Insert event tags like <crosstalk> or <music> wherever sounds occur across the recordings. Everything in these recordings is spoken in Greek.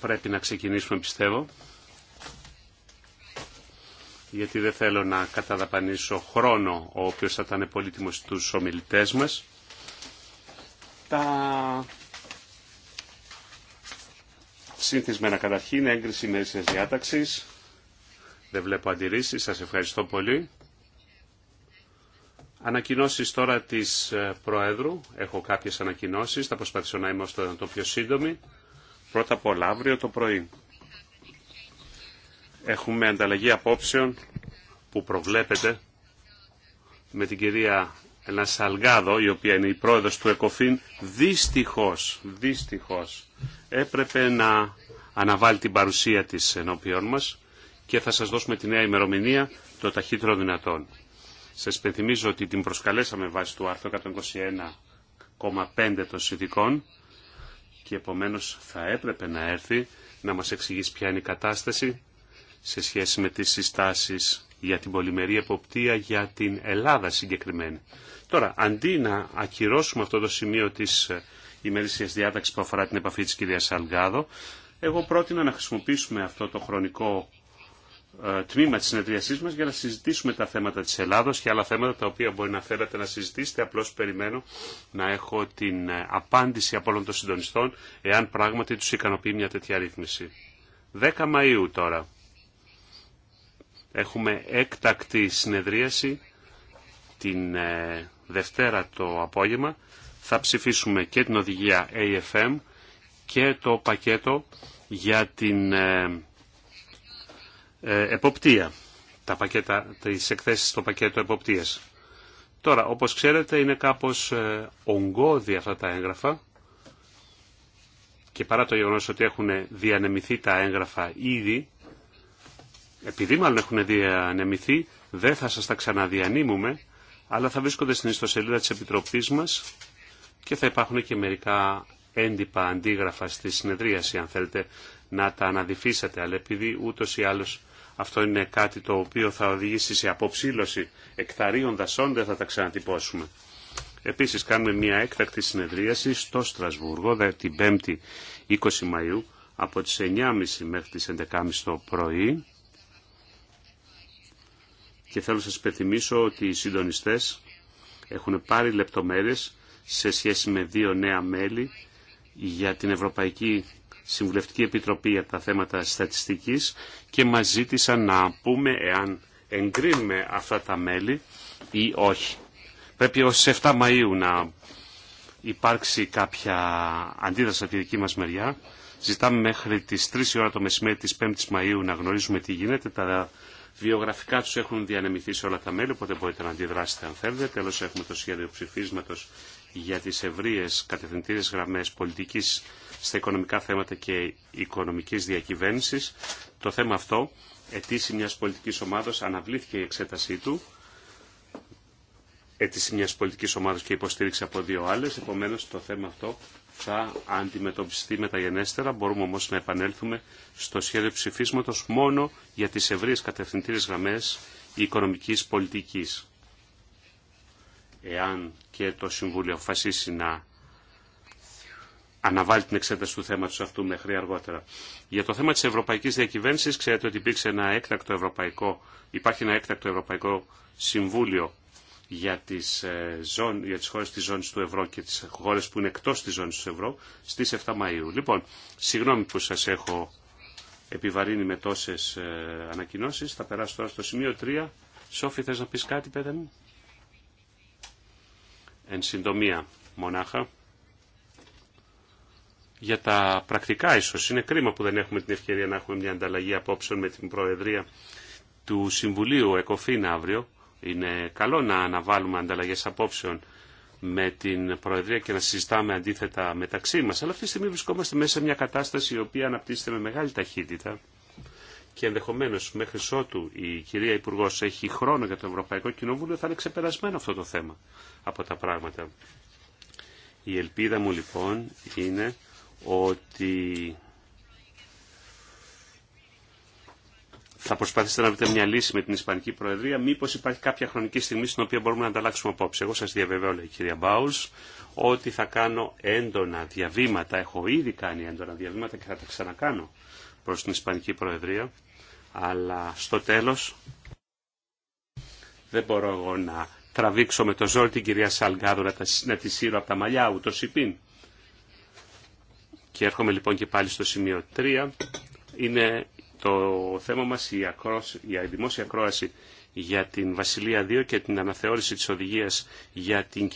πρέπει να ξεκινήσουμε πιστεύω γιατί δεν θέλω να καταδαπανίσω χρόνο ο οποίος θα ήταν πολύτιμος στους ομιλητές μας. Τα συνθισμένα καταρχήν έγκριση μέσης διάταξης. Δεν βλέπω αντιρρήσεις. Σας ευχαριστώ πολύ. Ανακοινώσεις τώρα της ε, Προέδρου. Έχω κάποιες ανακοινώσεις. Θα προσπαθήσω να είμαι όσο το πιο σύντομη. Πρώτα απ' όλα, αύριο το πρωί έχουμε ανταλλαγή απόψεων που προβλέπεται με την κυρία ένα Σαλγάδο, η οποία είναι η πρόεδρος του ΕΚΟΦΗΝ, δυστυχώς, δυστυχώς έπρεπε να αναβάλει την παρουσία της ενώπιόν μας και θα σας δώσουμε τη νέα ημερομηνία το ταχύτερο δυνατόν. Σας πενθυμίζω ότι την προσκαλέσαμε βάσει του άρθρου 121,5 των συνδικών και επομένως θα έπρεπε να έρθει να μας εξηγήσει ποια είναι η κατάσταση σε σχέση με τις συστάσεις για την πολυμερή εποπτεία για την Ελλάδα συγκεκριμένη. Τώρα, αντί να ακυρώσουμε αυτό το σημείο της ε, ημερήσιας διάταξης που αφορά την επαφή της κυρίας Αλγάδο, εγώ πρότεινα να χρησιμοποιήσουμε αυτό το χρονικό ε, τμήμα της συνεδριασής μας για να συζητήσουμε τα θέματα της Ελλάδος και άλλα θέματα τα οποία μπορεί να θέλατε να συζητήσετε. Απλώς περιμένω να έχω την ε, απάντηση από όλων των συντονιστών εάν πράγματι τους ικανοποιεί μια τέτοια ρύθμιση. 10 Μαΐου τώρα. Έχουμε έκτακτη συνεδρίαση την ε, Δευτέρα το απόγευμα. Θα ψηφίσουμε και την οδηγία AFM και το πακέτο για την ε, εποπτεία, τα πακέτα, τις εκθέσεις στο πακέτο εποπτείας. Τώρα, όπως ξέρετε, είναι κάπως ε, ογκώδη αυτά τα έγγραφα και παρά το γεγονός ότι έχουν διανεμηθεί τα έγγραφα ήδη, επειδή μάλλον έχουν διανεμηθεί, δεν θα σας τα ξαναδιανύμουμε, αλλά θα βρίσκονται στην ιστοσελίδα της Επιτροπής μας και θα υπάρχουν και μερικά έντυπα αντίγραφα στη συνεδρίαση, αν θέλετε να τα αναδυφίσετε, αλλά επειδή ούτως ή άλλως αυτό είναι κάτι το οποίο θα οδηγήσει σε αποψήλωση εκταρίων δασών, δεν θα τα ξανατυπώσουμε. Επίσης κάνουμε μια έκτακτη συνεδρίαση στο Στρασβούργο την 5η 20 Μαΐου από τις 9.30 μέχρι τις 11.30 το πρωί και θέλω να σας υπενθυμίσω ότι οι συντονιστές έχουν πάρει λεπτομέρειες σε σχέση με δύο νέα μέλη για την Ευρωπαϊκή Συμβουλευτική Επιτροπή για τα θέματα στατιστικής και μας ζήτησαν να πούμε εάν εγκρίνουμε αυτά τα μέλη ή όχι. Πρέπει ως 7 Μαΐου να υπάρξει κάποια αντίδραση από τη δική μας μεριά. Ζητάμε μέχρι τις 3 η ώρα το μεσημέρι της 5ης Μαΐου να γνωρίζουμε τι γίνεται. Τα βιογραφικά τους έχουν διανεμηθεί σε όλα τα μέλη, οπότε μπορείτε να αντιδράσετε αν θέλετε. Τέλος έχουμε το σχέδιο ψηφίσματος για τις ευρείες κατευθυντήριες γραμμές πολιτικής στα οικονομικά θέματα και οικονομικής διακυβέρνησης. Το θέμα αυτό, ετήσι μιας πολιτικής ομάδος, αναβλήθηκε η εξέτασή του, ετήσι μιας πολιτικής ομάδος και υποστήριξη από δύο άλλες, επομένως το θέμα αυτό θα αντιμετωπιστεί μεταγενέστερα. Μπορούμε όμως να επανέλθουμε στο σχέδιο ψηφίσματος μόνο για τις ευρείες κατευθυντήρες γραμμές οικονομικής πολιτικής. Εάν και το Συμβούλιο αποφασίσει να αναβάλει την εξέταση του θέματο αυτού μέχρι αργότερα. Για το θέμα τη Ευρωπαϊκή Διακυβέρνηση, ξέρετε ότι υπήρξε ένα έκτακτο ευρωπαϊκό, υπάρχει ένα έκτακτο ευρωπαϊκό συμβούλιο για τις, ε, ζών, για τις χώρες του ευρώ και τι χώρε που είναι εκτό τη ζώνη του ευρώ στι 7 Μαου. Λοιπόν, συγγνώμη που σα έχω επιβαρύνει με τόσες ε, ανακοινώσει, Θα περάσω τώρα στο σημείο 3. Σόφι, θες να πεις κάτι, παιδε μου. Εν συντομία, μονάχα για τα πρακτικά ίσως. Είναι κρίμα που δεν έχουμε την ευκαιρία να έχουμε μια ανταλλαγή απόψεων με την Προεδρία του Συμβουλίου ΕΚΟΦΗΝ αύριο. Είναι καλό να αναβάλουμε ανταλλαγές απόψεων με την Προεδρία και να συζητάμε αντίθετα μεταξύ μας. Αλλά αυτή τη στιγμή βρισκόμαστε μέσα σε μια κατάσταση η οποία αναπτύσσεται με μεγάλη ταχύτητα και ενδεχομένω μέχρι ότου η κυρία Υπουργό έχει χρόνο για το Ευρωπαϊκό Κοινοβούλιο θα είναι ξεπερασμένο αυτό το θέμα από τα πράγματα. Η ελπίδα μου λοιπόν είναι ότι θα προσπαθήσετε να βρείτε μια λύση με την Ισπανική Προεδρία. Μήπω υπάρχει κάποια χρονική στιγμή στην οποία μπορούμε να ανταλλάξουμε απόψε. Εγώ σα διαβεβαιώ, λέει η κυρία Μπάου, ότι θα κάνω έντονα διαβήματα. Έχω ήδη κάνει έντονα διαβήματα και θα τα ξανακάνω προ την Ισπανική Προεδρία. Αλλά στο τέλο δεν μπορώ εγώ να τραβήξω με το ζόρι την κυρία Σαλγκάδου να τη σύρω από τα μαλλιά, ούτω ή και έρχομαι λοιπόν και πάλι στο σημείο 3. Είναι το θέμα μας η, η δημόσια ακρόαση για την Βασιλεία 2 και την αναθεώρηση της οδηγίας για την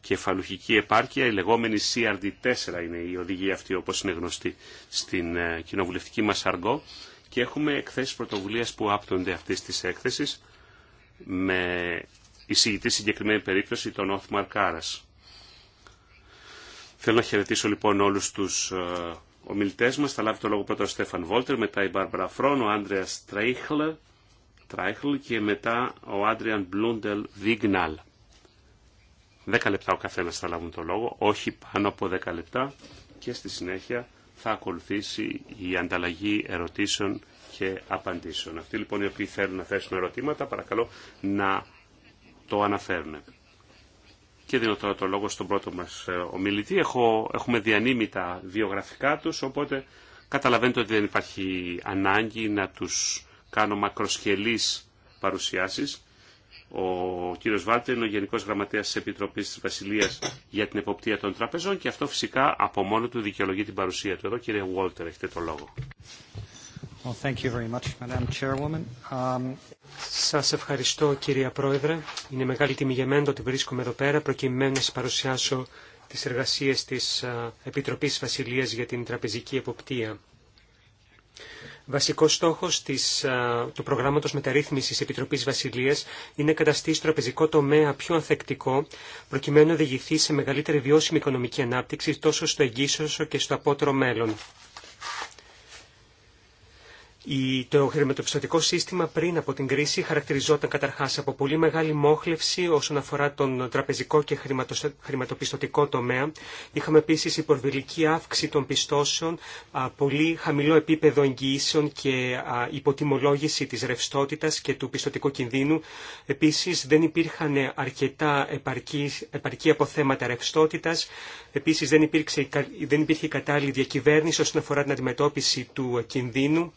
κεφαλουχική επάρκεια. Η λεγόμενη CRD4 είναι η οδηγία αυτή όπως είναι γνωστή στην ε, κοινοβουλευτική μας αργό. Και έχουμε εκθέσεις πρωτοβουλίας που άπτονται αυτής της έκθεσης με εισηγητή συγκεκριμένη περίπτωση τον Όθμαρ Κάρας. Θέλω να χαιρετήσω λοιπόν όλους τους ε, ομιλητές μας. Θα λάβει το λόγο πρώτα ο Στέφαν Βόλτερ, μετά η Μπάρμπαρα Φρόν, ο Άντρεας Τραϊχλ και μετά ο Άντριαν Μπλούντελ Βίγναλ. Δέκα λεπτά ο καθένας θα λάβουν το λόγο, όχι πάνω από δέκα λεπτά και στη συνέχεια θα ακολουθήσει η ανταλλαγή ερωτήσεων και απαντήσεων. Αυτοί λοιπόν οι οποίοι θέλουν να θέσουν ερωτήματα παρακαλώ να το αναφέρουν. Και δίνω τώρα το λόγο στον πρώτο μας ε, ομιλητή. Έχω, έχουμε διανύμει τα βιογραφικά τους, οπότε καταλαβαίνετε ότι δεν υπάρχει ανάγκη να τους κάνω μακροσχελείς παρουσιάσεις. Ο κύριος Βάλτερ είναι ο Γενικός Γραμματέας της Επιτροπής της Βασιλείας για την Εποπτεία των Τραπεζών και αυτό φυσικά από μόνο του δικαιολογεί την παρουσία του. Εδώ κύριε Βόλτερ έχετε το λόγο. Um, σας ευχαριστώ κυρία Πρόεδρε. Είναι μεγάλη τιμή για μένα ότι βρίσκομαι εδώ πέρα προκειμένου να σας παρουσιάσω τις εργασίες της Επιτροπής Βασιλείας για την Τραπεζική Εποπτεία. Βασικό στόχο του προγράμματο μεταρρύθμιση Επιτροπή Βασιλεία είναι καταστήσει το τραπεζικό τομέα πιο ανθεκτικό, προκειμένου να οδηγηθεί σε μεγαλύτερη βιώσιμη οικονομική ανάπτυξη τόσο στο εγγύσιο και στο απότερο μέλλον. Το χρηματοπιστωτικό σύστημα πριν από την κρίση χαρακτηριζόταν καταρχάς από πολύ μεγάλη μόχλευση όσον αφορά τον τραπεζικό και χρηματοπιστωτικό τομέα. Είχαμε επίσης υπορβηλική αύξηση των πιστώσεων, πολύ χαμηλό επίπεδο εγγυήσεων και υποτιμολόγηση της ρευστότητα και του πιστωτικού κινδύνου. Επίσης δεν υπήρχαν αρκετά επαρκή, αποθέματα ρευστότητα. Επίσης δεν, δεν υπήρχε κατάλληλη διακυβέρνηση όσον αφορά την αντιμετώπιση του κινδύνου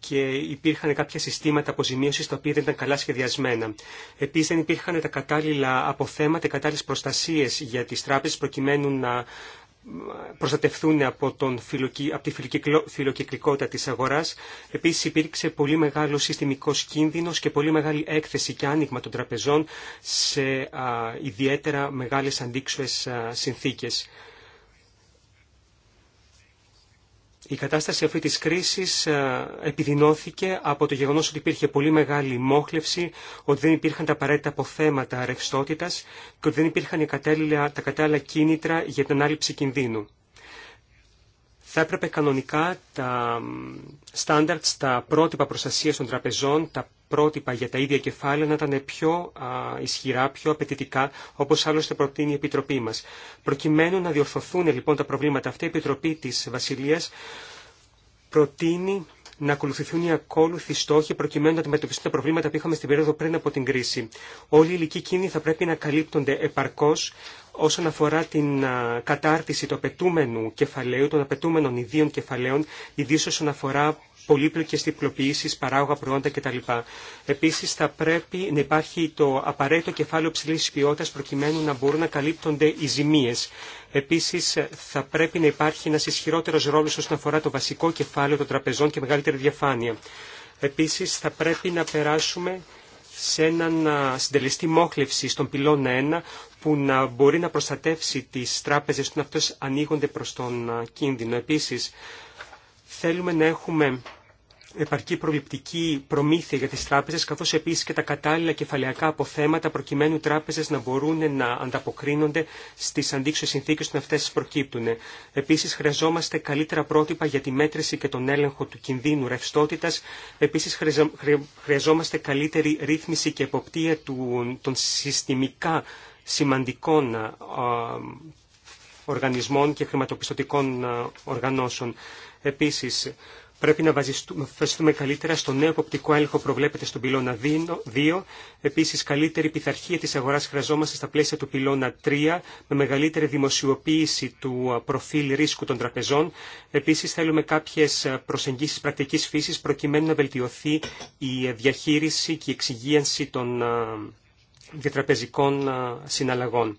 και υπήρχαν κάποια συστήματα αποζημίωση τα οποία δεν ήταν καλά σχεδιασμένα. Επίση, δεν υπήρχαν τα κατάλληλα αποθέματα, κατάλληλε προστασίε για τι τράπεζε προκειμένου να προστατευθούν από, τον φιλοκυ... από τη φιλοκυκλικότητα της αγοράς. Επίσης υπήρξε πολύ μεγάλο συστημικός κίνδυνος και πολύ μεγάλη έκθεση και άνοιγμα των τραπεζών σε ιδιαίτερα μεγάλες αντίξουες συνθήκε. συνθήκες. Η κατάσταση αυτή της κρίσης ε, επιδεινώθηκε από το γεγονός ότι υπήρχε πολύ μεγάλη μόχλευση, ότι δεν υπήρχαν τα απαραίτητα αποθέματα ρευστότητα και ότι δεν υπήρχαν τα κατάλληλα κίνητρα για την ανάληψη κινδύνου. Θα έπρεπε κανονικά τα standards, τα πρότυπα προστασίας των τραπεζών, τα πρότυπα για τα ίδια κεφάλαια να ήταν πιο ισχυρά, πιο απαιτητικά, όπως άλλωστε προτείνει η Επιτροπή μα. Προκειμένου να διορθωθούν λοιπόν τα προβλήματα αυτά, η Επιτροπή τη βασίλεια προτείνει να ακολουθηθούν οι ακόλουθοι στόχοι προκειμένου να αντιμετωπιστούν τα προβλήματα που είχαμε στην περίοδο πριν από την κρίση. Όλοι οι ηλικοί κίνδυνοι θα πρέπει να καλύπτονται επαρκώ όσον αφορά την κατάρτιση του απαιτούμενου κεφαλαίου, των απαιτούμενων ιδίων κεφαλαίων, ιδίω όσον αφορά πολύπλοκε διπλοποιήσεις, παράγωγα προϊόντα κτλ. Επίση, θα πρέπει να υπάρχει το απαραίτητο κεφάλαιο ψηλή ποιότητα προκειμένου να μπορούν να καλύπτονται οι ζημίες. Επίση, θα πρέπει να υπάρχει ένα ισχυρότερο ρόλο όσον αφορά το βασικό κεφάλαιο των τραπεζών και μεγαλύτερη διαφάνεια. Επίση, θα πρέπει να περάσουμε σε έναν συντελεστή μόχλευση στον πυλώνα 1 που να μπορεί να προστατεύσει τις τράπεζες που αυτές ανοίγονται προς τον κίνδυνο. Επίσης, θέλουμε να έχουμε επαρκή προληπτική προμήθεια για τις τράπεζες, καθώς επίσης και τα κατάλληλα κεφαλαιακά αποθέματα, προκειμένου οι τράπεζες να μπορούν να ανταποκρίνονται στις αντίξωε συνθήκες που αυτές προκύπτουν. Επίσης, χρειαζόμαστε καλύτερα πρότυπα για τη μέτρηση και τον έλεγχο του κινδύνου ρευστότητας. Επίσης, χρειαζόμαστε καλύτερη ρύθμιση και εποπτεία των συστημικά σημαντικών οργανισμών και χρηματοπιστωτικών οργανώσεων. Επίσης, Πρέπει να βασιστούμε καλύτερα στο νέο εποπτικό έλεγχο που προβλέπεται στον πυλώνα 2. Επίση, καλύτερη πειθαρχία τη αγορά χρειαζόμαστε στα πλαίσια του πυλώνα 3, με μεγαλύτερη δημοσιοποίηση του προφίλ ρίσκου των τραπεζών. Επίση, θέλουμε κάποιε προσεγγίσεις πρακτική φύση, προκειμένου να βελτιωθεί η ε, διαχείριση και η εξυγίανση των διατραπεζικών συναλλαγών.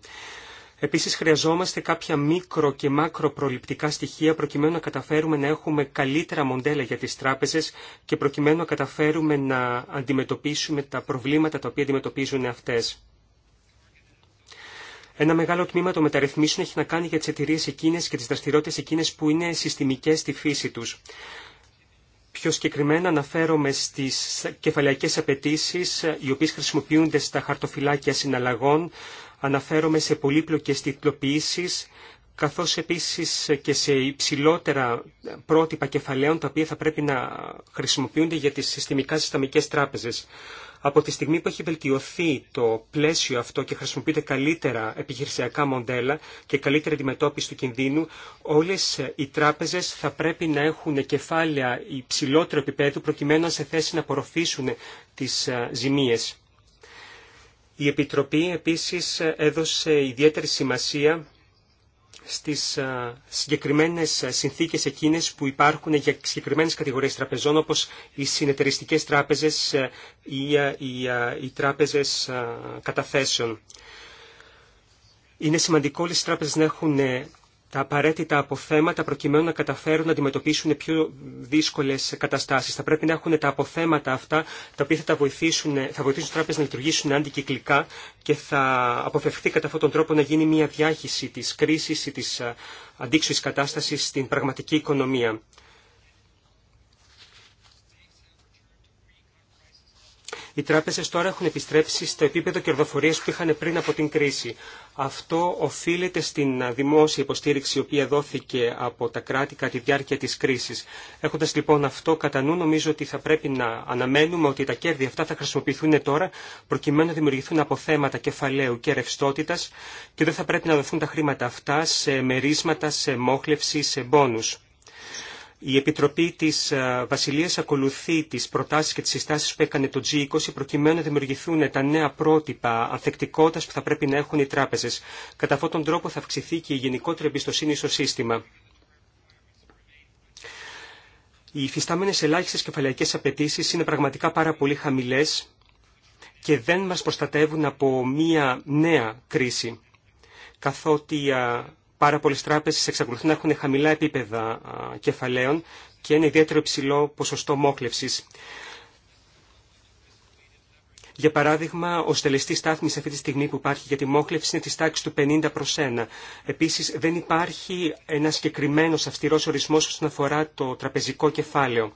Επίσης χρειαζόμαστε κάποια μικρο και μακροπροληπτικά στοιχεία προκειμένου να καταφέρουμε να έχουμε καλύτερα μοντέλα για τις τράπεζες και προκειμένου να καταφέρουμε να αντιμετωπίσουμε τα προβλήματα τα οποία αντιμετωπίζουν αυτές. Ένα μεγάλο τμήμα των μεταρρυθμίσεων έχει να κάνει για τι εταιρείε εκείνες και τις δραστηριότητες εκείνες που είναι συστημικές στη φύση τους. Πιο συγκεκριμένα αναφέρομαι στις κεφαλαικές απαιτήσει, ε, οι οποίες χρησιμοποιούνται στα χαρτοφυλάκια συναλλαγών, Αναφέρομαι σε πολύπλοκες τιτλοποιήσεις, καθώς επίσης και σε υψηλότερα πρότυπα κεφαλαίων τα οποία θα πρέπει να χρησιμοποιούνται για τις συστημικά συσταμικές τράπεζες. Από τη στιγμή που έχει βελτιωθεί το πλαίσιο αυτό και χρησιμοποιείται καλύτερα επιχειρησιακά μοντέλα και καλύτερη αντιμετώπιση του κινδύνου, όλες οι τράπεζες θα πρέπει να έχουν κεφάλαια υψηλότερου επίπεδου προκειμένου να σε θέση να απορροφήσουν τις ε, ζημίες. Η Επιτροπή επίσης έδωσε ιδιαίτερη σημασία στις συγκεκριμένες συνθήκες εκείνες που υπάρχουν για συγκεκριμένες κατηγορίες τραπεζών όπως οι συνεταιριστικές τράπεζες ε, ή οι τράπεζες καταθέσεων. Είναι σημαντικό όλες οι τράπεζες να έχουν ε, τα απαραίτητα αποθέματα προκειμένου να καταφέρουν να αντιμετωπίσουν πιο δύσκολε καταστάσει. Θα πρέπει να έχουν τα αποθέματα αυτά τα οποία θα, βοηθήσουν, θα βοηθήσουν τράπεζε να λειτουργήσουν αντικυκλικά και θα αποφευχθεί κατά αυτόν τον τρόπο να γίνει μια διάχυση τη κρίση ή τη αντίξωση κατάσταση στην πραγματική οικονομία. Οι Τράπεζε τώρα έχουν επιστρέψει στο επίπεδο κερδοφορίας που είχαν πριν από την κρίση. Αυτό οφείλεται στην δημόσια υποστήριξη η οποία δόθηκε από τα κράτη κατά τη διάρκεια τη κρίση. Έχοντα λοιπόν αυτό κατά νου νομίζω ότι θα πρέπει να αναμένουμε ότι τα κέρδη αυτά θα χρησιμοποιηθούν τώρα προκειμένου να δημιουργηθούν αποθέματα κεφαλαίου και ρευστότητα και δεν θα πρέπει να δοθούν τα χρήματα αυτά σε μερίσματα, σε μόχλευση, σε μπόνους. Η Επιτροπή τη ε, Βασιλείας ακολουθεί τι προτάσει και τι συστάσει που έκανε το G20 προκειμένου να δημιουργηθούν τα νέα πρότυπα ανθεκτικότητα που θα πρέπει να έχουν οι τράπεζε. Κατά αυτόν τον τρόπο θα αυξηθεί και η γενικότερη εμπιστοσύνη στο σύστημα. Οι υφιστάμενε ελάχιστε κεφαλαϊκέ απαιτήσει είναι πραγματικά πάρα πολύ χαμηλέ και δεν μα προστατεύουν από μία νέα κρίση καθότι Πάρα πολλέ τράπεζε εξακολουθούν να έχουν χαμηλά επίπεδα κεφαλαίων και ένα ιδιαίτερο υψηλό ποσοστό μόχλευσης. Για παράδειγμα, ο στελεστή στάθμη αυτή τη στιγμή που υπάρχει για τη μόχλευση είναι τη τάξη του 50 προ 1. Επίση, δεν υπάρχει ένα συγκεκριμένο αυστηρό ορισμό όσον αφορά το τραπεζικό κεφάλαιο.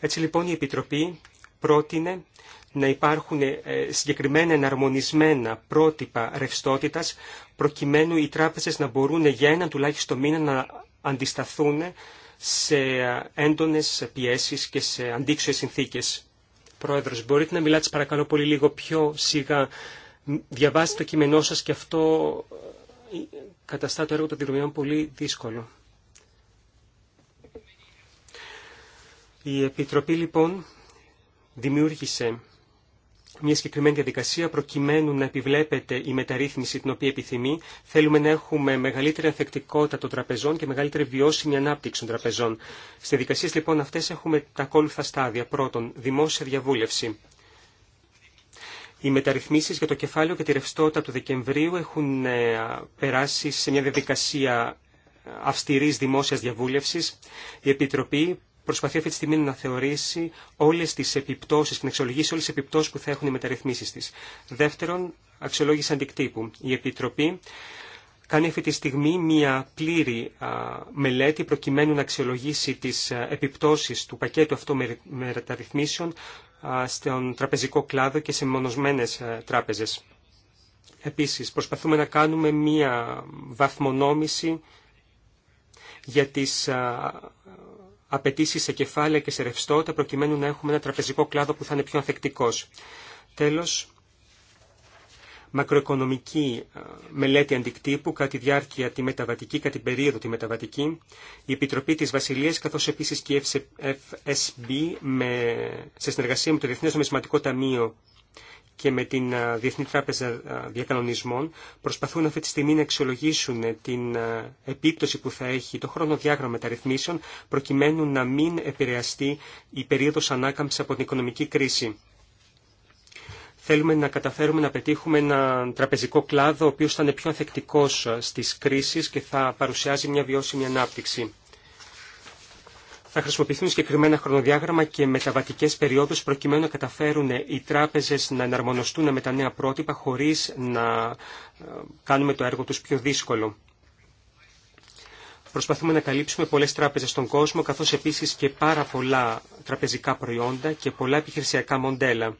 Έτσι λοιπόν η Επιτροπή πρότεινε να υπάρχουν ε, συγκεκριμένα εναρμονισμένα πρότυπα ρευστότητα, προκειμένου οι τράπεζε να μπορούν για έναν τουλάχιστον μήνα να αντισταθούν σε ε, έντονες πιέσεις και σε αντίξωες συνθήκες. Πρόεδρος, μπορείτε να μιλάτε παρακαλώ πολύ λίγο πιο σιγά. Διαβάστε το κείμενό σας και αυτό ε, καταστά το έργο των πολύ δύσκολο. Η Επιτροπή λοιπόν δημιούργησε μια συγκεκριμένη διαδικασία προκειμένου να επιβλέπεται η μεταρρύθμιση την οποία επιθυμεί. Θέλουμε να έχουμε μεγαλύτερη ανθεκτικότητα των τραπεζών και μεγαλύτερη βιώσιμη ανάπτυξη των τραπεζών. Στις δικασίε λοιπόν αυτέ έχουμε τα ακόλουθα στάδια. Πρώτον, δημόσια διαβούλευση. Οι μεταρρυθμίσεις για το κεφάλαιο και τη ρευστότητα του Δεκεμβρίου έχουν ε, περάσει σε μια διαδικασία αυστηρή δημόσια διαβούλευση, Η Επιτροπή προσπαθεί αυτή τη στιγμή να θεωρήσει όλες τις επιπτώσεις να αξιολογήσει όλε τι επιπτώσει που θα έχουν οι μεταρρυθμίσει τη. Δεύτερον, αξιολόγηση αντικτύπου. Η Επιτροπή κάνει αυτή τη στιγμή μια πλήρη μελέτη προκειμένου να αξιολογήσει τις επιπτώσεις του πακέτου αυτού μεταρρυθμίσεων στον τραπεζικό κλάδο και σε μονοσμένε τράπεζε. Επίσης, προσπαθούμε να κάνουμε μία βαθμονόμηση για τις απαιτήσει σε κεφάλαια και σε ρευστότητα προκειμένου να έχουμε ένα τραπεζικό κλάδο που θα είναι πιο ανθεκτικό. Τέλος, μακροοικονομική ε, μελέτη αντικτύπου κατά τη διάρκεια τη μεταβατική, κατά την περίοδο τη μεταβατική, η Επιτροπή της Βασιλείας καθώς επίσης και η FSB με, σε συνεργασία με το Διεθνές Νομισματικό Ταμείο και με την ε, Διεθνή Τράπεζα ε, Διακανονισμών προσπαθούν αυτή τη στιγμή να αξιολογήσουν ε, την επίπτωση που θα έχει το χρονοδιάγραμμα μεταρρυθμίσεων προκειμένου να μην επηρεαστεί η περίοδος ανάκαμψης από την οικονομική κρίση. Θέλουμε να καταφέρουμε να πετύχουμε ένα τραπεζικό κλάδο ο οποίος θα είναι πιο ανθεκτικός στις κρίσεις και θα παρουσιάζει μια βιώσιμη ανάπτυξη θα χρησιμοποιηθούν συγκεκριμένα χρονοδιάγραμμα και μεταβατικέ περιόδου προκειμένου να καταφέρουν οι τράπεζε να εναρμονωστούν με τα νέα πρότυπα χωρί να ε, κάνουμε το έργο του πιο δύσκολο. Προσπαθούμε να καλύψουμε πολλές τράπεζες στον κόσμο, καθώς επίσης και πάρα πολλά τραπεζικά προϊόντα και πολλά επιχειρησιακά μοντέλα.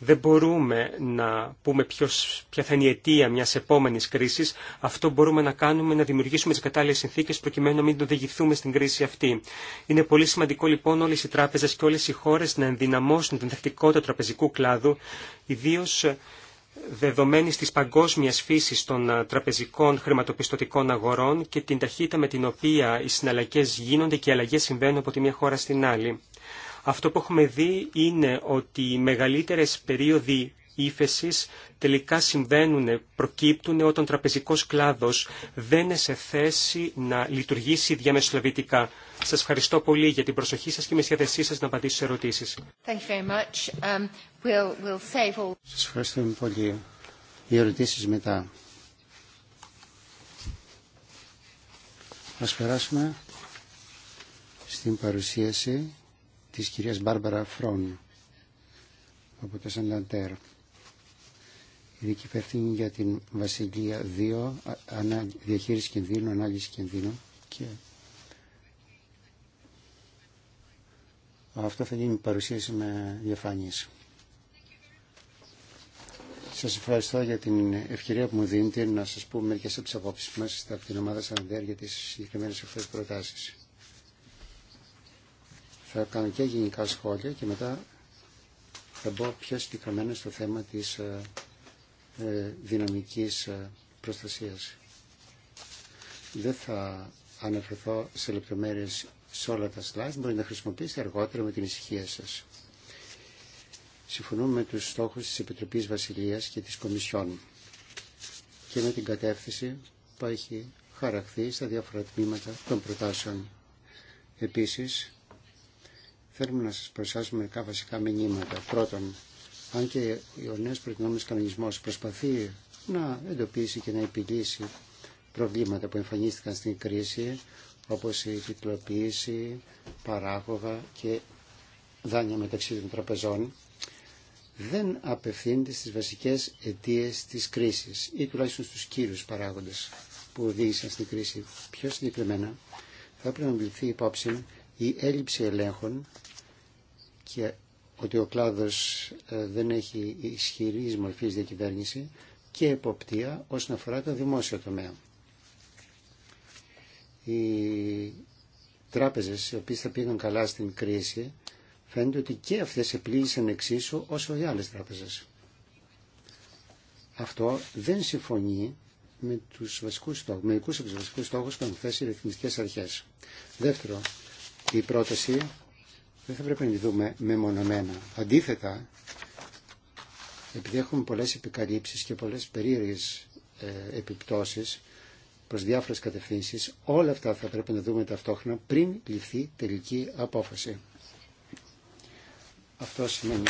Δεν μπορούμε να πούμε ποιος, ποια θα είναι η αιτία μιας επόμενης κρίσης. Αυτό μπορούμε να κάνουμε να δημιουργήσουμε τις κατάλληλες συνθήκες προκειμένου να μην οδηγηθούμε στην κρίση αυτή. Είναι πολύ σημαντικό λοιπόν όλες οι τράπεζες και όλες οι χώρες να ενδυναμώσουν την δεκτικότητα τραπεζικού κλάδου, ιδίως ε, δεδομένης της παγκόσμιας φύσης των ε, τραπεζικών χρηματοπιστωτικών αγορών και την ταχύτητα με την οποία οι συναλλαγές γίνονται και οι αλλαγές συμβαίνουν από τη μια χώρα στην άλλη. Αυτό που έχουμε δει είναι ότι οι μεγαλύτερες περίοδοι ύφεσης τελικά συμβαίνουν, προκύπτουν όταν ο τραπεζικός κλάδος δεν είναι σε θέση να λειτουργήσει διαμεσολαβητικά. Σας ευχαριστώ πολύ για την προσοχή σας και είμαι σχέδεσή σας να απαντήσω σε ερωτήσεις. Um, we'll, all... Σας ευχαριστώ πολύ. Οι ερωτήσεις μετά. Ας περάσουμε στην παρουσίαση της κυρίας Μπάρμπαρα Φρόν από το Σανταντέρ. Ειδική υπευθύνη για την Βασιλεία 2, διαχείριση κινδύνου, ανάλυση κινδύνου και Αυτό θα γίνει παρουσίαση με διαφάνειες. Σας ευχαριστώ για την ευκαιρία που μου δίνετε να σας πω μερικές από τις απόψεις μας από την ομάδα Σαντέρ για τις συγκεκριμένες αυτές προτάσεις. Θα κάνω και γενικά σχόλια και μετά θα μπω πιο συγκεκριμένα στο θέμα της ε, ε, δυναμικής ε, προστασίας. Δεν θα αναφερθώ σε λεπτομέρειες σε όλα τα slides, μπορείτε να χρησιμοποιήσετε αργότερα με την ησυχία σας. Συμφωνούμε με τους στόχους της Επιτροπής Βασιλείας και της Κομισιόν και με την κατεύθυνση που έχει χαραχθεί στα διάφορα τμήματα των προτάσεων. Επίσης, θέλουμε να σας προσάσουμε μερικά βασικά μηνύματα. Πρώτον, αν και ο νέος προτινόμενος κανονισμός προσπαθεί να εντοπίσει και να επιλύσει προβλήματα που εμφανίστηκαν στην κρίση, όπως η τυπλοποίηση, παράγωγα και δάνεια μεταξύ των τραπεζών, δεν απευθύνεται στις βασικές αιτίες της κρίσης ή τουλάχιστον στους κύριους παράγοντες που οδήγησαν στην κρίση. Πιο συγκεκριμένα, θα πρέπει να βληθεί υπόψη η έλλειψη ελέγχων και ότι ο κλάδος ε, δεν έχει ισχυρή μορφή διακυβέρνηση και εποπτεία όσον αφορά το δημόσιο τομέα. Οι τράπεζες οι οποίες θα πήγαν καλά στην κρίση φαίνεται ότι και αυτές επλήγησαν εξίσου όσο οι άλλες τράπεζες. Αυτό δεν συμφωνεί με τους βασικούς στόχους, μερικούς τους βασικούς στόχους που έχουν θέσει οι ρυθμιστικές αρχές. Δεύτερο, η πρόταση δεν θα πρέπει να τη δούμε μεμονωμένα. Αντίθετα, επειδή έχουμε πολλές επικαλύψεις και πολλές περίεργες ε, επιπτώσεις προς διάφορες κατευθύνσεις, όλα αυτά θα πρέπει να δούμε ταυτόχρονα πριν ληφθεί τελική απόφαση. Αυτό σημαίνει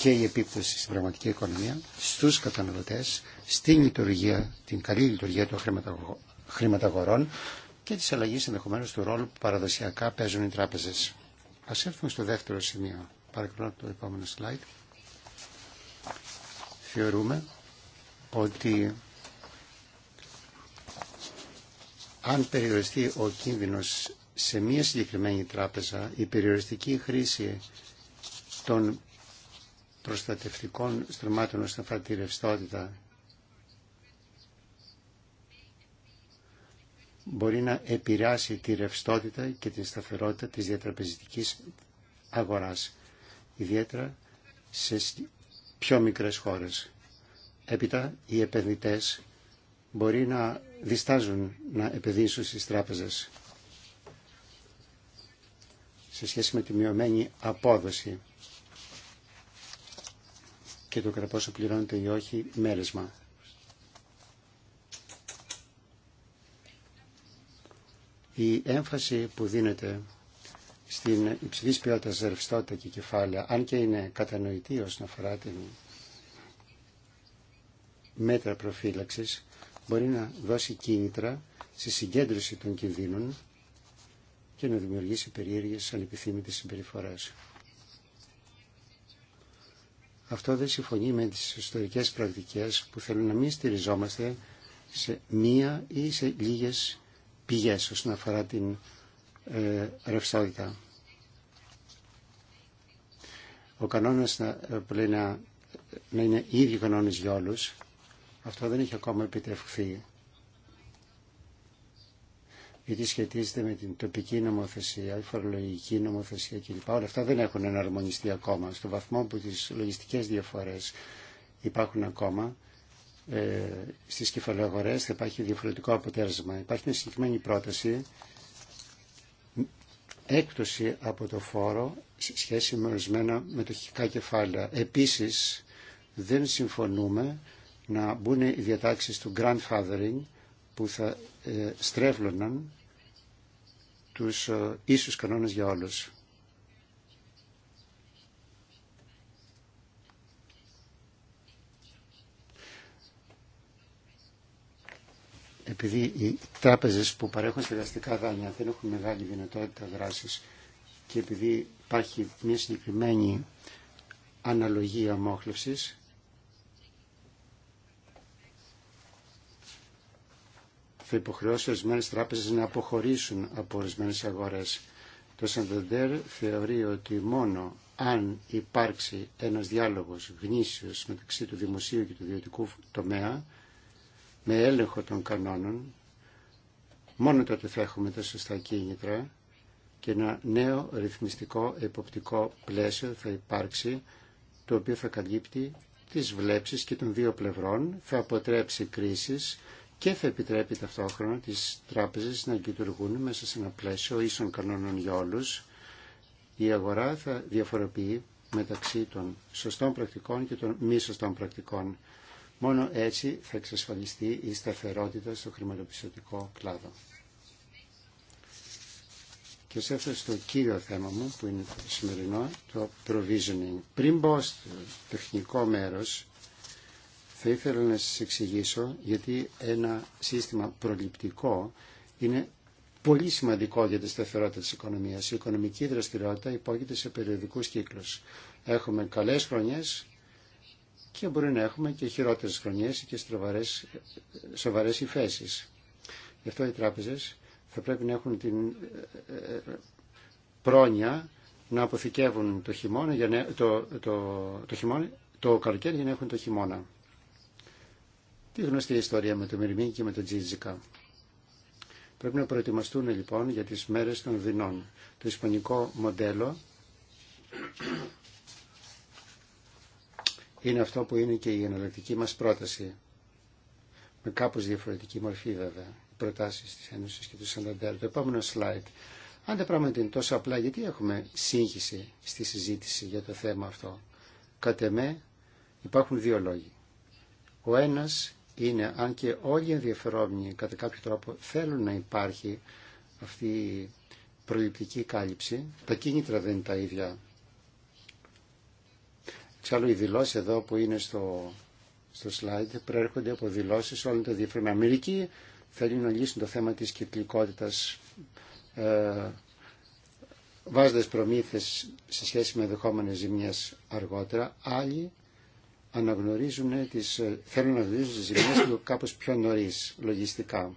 και η επίπτωση στην πραγματική οικονομία, στους καταναλωτές, στην λειτουργία, την καλή λειτουργία των χρηματαγορών, και τη αλλαγή ενδεχομένω του ρόλου που παραδοσιακά παίζουν οι τράπεζες. Ας έρθουμε στο δεύτερο σημείο. Παρακαλώ το επόμενο slide. Θεωρούμε ότι αν περιοριστεί ο κίνδυνος σε μία συγκεκριμένη τράπεζα, η περιοριστική χρήση των προστατευτικών στρωμάτων όσον να τη μπορεί να επηρεάσει τη ρευστότητα και την σταθερότητα της διατραπεζικής αγοράς, ιδιαίτερα σε πιο μικρές χώρες. Έπειτα, οι επενδυτές μπορεί να διστάζουν να επενδύσουν στις τράπεζες σε σχέση με τη μειωμένη απόδοση και το κατά πόσο πληρώνεται ή όχι μέρεσμα. η έμφαση που δίνεται στην υψηλή ποιότητα ρευστότητα και κεφάλαια, αν και είναι κατανοητή όσον αφορά την μέτρα προφύλαξης, μπορεί να δώσει κίνητρα στη συγκέντρωση των κινδύνων και να δημιουργήσει περίεργες ανεπιθύμητες συμπεριφοράς. Αυτό δεν συμφωνεί με τις ιστορικές πρακτικές που θέλουν να μην στηριζόμαστε σε μία ή σε λίγες πηγές όσον αφορά την ε, ρευστότητα. Ο κανόνας να, ε, που λέει να, να είναι οι ίδιοι κανόνες για όλους, αυτό δεν έχει ακόμα επιτευχθεί. Γιατί σχετίζεται με την τοπική νομοθεσία, η φορολογική νομοθεσία κλπ. Όλα αυτά δεν έχουν εναρμονιστεί ακόμα. Στο βαθμό που τις λογιστικές διαφορές υπάρχουν ακόμα, ε, στις κεφαλαιογορές θα υπάρχει διαφορετικό αποτέλεσμα. Υπάρχει μια συγκεκριμένη πρόταση έκπτωση από το φόρο σε σχέση με ορισμένα μετοχικά κεφάλαια. Επίσης δεν συμφωνούμε να μπουν οι διατάξεις του grandfathering που θα ε, στρέβλωναν τους ε, ίσους κανόνες για όλους. επειδή οι τράπεζες που παρέχουν στεγαστικά δάνεια δεν έχουν μεγάλη δυνατότητα δράσης και επειδή υπάρχει μια συγκεκριμένη αναλογία μόχλευσης, θα υποχρεώσει ορισμένε τράπεζε να αποχωρήσουν από ορισμένε αγορέ. Το Σανδοντέρ θεωρεί ότι μόνο αν υπάρξει ένα διάλογο γνήσιος μεταξύ του δημοσίου και του ιδιωτικού τομέα, με έλεγχο των κανόνων, μόνο τότε θα έχουμε τα σωστά κίνητρα και ένα νέο ρυθμιστικό εποπτικό πλαίσιο θα υπάρξει, το οποίο θα καλύπτει τις βλέψεις και των δύο πλευρών, θα αποτρέψει κρίσεις και θα επιτρέπει ταυτόχρονα τις τράπεζες να λειτουργούν μέσα σε ένα πλαίσιο ίσων κανόνων για όλους. Η αγορά θα διαφοροποιεί μεταξύ των σωστών πρακτικών και των μη σωστών πρακτικών. Μόνο έτσι θα εξασφαλιστεί η σταθερότητα στο χρηματοπιστωτικό κλάδο. Και σε αυτό στο κύριο θέμα μου που είναι το σημερινό, το provisioning. Πριν μπω στο τεχνικό μέρος, θα ήθελα να σας εξηγήσω γιατί ένα σύστημα προληπτικό είναι πολύ σημαντικό για τη σταθερότητα της οικονομίας. Η οικονομική δραστηριότητα υπόκειται σε περιοδικούς κύκλους. Έχουμε καλές χρονιές και μπορεί να έχουμε και χειρότερες χρονιές και στροβάρες σοβαρές Γι' αυτό οι τράπεζες θα πρέπει να έχουν την ε, ε, πρόνοια να αποθηκεύουν το, χειμώνα, για το, το, το, χειμώνα, το καλοκαίρι για να έχουν το χειμώνα. Τι γνωστή ιστορία με το Μυρμή και με το Τζίτζικα. Πρέπει να προετοιμαστούν λοιπόν για τις μέρες των δεινών. Το ισπανικό μοντέλο είναι αυτό που είναι και η εναλλακτική μας πρόταση. Με κάπως διαφορετική μορφή βέβαια. Οι προτάσεις της Ένωσης και του Σανταντέρ. Το επόμενο slide. Αν τα πράγματα είναι τόσο απλά, γιατί έχουμε σύγχυση στη συζήτηση για το θέμα αυτό. Κατ' εμέ υπάρχουν δύο λόγοι. Ο ένας είναι, αν και όλοι οι ενδιαφερόμενοι κατά κάποιο τρόπο θέλουν να υπάρχει αυτή η προληπτική κάλυψη, τα κίνητρα δεν είναι τα ίδια Εξάλλου οι δηλώσει εδώ που είναι στο, στο slide προέρχονται από δηλώσει όλων των διαφορετικών. Αμερικοί θέλουν να λύσουν το θέμα τη κυκλικότητας ε, βάζοντας προμήθειες σε σχέση με δεχόμενε ζημιέ αργότερα. Άλλοι αναγνωρίζουν τις, ε, θέλουν να γνωρίζουν τις ζημιές <coughs> κάπω πιο νωρί λογιστικά.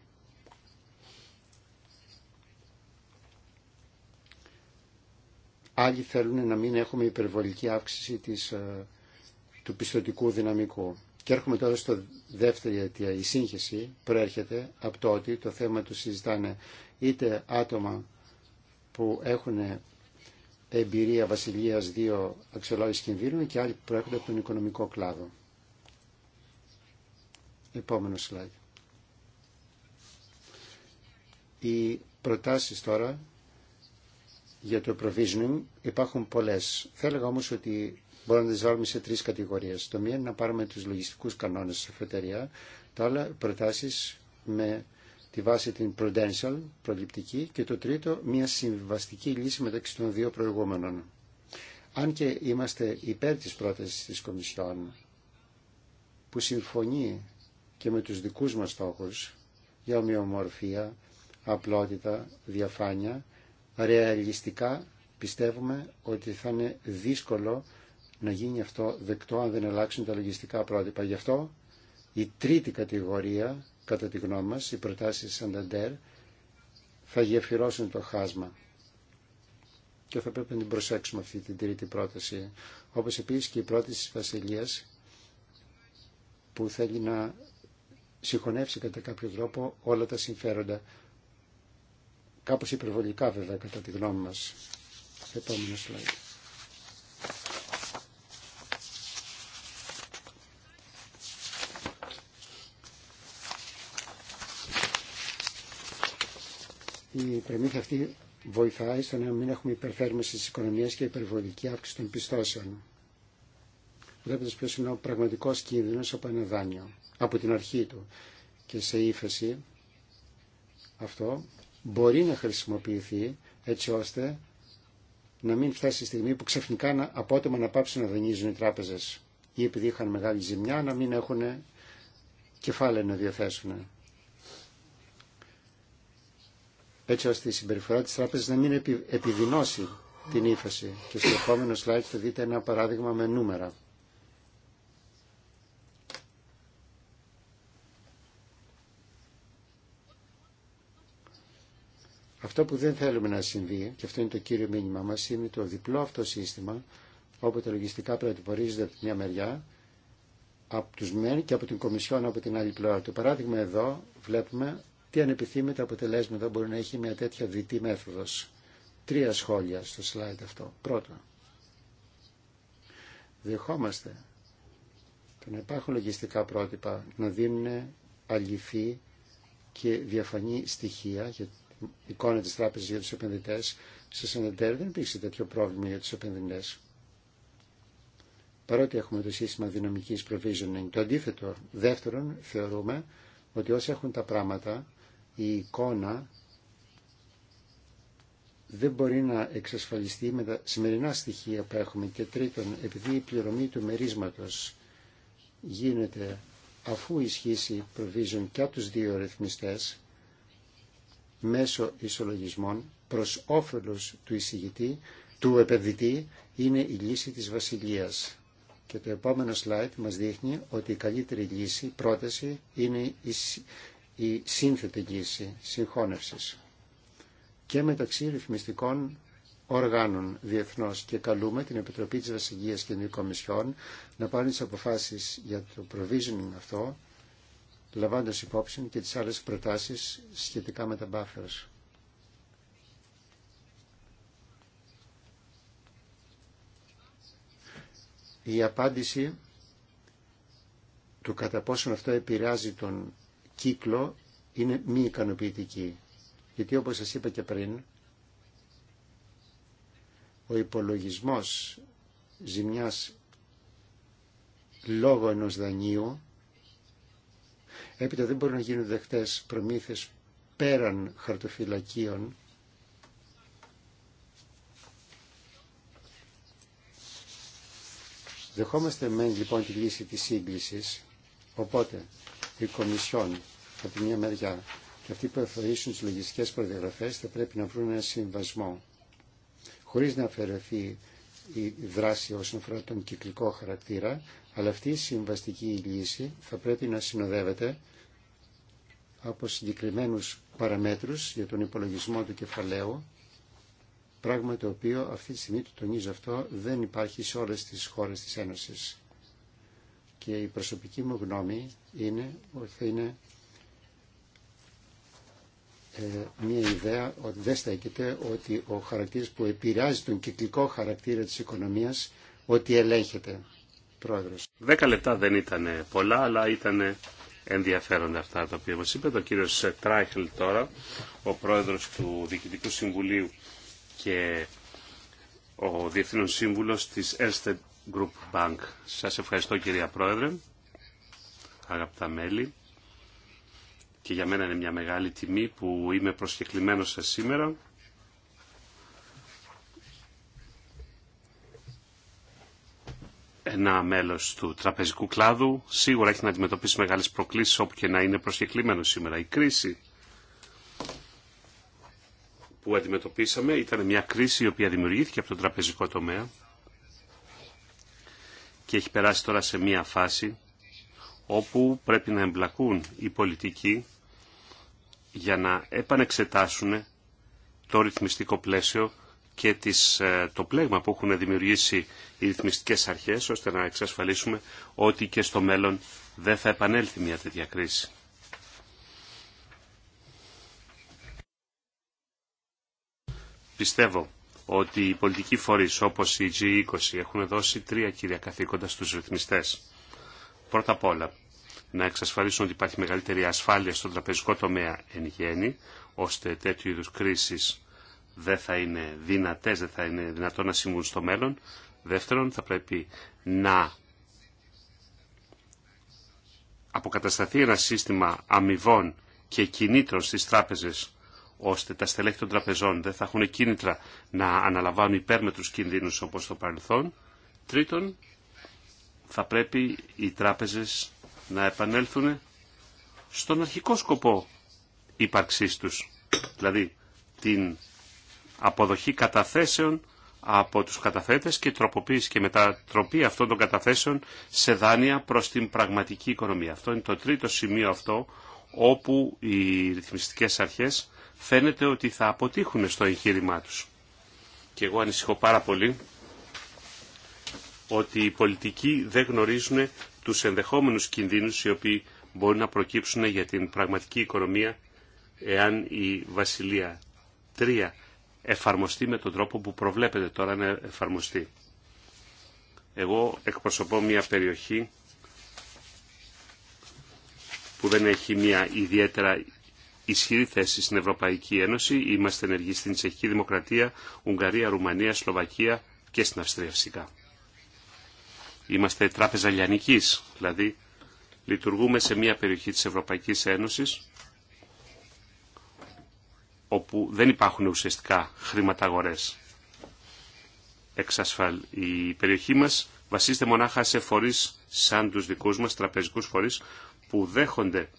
Άλλοι θέλουν να μην έχουμε υπερβολική αύξηση της, ε, του πιστοτικού δυναμικού. Και έρχομαι τώρα στο δεύτερη αιτία. Η σύγχυση προέρχεται από το ότι το θέμα του συζητάνε είτε άτομα που έχουν εμπειρία βασιλείας δύο αξιολόγηση κίνδυνου και άλλοι που προέρχονται από τον οικονομικό κλάδο. Επόμενο slide. Οι προτάσεις τώρα για το provisioning υπάρχουν πολλές. Θα έλεγα όμως ότι μπορούμε να τις βάλουμε σε τρεις κατηγορίες. Το μία είναι να πάρουμε τους λογιστικούς κανόνες τη εφετερία, τα άλλα προτάσεις με τη βάση την prudential, προληπτική, και το τρίτο μια συμβαστική λύση μεταξύ των δύο προηγούμενων. Αν και είμαστε υπέρ της πρότασης της Κομισιόν, που συμφωνεί και με τους δικούς μας στόχους για ομοιομορφία, απλότητα, διαφάνεια, Ρεαλιστικά πιστεύουμε ότι θα είναι δύσκολο να γίνει αυτό δεκτό αν δεν αλλάξουν τα λογιστικά πρότυπα. Γι' αυτό η τρίτη κατηγορία, κατά τη γνώμη μας, οι προτάσεις Σανταντέρ, θα γεφυρώσουν το χάσμα. Και θα πρέπει να την προσέξουμε αυτή την τρίτη πρόταση. Όπως επίσης και η πρόταση της Βασιλείας, που θέλει να συγχωνεύσει κατά κάποιο τρόπο όλα τα συμφέροντα Κάπω υπερβολικά βέβαια κατά τη γνώμη μας. Επόμενο slide. Η πρεμήθεια αυτή βοηθάει στο να μην έχουμε υπερθέρμανση τη οικονομία και υπερβολική αύξηση των πιστώσεων. Βλέπετε ποιο είναι ο πραγματικός κίνδυνος από ένα δάνειο, από την αρχή του. Και σε ύφεση αυτό μπορεί να χρησιμοποιηθεί έτσι ώστε να μην φτάσει η στιγμή που ξαφνικά να, απότομα να πάψουν να δανείζουν οι τράπεζες ή επειδή είχαν μεγάλη ζημιά να μην έχουν κεφάλαια να διαθέσουν. Έτσι ώστε η συμπεριφορά της τράπεζας να μην επιδεινώσει την ύφαση. Και στο επόμενο slide θα δείτε ένα παράδειγμα με νούμερα. Αυτό που δεν θέλουμε να συμβεί, και αυτό είναι το κύριο μήνυμά μας, είναι το διπλό αυτό σύστημα, όπου τα λογιστικά πρωτοπορίζονται από τη μια μεριά, από του μεν και από την Κομισιόν από την άλλη πλευρά. Το παράδειγμα εδώ βλέπουμε τι ανεπιθύμητα αποτελέσματα μπορεί να έχει μια τέτοια δυτή μέθοδος. Τρία σχόλια στο slide αυτό. Πρώτον, δεχόμαστε το να υπάρχουν λογιστικά πρότυπα να δίνουν αληθή και διαφανή στοιχεία για εικόνα της τράπεζας για τους επενδυτές. Σε Σανεντέρ δεν υπήρξε τέτοιο πρόβλημα για τους επενδυτές. Παρότι έχουμε το σύστημα δυναμικής provisioning, το αντίθετο δεύτερον θεωρούμε ότι όσοι έχουν τα πράγματα, η εικόνα δεν μπορεί να εξασφαλιστεί με τα σημερινά στοιχεία που έχουμε. Και τρίτον, επειδή η πληρωμή του μερίσματος γίνεται αφού ισχύσει provision και από τους δύο ρυθμιστές, μέσω ισολογισμών προς όφελος του εισηγητή, του επενδυτή, είναι η λύση της βασιλείας. Και το επόμενο slide μας δείχνει ότι η καλύτερη λύση, πρόταση, είναι η σύνθετη λύση συγχώνευσης και μεταξύ ρυθμιστικών οργάνων διεθνώς και καλούμε την Επιτροπή της Βασιλείας και την να πάρει τις αποφάσεις για το provisioning αυτό λαμβάνοντας υπόψη και τις άλλες προτάσεις σχετικά με τα buffers. Η απάντηση του κατά πόσον αυτό επηρεάζει τον κύκλο είναι μη ικανοποιητική. Γιατί όπως σας είπα και πριν, ο υπολογισμός ζημιάς λόγω ενός δανείου Έπειτα δεν μπορούν να γίνουν δεχτές προμήθειες πέραν χαρτοφυλακίων Δεχόμαστε μεν λοιπόν τη λύση της σύγκλησης, οπότε η Κομισιόν από τη μια μεριά και αυτοί που εφορήσουν τις λογιστικές προδιαγραφές θα πρέπει να βρουν ένα συμβασμό χωρίς να αφαιρεθεί η δράση όσον αφορά τον κυκλικό χαρακτήρα, αλλά αυτή η συμβαστική λύση θα πρέπει να συνοδεύεται από συγκεκριμένους παραμέτρους για τον υπολογισμό του κεφαλαίου, πράγμα το οποίο αυτή τη στιγμή το τονίζω αυτό δεν υπάρχει σε όλες τις χώρες της Ένωσης. Και η προσωπική μου γνώμη είναι ότι θα είναι ε, μια ιδέα ότι δεν στέκεται ότι ο χαρακτήρας που επηρεάζει τον κυκλικό χαρακτήρα της οικονομίας ότι ελέγχεται. Πρόεδρος. Δέκα λεπτά δεν ήταν πολλά, αλλά ήταν ενδιαφέροντα αυτά τα οποία μας είπε. Το κύριο Τράιχελ τώρα, ο πρόεδρος του Διοικητικού Συμβουλίου και ο Διευθύνων Σύμβουλος της Erste Group Bank. Σας ευχαριστώ κυρία Πρόεδρε, αγαπητά μέλη. Και για μένα είναι μια μεγάλη τιμή που είμαι προσκεκλημένος σας σήμερα ένα μέλος του τραπεζικού κλάδου σίγουρα έχει να αντιμετωπίσει μεγάλες προκλήσεις όπου και να είναι προσκεκλημένο σήμερα. Η κρίση που αντιμετωπίσαμε ήταν μια κρίση η οποία δημιουργήθηκε από τον τραπεζικό τομέα και έχει περάσει τώρα σε μια φάση όπου πρέπει να εμπλακούν οι πολιτικοί για να επανεξετάσουν το ρυθμιστικό πλαίσιο και ε, το πλέγμα που έχουν δημιουργήσει οι ρυθμιστικές αρχές ώστε να εξασφαλίσουμε ότι και στο μέλλον δεν θα επανέλθει μια τέτοια κρίση. Πιστεύω ότι οι πολιτικοί φορείς όπως η G20 έχουν δώσει τρία κύρια καθήκοντα στους ρυθμιστές. Πρώτα απ' όλα, να εξασφαλίσουν ότι υπάρχει μεγαλύτερη ασφάλεια στον τραπεζικό τομέα εν γέννη, ώστε τέτοιου είδους κρίσεις δεν θα είναι δυνατές, δεν θα είναι δυνατόν να συμβούν στο μέλλον. Δεύτερον, θα πρέπει να αποκατασταθεί ένα σύστημα αμοιβών και κινήτρων στις τράπεζες ώστε τα στελέχη των τραπεζών δεν θα έχουν κίνητρα να αναλαμβάνουν υπέρμετρους κινδύνους όπως το παρελθόν. Τρίτον, θα πρέπει οι τράπεζες να επανέλθουν στον αρχικό σκοπό ύπαρξής τους, δηλαδή την αποδοχή καταθέσεων από τους καταθέτες και τροποποίηση και μετατροπή αυτών των καταθέσεων σε δάνεια προς την πραγματική οικονομία. Αυτό είναι το τρίτο σημείο αυτό όπου οι ρυθμιστικές αρχές φαίνεται ότι θα αποτύχουν στο εγχείρημά τους. Και εγώ ανησυχώ πάρα πολύ ότι οι πολιτικοί δεν γνωρίζουν τους ενδεχόμενους κινδύνους οι οποίοι μπορεί να προκύψουν για την πραγματική οικονομία εάν η Βασιλεία 3 εφαρμοστεί με τον τρόπο που προβλέπετε τώρα να εφαρμοστεί. Εγώ εκπροσωπώ μια περιοχή που δεν έχει μια ιδιαίτερα ισχυρή θέση στην Ευρωπαϊκή Ένωση. Είμαστε ενεργοί στην Τσεχική Δημοκρατία, Ουγγαρία, Ρουμανία, Σλοβακία και στην Αυστρία φυσικά. Είμαστε τράπεζα λιανικής, δηλαδή λειτουργούμε σε μια περιοχή της Ευρωπαϊκής Ένωσης όπου δεν υπάρχουν ουσιαστικά χρηματαγορές. Εξασφαλ. Η περιοχή μας βασίζεται μονάχα σε φορείς σαν τους δικούς μας τραπεζικούς φορείς που δέχονται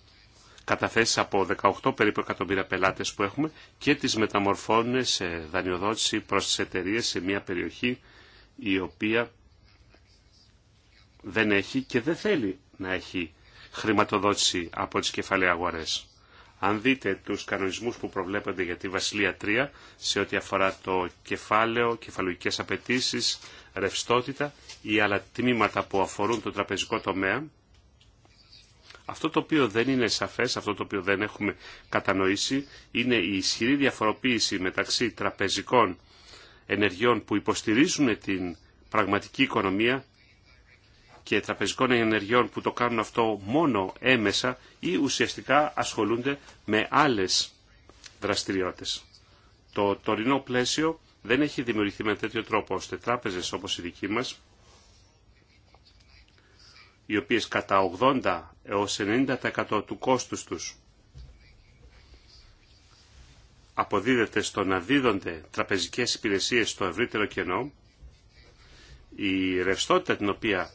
καταθέσεις από 18 περίπου εκατομμύρια πελάτες που έχουμε και τις μεταμορφώνουν σε δανειοδότηση προς τις εταιρείε σε μια περιοχή η οποία δεν έχει και δεν θέλει να έχει χρηματοδότηση από τις κεφαλαίες αγορές. Αν δείτε τους κανονισμούς που προβλέπονται για τη Βασιλεία 3 σε ό,τι αφορά το κεφάλαιο, κεφαλογικές απαιτήσει, ρευστότητα ή άλλα τμήματα που αφορούν το τραπεζικό τομέα, αυτό το οποίο δεν είναι σαφές, αυτό το οποίο δεν έχουμε κατανοήσει, είναι η ισχυρή διαφοροποίηση μεταξύ τραπεζικών ενεργειών που υποστηρίζουν την πραγματική οικονομία και τραπεζικών ενεργειών που το κάνουν αυτό μόνο έμεσα ή ουσιαστικά ασχολούνται με άλλες δραστηριότητες. Το τωρινό πλαίσιο δεν έχει δημιουργηθεί με τέτοιο τρόπο ώστε τράπεζες όπως η δική μας οι οποίες κατά 80 έως 90% του κόστους τους αποδίδεται στο να δίδονται τραπεζικές υπηρεσίες στο ευρύτερο κενό, η ρευστότητα την οποία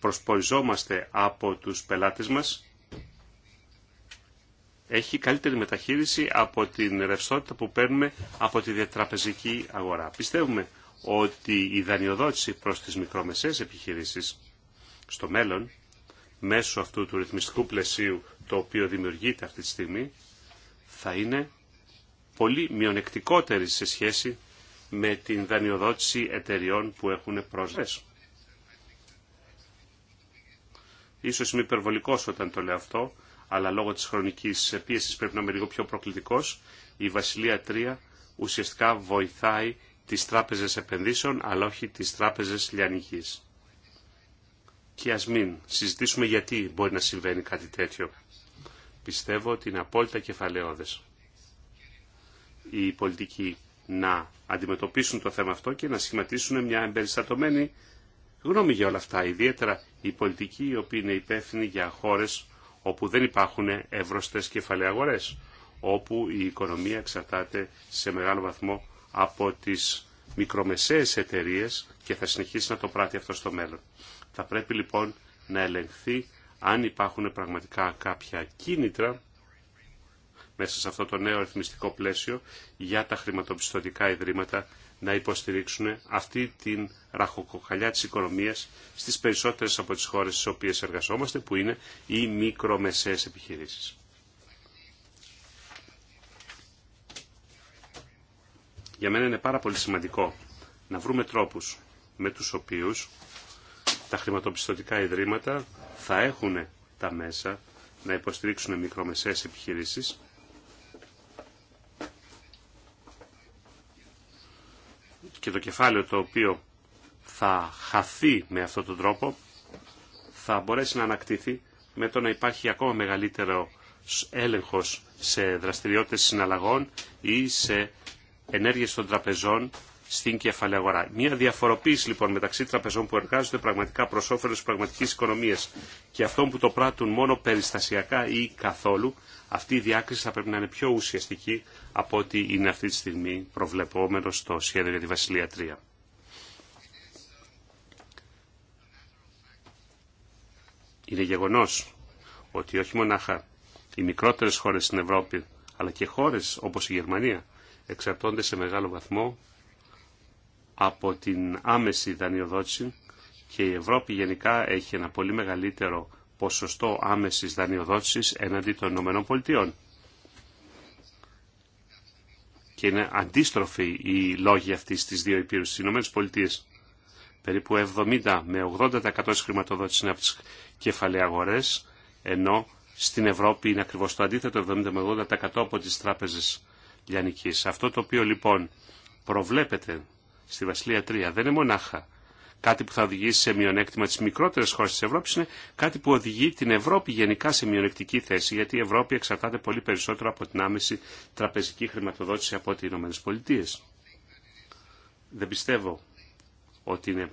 προσποριζόμαστε από τους πελάτες μας έχει καλύτερη μεταχείριση από την ρευστότητα που παίρνουμε από τη διατραπεζική αγορά. Πιστεύουμε ότι η δανειοδότηση προς τις μικρομεσαίες επιχειρήσεις στο μέλλον, μέσω αυτού του ρυθμιστικού πλαισίου το οποίο δημιουργείται αυτή τη στιγμή, θα είναι πολύ μειονεκτικότερη σε σχέση με την δανειοδότηση εταιριών που έχουν πρόσβαση. Ίσως είμαι υπερβολικός όταν το λέω αυτό, αλλά λόγω της χρονικής πίεσης πρέπει να είμαι λίγο πιο προκλητικός. Η Βασιλεία 3 ουσιαστικά βοηθάει τις τράπεζες επενδύσεων, αλλά όχι τις τράπεζες λιανικής. Και ας μην συζητήσουμε γιατί μπορεί να συμβαίνει κάτι τέτοιο. Πιστεύω ότι είναι απόλυτα κεφαλαιόδες. Οι πολιτικοί να αντιμετωπίσουν το θέμα αυτό και να σχηματίσουν μια εμπεριστατωμένη γνώμη για όλα αυτά, ιδιαίτερα η πολιτική η οποία είναι υπεύθυνη για χώρες όπου δεν υπάρχουν εύρωστες κεφαλαίοι αγορές, όπου η οικονομία εξαρτάται σε μεγάλο βαθμό από τις μικρομεσαίες εταιρείες και θα συνεχίσει να το πράττει αυτό στο μέλλον. Θα πρέπει λοιπόν να ελεγχθεί αν υπάρχουν πραγματικά κάποια κίνητρα μέσα σε αυτό το νέο ρυθμιστικό πλαίσιο για τα χρηματοπιστωτικά ιδρύματα να υποστηρίξουν αυτή την ραχοκοκαλιά της οικονομίας στις περισσότερες από τις χώρες στις οποίες εργαζόμαστε, που είναι οι μικρομεσαίες επιχειρήσεις. Για μένα είναι πάρα πολύ σημαντικό να βρούμε τρόπους με τους οποίους τα χρηματοπιστωτικά ιδρύματα θα έχουν τα μέσα να υποστηρίξουν μικρομεσαίες επιχειρήσεις και το κεφάλαιο το οποίο θα χαθεί με αυτόν τον τρόπο θα μπορέσει να ανακτήθει με το να υπάρχει ακόμα μεγαλύτερο έλεγχος σε δραστηριότητες συναλλαγών ή σε ενέργειες των τραπεζών στην κεφαλαία αγορά. Μια διαφοροποίηση λοιπόν μεταξύ τραπεζών που εργάζονται πραγματικά προ όφελο τη πραγματική οικονομία και αυτών που το πράττουν μόνο περιστασιακά ή καθόλου αυτή η διάκριση θα πρέπει να είναι πιο ουσιαστική από ό,τι είναι αυτή τη στιγμή προβλεπόμενο στο σχέδιο για τη Βασιλεία 3. Είναι γεγονό ότι όχι μονάχα οι μικρότερε χώρες στην Ευρώπη, αλλά και χώρες όπως η Γερμανία, εξαρτώνται σε μεγάλο βαθμό από την άμεση δανειοδότηση και η Ευρώπη γενικά έχει ένα πολύ μεγαλύτερο ποσοστό άμεσης δανειοδότησης έναντι των Πολιτειών. Και είναι αντίστροφη η λόγοι αυτής της δύο υπήρου στις ΗΠΑ. Περίπου 70 με 80% της χρηματοδότησης είναι από τις κεφαλαίες αγορές, ενώ στην Ευρώπη είναι ακριβώς το αντίθετο, 70 με 80% από τις τράπεζες λιανικής. Αυτό το οποίο λοιπόν προβλέπεται στη Βασιλεία 3 δεν είναι μονάχα κάτι που θα οδηγήσει σε μειονέκτημα τις μικρότερες χώρες της Ευρώπης, είναι κάτι που οδηγεί την Ευρώπη γενικά σε μειονεκτική θέση, γιατί η Ευρώπη εξαρτάται πολύ περισσότερο από την άμεση τραπεζική χρηματοδότηση από ό,τι οι Ηνωμένες Πολιτείες. Δεν πιστεύω ότι είναι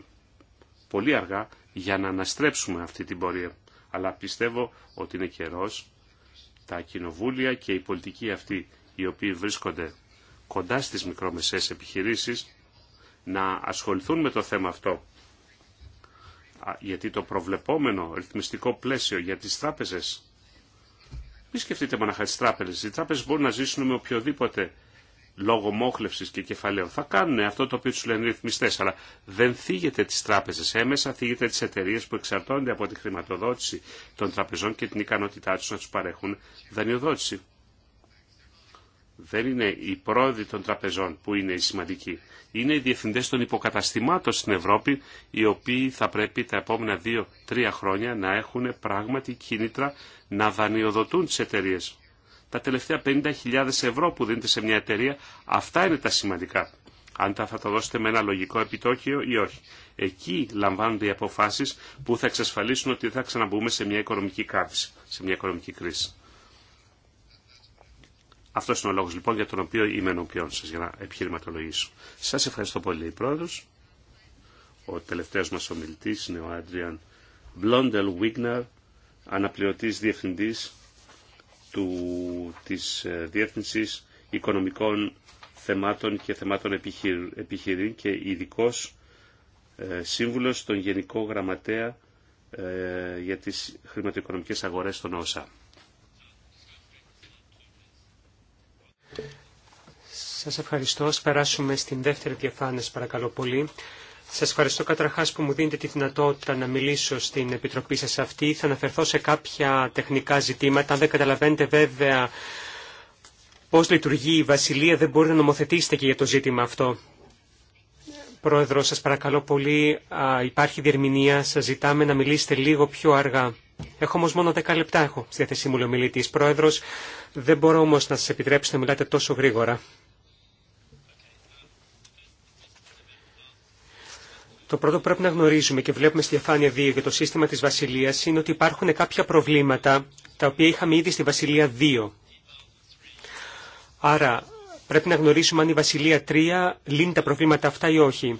πολύ αργά για να αναστρέψουμε αυτή την πορεία, αλλά πιστεύω ότι είναι καιρός τα κοινοβούλια και οι πολιτικοί αυτοί οι οποίοι βρίσκονται κοντά στις μικρομεσαίες επιχειρήσεις να ασχοληθούν με το θέμα αυτό γιατί το προβλεπόμενο ρυθμιστικό πλαίσιο για τις τράπεζες, μη σκεφτείτε μοναχά τις τράπεζες, οι τράπεζες μπορούν να ζήσουν με οποιοδήποτε λόγο μόχλευσης και κεφαλαίων. Θα κάνουν αυτό το οποίο τους λένε οι ρυθμιστές, αλλά δεν θίγεται τις τράπεζες έμεσα, θίγεται τις εταιρείε που εξαρτώνται από τη χρηματοδότηση των τραπεζών και την ικανότητά τους να τους παρέχουν δανειοδότηση δεν είναι οι πρόεδροι των τραπεζών που είναι οι σημαντικοί. Είναι οι διευθυντέ των υποκαταστημάτων στην Ευρώπη, οι οποίοι θα πρέπει τα επόμενα δύο-τρία χρόνια να έχουν πράγματι κίνητρα να δανειοδοτούν τι εταιρείε. Τα τελευταία 50.000 ευρώ που δίνετε σε μια εταιρεία, αυτά είναι τα σημαντικά. Αν τα θα τα δώσετε με ένα λογικό επιτόκιο ή όχι. Εκεί λαμβάνονται οι αποφάσει που θα εξασφαλίσουν ότι θα ξαναμπούμε σε μια οικονομική κάρτιση, σε μια οικονομική κρίση. Αυτό είναι ο λόγος λοιπόν για τον οποίο είμαι ενώπιόν σας για να επιχειρηματολογήσω. Σας ευχαριστώ πολύ πρόεδρο. Ο τελευταίος μας ομιλητής είναι ο Άντριαν Μπλόντελ Βίγναρ, αναπληρωτής διευθυντής τη της ε, Οικονομικών Θεμάτων και Θεμάτων Επιχειρήν και ειδικό ε, σύμβουλος στον Γενικό Γραμματέα ε, για τι χρηματοοικονομικές αγορέ των ΩΣΑ. Σας ευχαριστώ. Ας περάσουμε στην δεύτερη διαφάνεια, παρακαλώ πολύ. Σας ευχαριστώ καταρχάς που μου δίνετε τη δυνατότητα να μιλήσω στην Επιτροπή σας αυτή. Θα αναφερθώ σε κάποια τεχνικά ζητήματα. Αν δεν καταλαβαίνετε βέβαια πώς λειτουργεί η Βασιλεία, δεν μπορείτε να νομοθετήσετε και για το ζήτημα αυτό. Πρόεδρο, σας παρακαλώ πολύ, υπάρχει διερμηνία, σας ζητάμε να μιλήσετε λίγο πιο αργά. Έχω όμω μόνο 10 λεπτά έχω στη διάθεσή μου, λέει ο μιλητή πρόεδρο. Δεν μπορώ όμω να σα επιτρέψω να μιλάτε τόσο γρήγορα. Το πρώτο που πρέπει να γνωρίζουμε και βλέπουμε στη διαφάνεια 2 για το σύστημα της Βασιλείας είναι ότι υπάρχουν κάποια προβλήματα τα οποία είχαμε ήδη στη Βασιλεία 2. Άρα πρέπει να γνωρίσουμε αν η Βασιλεία 3 λύνει τα προβλήματα αυτά ή όχι.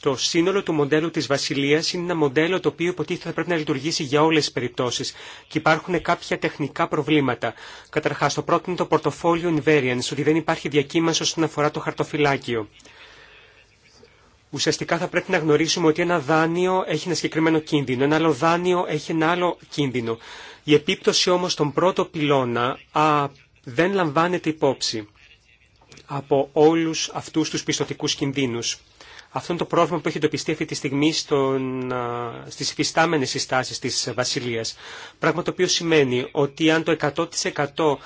Το σύνολο του μοντέλου της Βασιλείας είναι ένα μοντέλο το οποίο υποτίθεται πρέπει να λειτουργήσει για όλες τις περιπτώσεις και υπάρχουν κάποια τεχνικά προβλήματα. Καταρχάς, το πρώτο είναι το portfolio invariance, ότι δεν υπάρχει διακύμανση όσον αφορά το χαρτοφυλάκιο ουσιαστικά θα πρέπει να γνωρίσουμε ότι ένα δάνειο έχει ένα συγκεκριμένο κίνδυνο, ένα άλλο δάνειο έχει ένα άλλο κίνδυνο. Η επίπτωση όμως στον πρώτο πυλώνα α, δεν λαμβάνεται υπόψη από όλους αυτούς τους πιστοτικούς κινδύνους. Αυτό είναι το πρόβλημα που έχει εντοπιστεί αυτή τη στιγμή στον, στις υφιστάμενες συστάσεις της Βασιλείας. Πράγμα το οποίο σημαίνει ότι αν το 100%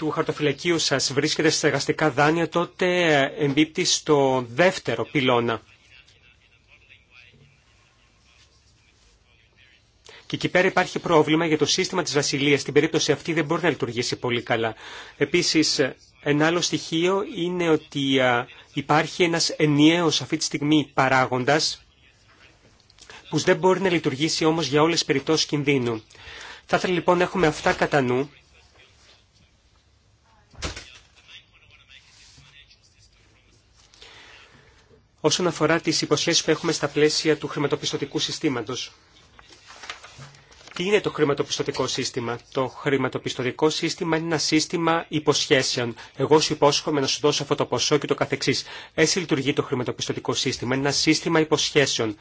του χαρτοφυλακίου σας βρίσκεται στα εργαστικά δάνεια, τότε ε, εμπίπτει στο δεύτερο πυλώνα. Και εκεί πέρα υπάρχει πρόβλημα για το σύστημα της βασιλείας. Στην περίπτωση αυτή δεν μπορεί να λειτουργήσει πολύ καλά. Επίσης, ε, ένα άλλο στοιχείο είναι ότι ε, υπάρχει ένας ενιαίος αυτή τη στιγμή παράγοντας, που δεν μπορεί να λειτουργήσει όμως για όλες τις περιπτώσεις κινδύνου. Θα ήθελα λοιπόν να έχουμε αυτά κατά νου όσον αφορά τις υποσχέσεις που έχουμε στα πλαίσια του χρηματοπιστωτικού συστήματος. Τι είναι το χρηματοπιστωτικό σύστημα. Το χρηματοπιστωτικό σύστημα είναι ένα σύστημα υποσχέσεων. Εγώ σου υπόσχομαι να σου δώσω αυτό το ποσό και το καθεξής. Έτσι λειτουργεί το χρηματοπιστωτικό σύστημα. Είναι ένα σύστημα υποσχέσεων.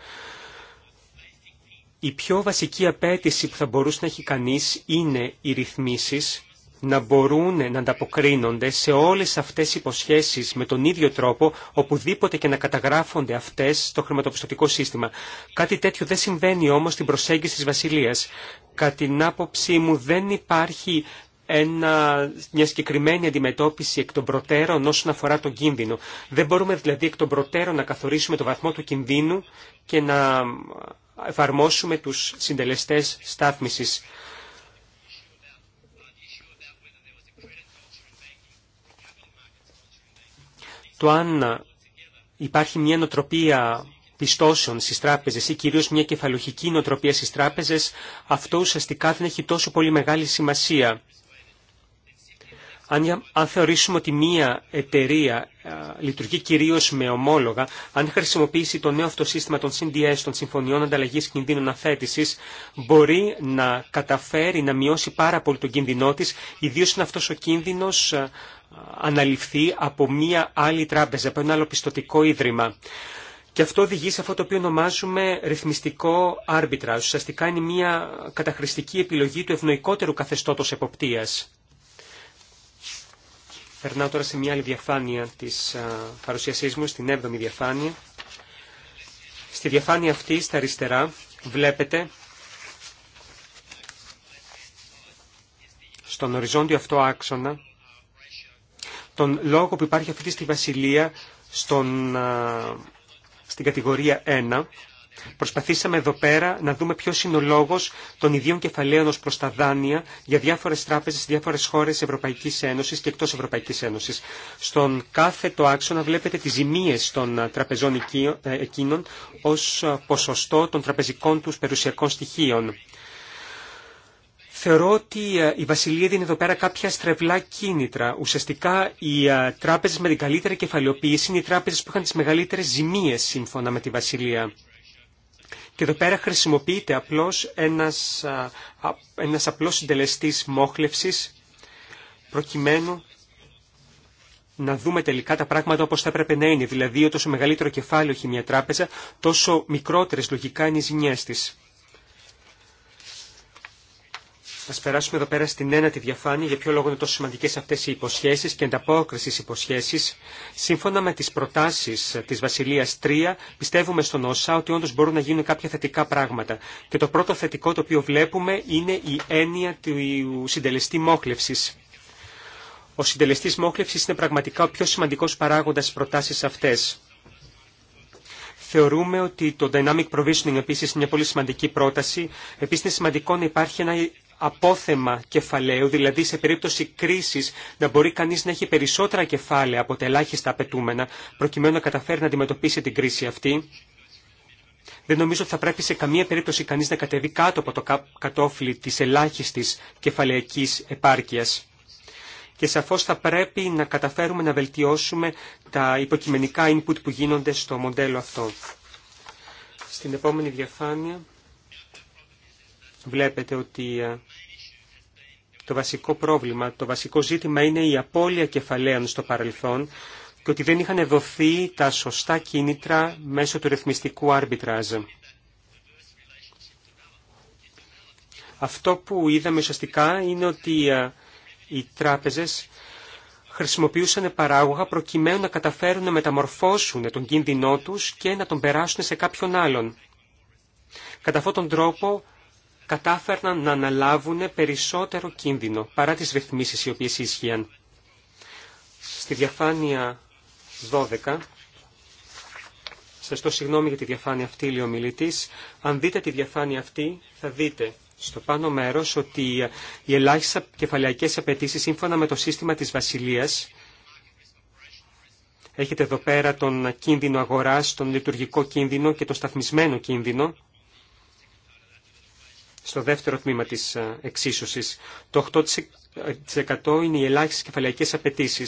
Η πιο βασική απέτηση που θα μπορούσε να έχει κανείς είναι οι ρυθμίσεις να μπορούν να ανταποκρίνονται σε όλες αυτές οι υποσχέσεις με τον ίδιο τρόπο οπουδήποτε και να καταγράφονται αυτές στο χρηματοπιστωτικό σύστημα. Κάτι τέτοιο δεν συμβαίνει όμως στην προσέγγιση της Βασιλείας. Κατά την άποψή μου δεν υπάρχει ένα, μια συγκεκριμένη αντιμετώπιση εκ των προτέρων όσον αφορά τον κίνδυνο. Δεν μπορούμε δηλαδή εκ των προτέρων να καθορίσουμε το βαθμό του κινδύνου και να εφαρμόσουμε τους συντελεστές στάθμισης. το αν υπάρχει μια νοτροπία πιστώσεων στι τράπεζε ή κυρίω μια κεφαλοχική νοτροπία στι τράπεζε, αυτό ουσιαστικά δεν έχει τόσο πολύ μεγάλη σημασία αν, αν θεωρήσουμε ότι μία εταιρεία λειτουργεί κυρίως με ομόλογα, αν χρησιμοποιήσει το νέο αυτό σύστημα των CDS, των Συμφωνιών Ανταλλαγής Κινδύνων Αθέτησης, μπορεί να καταφέρει να μειώσει πάρα πολύ τον κίνδυνό της, ιδίως αν αυτός ο κίνδυνος αναλυφθεί από μία άλλη τράπεζα, από ένα άλλο πιστοτικό ίδρυμα. Και αυτό οδηγεί σε αυτό το οποίο ονομάζουμε ρυθμιστικό άρμπιτρα. Ουσιαστικά είναι μια καταχρηστική επιλογή του ευνοϊκότερου καθεστώτο εποπτείας. Περνάω τώρα σε μια άλλη διαφάνεια της παρουσίασής μου, στην έβδομη διαφάνεια. Στη διαφάνεια αυτή, στα αριστερά, βλέπετε στον οριζόντιο αυτό άξονα τον λόγο που υπάρχει αυτή στη Βασιλεία στον, στην κατηγορία 1 Προσπαθήσαμε εδώ πέρα να δούμε ποιο είναι ο λόγο των ιδίων κεφαλαίων ω προ τα δάνεια για διάφορε τράπεζε σε διάφορε χώρε Ευρωπαϊκή Ένωση και εκτό Ευρωπαϊκή Ένωση. Στον κάθε το άξονα βλέπετε τι ζημίε των ε, τραπεζών ε, εκείνων ω ε, ποσοστό των τραπεζικών του περιουσιακών στοιχείων. Θεωρώ ότι η Βασιλεία δίνει εδώ πέρα κάποια στρεβλά κίνητρα. Ουσιαστικά οι τράπεζε με την καλύτερη κεφαλαιοποίηση είναι οι τράπεζε που είχαν τι μεγαλύτερε ζημίε σύμφωνα με τη Βασιλεία. Και εδώ πέρα χρησιμοποιείται απλώς ένας, ένας απλός συντελεστής μόχλευσης προκειμένου να δούμε τελικά τα πράγματα όπως θα έπρεπε να είναι. Δηλαδή, όσο μεγαλύτερο κεφάλαιο έχει μια τράπεζα, τόσο μικρότερες λογικά είναι οι ζημιές της θα περάσουμε εδώ πέρα στην ένατη διαφάνεια για ποιο λόγο είναι τόσο σημαντικέ αυτέ οι υποσχέσει και ανταπόκριση υποσχέσει. Σύμφωνα με τι προτάσει τη Βασιλεία 3, πιστεύουμε στον ΩΣΑ ότι όντω μπορούν να γίνουν κάποια θετικά πράγματα. Και το πρώτο θετικό το οποίο βλέπουμε είναι η έννοια του συντελεστή μόχλευση. Ο συντελεστή μόχλευση είναι πραγματικά ο πιο σημαντικό παράγοντα στι προτάσει αυτέ. Θεωρούμε ότι το Dynamic Provisioning επίση είναι μια πολύ σημαντική πρόταση. Επίση είναι σημαντικό να υπάρχει ένα απόθεμα κεφαλαίου, δηλαδή σε περίπτωση κρίσης να μπορεί κανείς να έχει περισσότερα κεφάλαια από τα ελάχιστα απαιτούμενα, προκειμένου να καταφέρει να αντιμετωπίσει την κρίση αυτή. Δεν νομίζω ότι θα πρέπει σε καμία περίπτωση κανείς να κατεβεί κάτω από το κατόφλι της ελάχιστης κεφαλαϊκής επάρκειας. Και σαφώς θα πρέπει να καταφέρουμε να βελτιώσουμε τα υποκειμενικά input που γίνονται στο μοντέλο αυτό. Στην επόμενη διαφάνεια βλέπετε ότι ε, το βασικό πρόβλημα, το βασικό ζήτημα είναι η απώλεια κεφαλαίων στο παρελθόν και ότι δεν είχαν δοθεί τα σωστά κίνητρα μέσω του ρυθμιστικού άρμπιτραζ. Αυτό που είδαμε ουσιαστικά είναι ότι ε, οι τράπεζες χρησιμοποιούσαν παράγωγα προκειμένου να καταφέρουν να μεταμορφώσουν τον κίνδυνό τους και να τον περάσουν σε κάποιον άλλον. Κατά αυτόν τον τρόπο κατάφερναν να αναλάβουν περισσότερο κίνδυνο παρά τις ρυθμίσεις οι οποίες ίσχυαν. Στη διαφάνεια 12, σας το συγγνώμη για τη διαφάνεια αυτή, λέει ο αν δείτε τη διαφάνεια αυτή θα δείτε στο πάνω μέρος ότι οι ελάχιστε κεφαλαϊκές απαιτήσει σύμφωνα με το σύστημα της Βασιλείας Έχετε εδώ πέρα τον κίνδυνο αγοράς, τον λειτουργικό κίνδυνο και τον σταθμισμένο κίνδυνο στο δεύτερο τμήμα της ε, εξίσωσης. Το 8% είναι οι ελάχιστες κεφαλαϊκές απαιτήσει.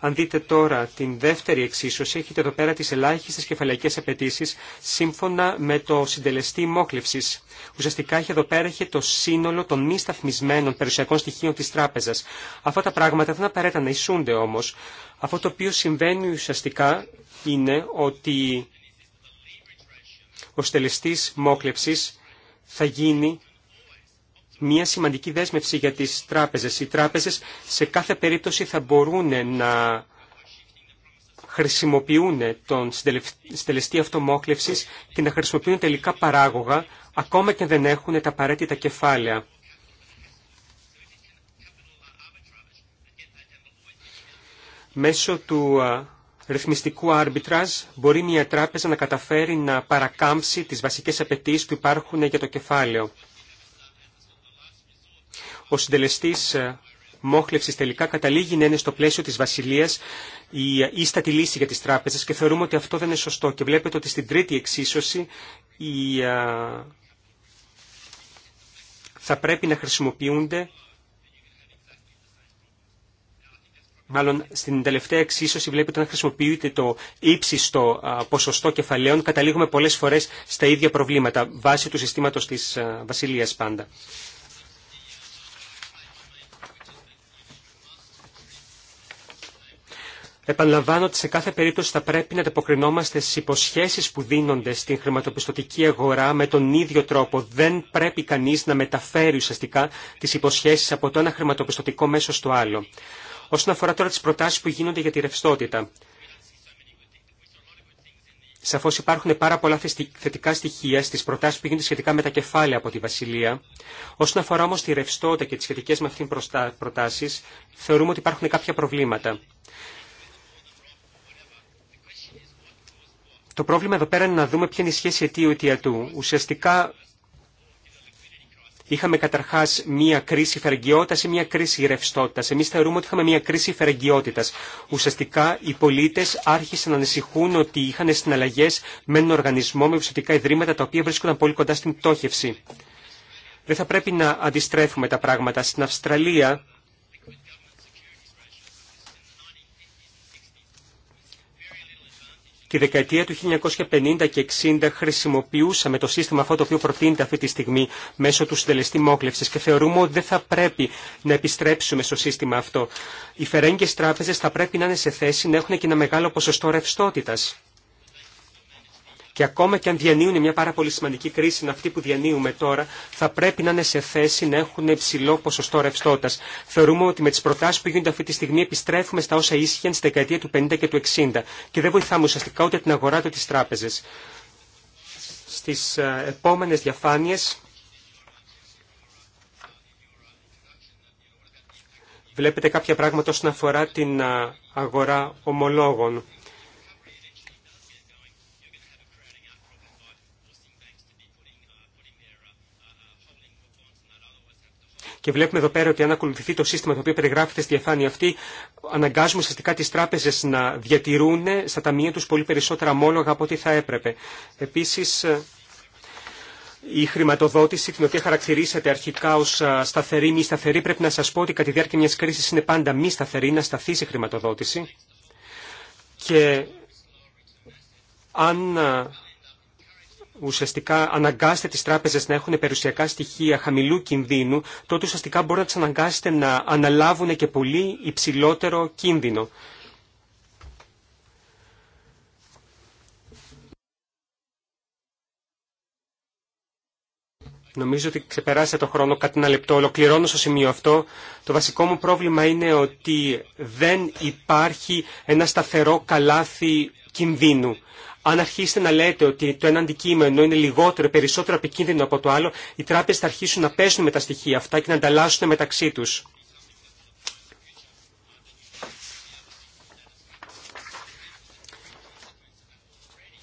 Αν δείτε τώρα την δεύτερη εξίσωση, έχετε εδώ πέρα τις ελάχιστες κεφαλαϊκές απαιτήσει σύμφωνα με το συντελεστή μόκλευσης. Ουσιαστικά έχει εδώ πέρα έχει το σύνολο των μη σταθμισμένων περιουσιακών στοιχείων της τράπεζας. Αυτά τα πράγματα δεν απαραίτητα ισούνται όμως. Αυτό το οποίο συμβαίνει ουσιαστικά είναι ότι ο συντελεστής μόκλευσης θα γίνει μια σημαντική δέσμευση για τις τράπεζες. Οι τράπεζες σε κάθε περίπτωση θα μπορούν να χρησιμοποιούν τον στελεστή αυτομόχλευσης και να χρησιμοποιούν τελικά παράγωγα, ακόμα και δεν έχουν τα απαραίτητα κεφάλαια. Μέσω του ρυθμιστικού άρμπιτρας μπορεί μια τράπεζα να καταφέρει να παρακάμψει τις βασικές απαιτήσεις που υπάρχουν για το κεφάλαιο ο συντελεστή ε, μόχλευση τελικά καταλήγει να είναι στο πλαίσιο τη Βασιλεία η ε, ίστατη λύση για τι τράπεζε και θεωρούμε ότι αυτό δεν είναι σωστό. Και βλέπετε ότι στην τρίτη εξίσωση η, ε, θα πρέπει να χρησιμοποιούνται. Μάλλον στην τελευταία εξίσωση βλέπετε να χρησιμοποιείται το ύψιστο ποσοστό κεφαλαίων. Καταλήγουμε πολλές φορές στα ίδια προβλήματα βάσει του συστήματος της Βασιλείας πάντα. Επαναλαμβάνω ότι σε κάθε περίπτωση θα πρέπει να ανταποκρινόμαστε στι υποσχέσει που δίνονται στην χρηματοπιστωτική αγορά με τον ίδιο τρόπο. Δεν πρέπει κανεί να μεταφέρει ουσιαστικά τι υποσχέσει από το ένα χρηματοπιστωτικό μέσο στο άλλο. Όσον αφορά τώρα τι προτάσει που γίνονται για τη ρευστότητα. Σαφώ υπάρχουν πάρα πολλά θετικά στοιχεία στι προτάσει που γίνονται σχετικά με τα κεφάλαια από τη Βασιλεία. Όσον αφορά όμω τη ρευστότητα και τι σχετικέ με αυτήν προτάσει, θεωρούμε ότι υπάρχουν κάποια προβλήματα. Το πρόβλημα εδώ πέρα είναι να δούμε ποια είναι η σχέση αιτίου-αιτιατού. Ουσιαστικά Είχαμε καταρχά μία κρίση φεργιότητα ή μία κρίση ρευστότητα. Εμεί θεωρούμε ότι είχαμε μία κρίση φεργιότητα. Ουσιαστικά οι πολίτε άρχισαν να ανησυχούν ότι είχαν συναλλαγέ με έναν οργανισμό με ουσιαστικά ιδρύματα τα οποία βρίσκονταν πολύ κοντά στην πτώχευση. Δεν θα πρέπει να αντιστρέφουμε τα πράγματα. Στην Αυστραλία Τη δεκαετία του 1950 και 60 χρησιμοποιούσαμε το σύστημα αυτό το οποίο προτείνεται αυτή τη στιγμή μέσω του συντελεστή μόκλευση και θεωρούμε ότι δεν θα πρέπει να επιστρέψουμε στο σύστημα αυτό. Οι φερέγγιε τράπεζε θα πρέπει να είναι σε θέση να έχουν και ένα μεγάλο ποσοστό ρευστότητα. Και ακόμα και αν διανύουν μια πάρα πολύ σημαντική κρίση, είναι αυτή που διανύουμε τώρα, θα πρέπει να είναι σε θέση να έχουν υψηλό ποσοστό ρευστότητα. Θεωρούμε ότι με τι προτάσει που γίνονται αυτή τη στιγμή επιστρέφουμε στα όσα ίσχυαν στη δεκαετία του 50 και του 60 και δεν βοηθάμε ουσιαστικά ούτε την αγορά του τι τράπεζε. Στι ε, επόμενε διαφάνειε. Βλέπετε κάποια πράγματα όσον αφορά την ε, αγορά ομολόγων. Και βλέπουμε εδώ πέρα ότι αν ακολουθηθεί το σύστημα το οποίο περιγράφεται στη διαφάνεια αυτή, αναγκάζουμε ουσιαστικά τι τράπεζε να διατηρούν στα ταμεία του πολύ περισσότερα μόλογα από ό,τι θα έπρεπε. Επίση, η χρηματοδότηση, την οποία χαρακτηρίσατε αρχικά ω σταθερή, μη σταθερή, πρέπει να σα πω ότι κατά τη διάρκεια μια κρίση είναι πάντα μη σταθερή, να σταθεί η χρηματοδότηση. Και αν ουσιαστικά αναγκάσετε τις τράπεζες να έχουν περιουσιακά στοιχεία χαμηλού κινδύνου, τότε ουσιαστικά μπορεί να τις αναγκάσετε να αναλάβουν και πολύ υψηλότερο κίνδυνο. Νομίζω ότι ξεπεράσατε το χρόνο κάτι ένα λεπτό. Ολοκληρώνω στο σημείο αυτό. Το βασικό μου πρόβλημα είναι ότι δεν υπάρχει ένα σταθερό καλάθι κινδύνου. Αν αρχίσετε να λέτε ότι το ένα αντικείμενο είναι λιγότερο, περισσότερο επικίνδυνο από το άλλο, οι τράπεζε θα αρχίσουν να πέσουν με τα στοιχεία αυτά και να ανταλλάσσουν μεταξύ του.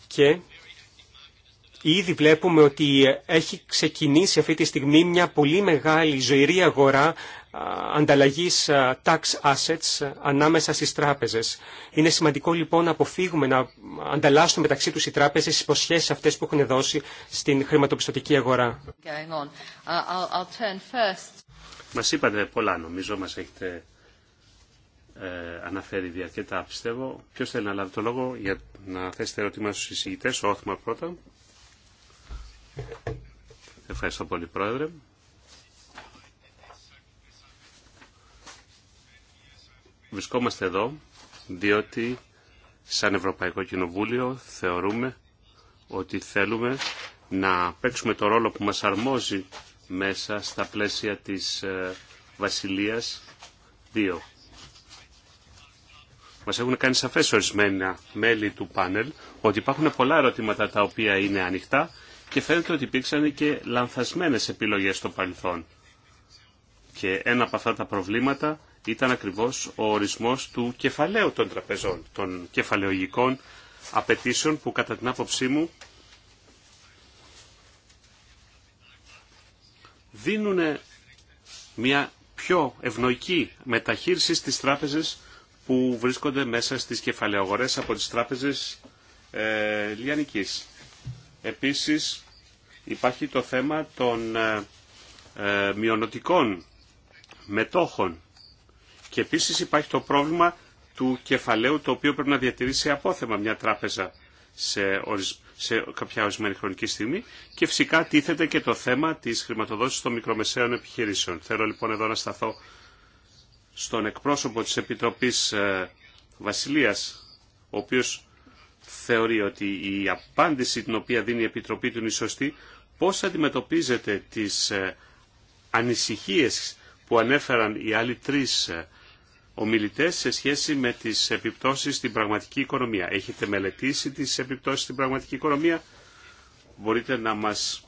Και Ήδη βλέπουμε ότι έχει ξεκινήσει αυτή τη στιγμή μια πολύ μεγάλη ζωηρή αγορά ανταλλαγής tax assets ανάμεσα στις τράπεζες. Είναι σημαντικό λοιπόν να αποφύγουμε να ανταλλάσσουν μεταξύ τους οι τράπεζες τις υποσχέσεις αυτές που έχουν δώσει στην χρηματοπιστωτική αγορά. Uh, μας είπατε πολλά νομίζω, μας έχετε ε, αναφέρει διαρκέτα. πιστεύω. Ποιος θέλει να λάβει το λόγο για να θέσετε ερώτημα στους εισηγητές, ο Όθμαρ πρώτα. Ευχαριστώ πολύ Πρόεδρε. Βρισκόμαστε εδώ διότι σαν Ευρωπαϊκό Κοινοβούλιο θεωρούμε ότι θέλουμε να παίξουμε το ρόλο που μας αρμόζει μέσα στα πλαίσια της ε, Βασιλείας 2. Μας έχουν κάνει σαφές ορισμένα μέλη του πάνελ ότι υπάρχουν πολλά ερωτήματα τα οποία είναι ανοιχτά και φαίνεται ότι υπήρξαν και λανθασμένες επιλογές στο παρελθόν. Και ένα από αυτά τα προβλήματα ήταν ακριβώς ο ορισμός του κεφαλαίου των τραπεζών, των κεφαλαιογικών απαιτήσεων που κατά την άποψή μου δίνουν μια πιο ευνοϊκή μεταχείριση στις τράπεζες που βρίσκονται μέσα στις κεφαλαιογορές από τις τράπεζες ε, Λιανικής. Επίσης υπάρχει το θέμα των ε, ε μετόχων και επίση υπάρχει το πρόβλημα του κεφαλαίου το οποίο πρέπει να διατηρήσει σε απόθεμα μια τράπεζα σε, σε κάποια ορισμένη χρονική στιγμή και φυσικά τίθεται και το θέμα της χρηματοδότησης των μικρομεσαίων επιχειρήσεων. Θέλω λοιπόν εδώ να σταθώ στον εκπρόσωπο της Επιτροπής ε, Βασιλείας, ο οποίος θεωρεί ότι η απάντηση την οποία δίνει η Επιτροπή του είναι σωστή, πώς αντιμετωπίζεται τις ε, ανησυχίες που ανέφεραν οι άλλοι τρεις ε, ομιλητές σε σχέση με τις επιπτώσεις στην πραγματική οικονομία. Έχετε μελετήσει τις επιπτώσεις στην πραγματική οικονομία. Μπορείτε να μας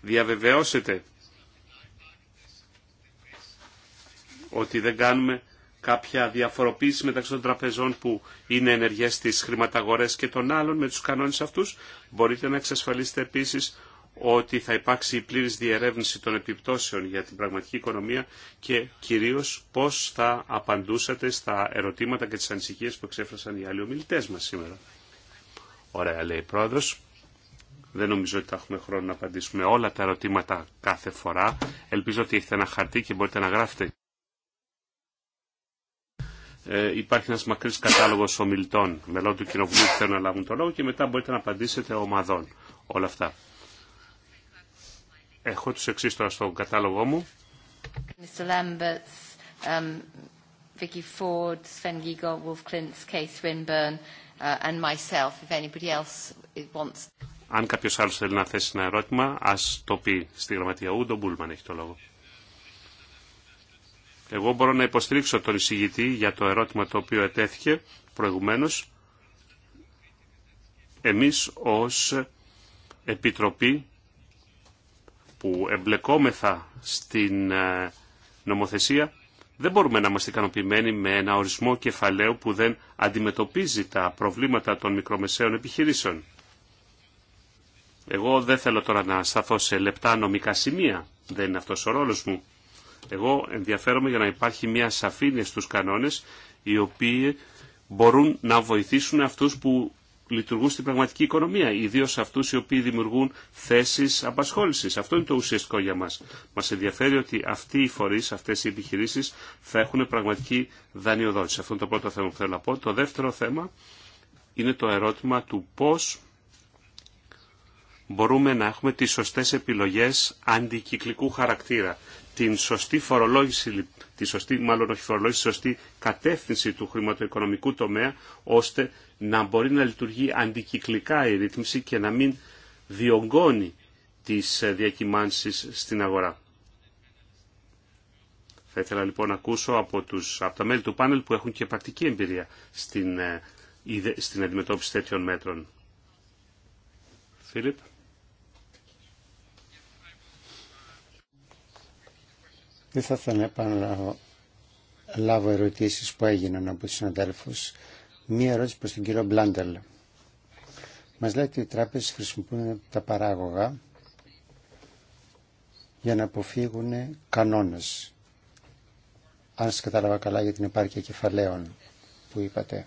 διαβεβαιώσετε ότι δεν κάνουμε κάποια διαφοροποίηση μεταξύ των τραπεζών που είναι ενεργές στις χρηματαγορές και των άλλων με τους κανόνες αυτούς. Μπορείτε να εξασφαλίσετε επίσης ότι θα υπάρξει η πλήρης διερεύνηση των επιπτώσεων για την πραγματική οικονομία και κυρίως πώς θα απαντούσατε στα ερωτήματα και τις ανησυχίες που εξέφρασαν οι άλλοι ομιλητές μας σήμερα. Ωραία, λέει η Πρόεδρος. Δεν νομίζω ότι θα έχουμε χρόνο να απαντήσουμε όλα τα ερωτήματα κάθε φορά. Ελπίζω ότι έχετε ένα χαρτί και μπορείτε να γράφετε. Ε, υπάρχει ένας μακρύς κατάλογος ομιλητών μελών του Κοινοβουλίου που θέλουν να λάβουν το λόγο και μετά μπορείτε να απαντήσετε ομαδών όλα αυτά. Έχω τους εξής τώρα στον κατάλογό μου. Mr. Lamberts, um, Vicky Ford, Sven Wolf Swinburne uh, and myself, if anybody else wants. Αν κάποιος άλλος θέλει να θέσει ένα ερώτημα, ας το πει στη γραμματεία Ούντο Μπούλμαν έχει το λόγο. Εγώ μπορώ να υποστηρίξω τον εισηγητή για το ερώτημα το οποίο ετέθηκε προηγουμένως. Εμείς ως Επιτροπή που εμπλεκόμεθα στην ε, νομοθεσία, δεν μπορούμε να είμαστε ικανοποιημένοι με ένα ορισμό κεφαλαίου που δεν αντιμετωπίζει τα προβλήματα των μικρομεσαίων επιχειρήσεων. Εγώ δεν θέλω τώρα να σταθώ σε λεπτά νομικά σημεία, δεν είναι αυτός ο ρόλος μου. Εγώ ενδιαφέρομαι για να υπάρχει μια σαφήνεια στους κανόνες οι οποίοι μπορούν να βοηθήσουν αυτούς που λειτουργούν στην πραγματική οικονομία, ιδίω αυτού οι οποίοι δημιουργούν θέσει απασχόληση. Αυτό είναι το ουσιαστικό για μα. Μα ενδιαφέρει ότι αυτοί οι φορεί, αυτέ οι επιχειρήσει θα έχουν πραγματική δανειοδότηση. Αυτό είναι το πρώτο θέμα που θέλω να πω. Το δεύτερο θέμα είναι το ερώτημα του πώ μπορούμε να έχουμε τι σωστέ επιλογέ αντικυκλικού χαρακτήρα την σωστή φορολόγηση, τη σωστή, μάλλον όχι φορολόγηση, σωστή κατεύθυνση του χρηματοοικονομικού τομέα, ώστε να μπορεί να λειτουργεί αντικυκλικά η ρύθμιση και να μην διωγγώνει τις ε, διακυμάνσεις στην αγορά. Θα ήθελα λοιπόν να ακούσω από, τους, από τα μέλη του πάνελ που έχουν και πρακτική εμπειρία στην, ε, στην αντιμετώπιση τέτοιων μέτρων. Φίλιπ. Δεν θα ήθελα να επαναλάβω ερωτήσεις που έγιναν από τους συναδέλφους. Μία ερώτηση προς τον κύριο Μπλάντελ. Μας λέει ότι οι τράπεζες χρησιμοποιούν τα παράγωγα για να αποφύγουν κανόνες. Αν σας κατάλαβα καλά για την επάρκεια κεφαλαίων που είπατε.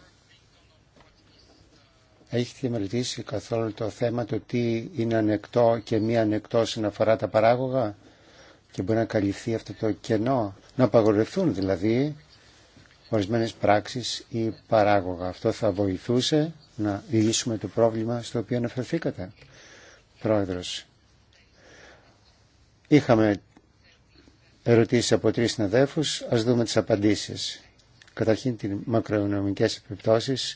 Έχετε μελετήσει καθόλου το θέμα το τι είναι ανεκτό και μη ανεκτό συναφορά τα παράγωγα και μπορεί να καλυφθεί αυτό το κενό, να απαγορευτούν δηλαδή ορισμένες πράξεις ή παράγωγα. Αυτό θα βοηθούσε να λύσουμε το πρόβλημα στο οποίο αναφερθήκατε, Πρόεδρος. Είχαμε ερωτήσεις από τρεις συναδέλφους, ας δούμε τις απαντήσεις. Καταρχήν, τις μακροοικονομικές επιπτώσεις,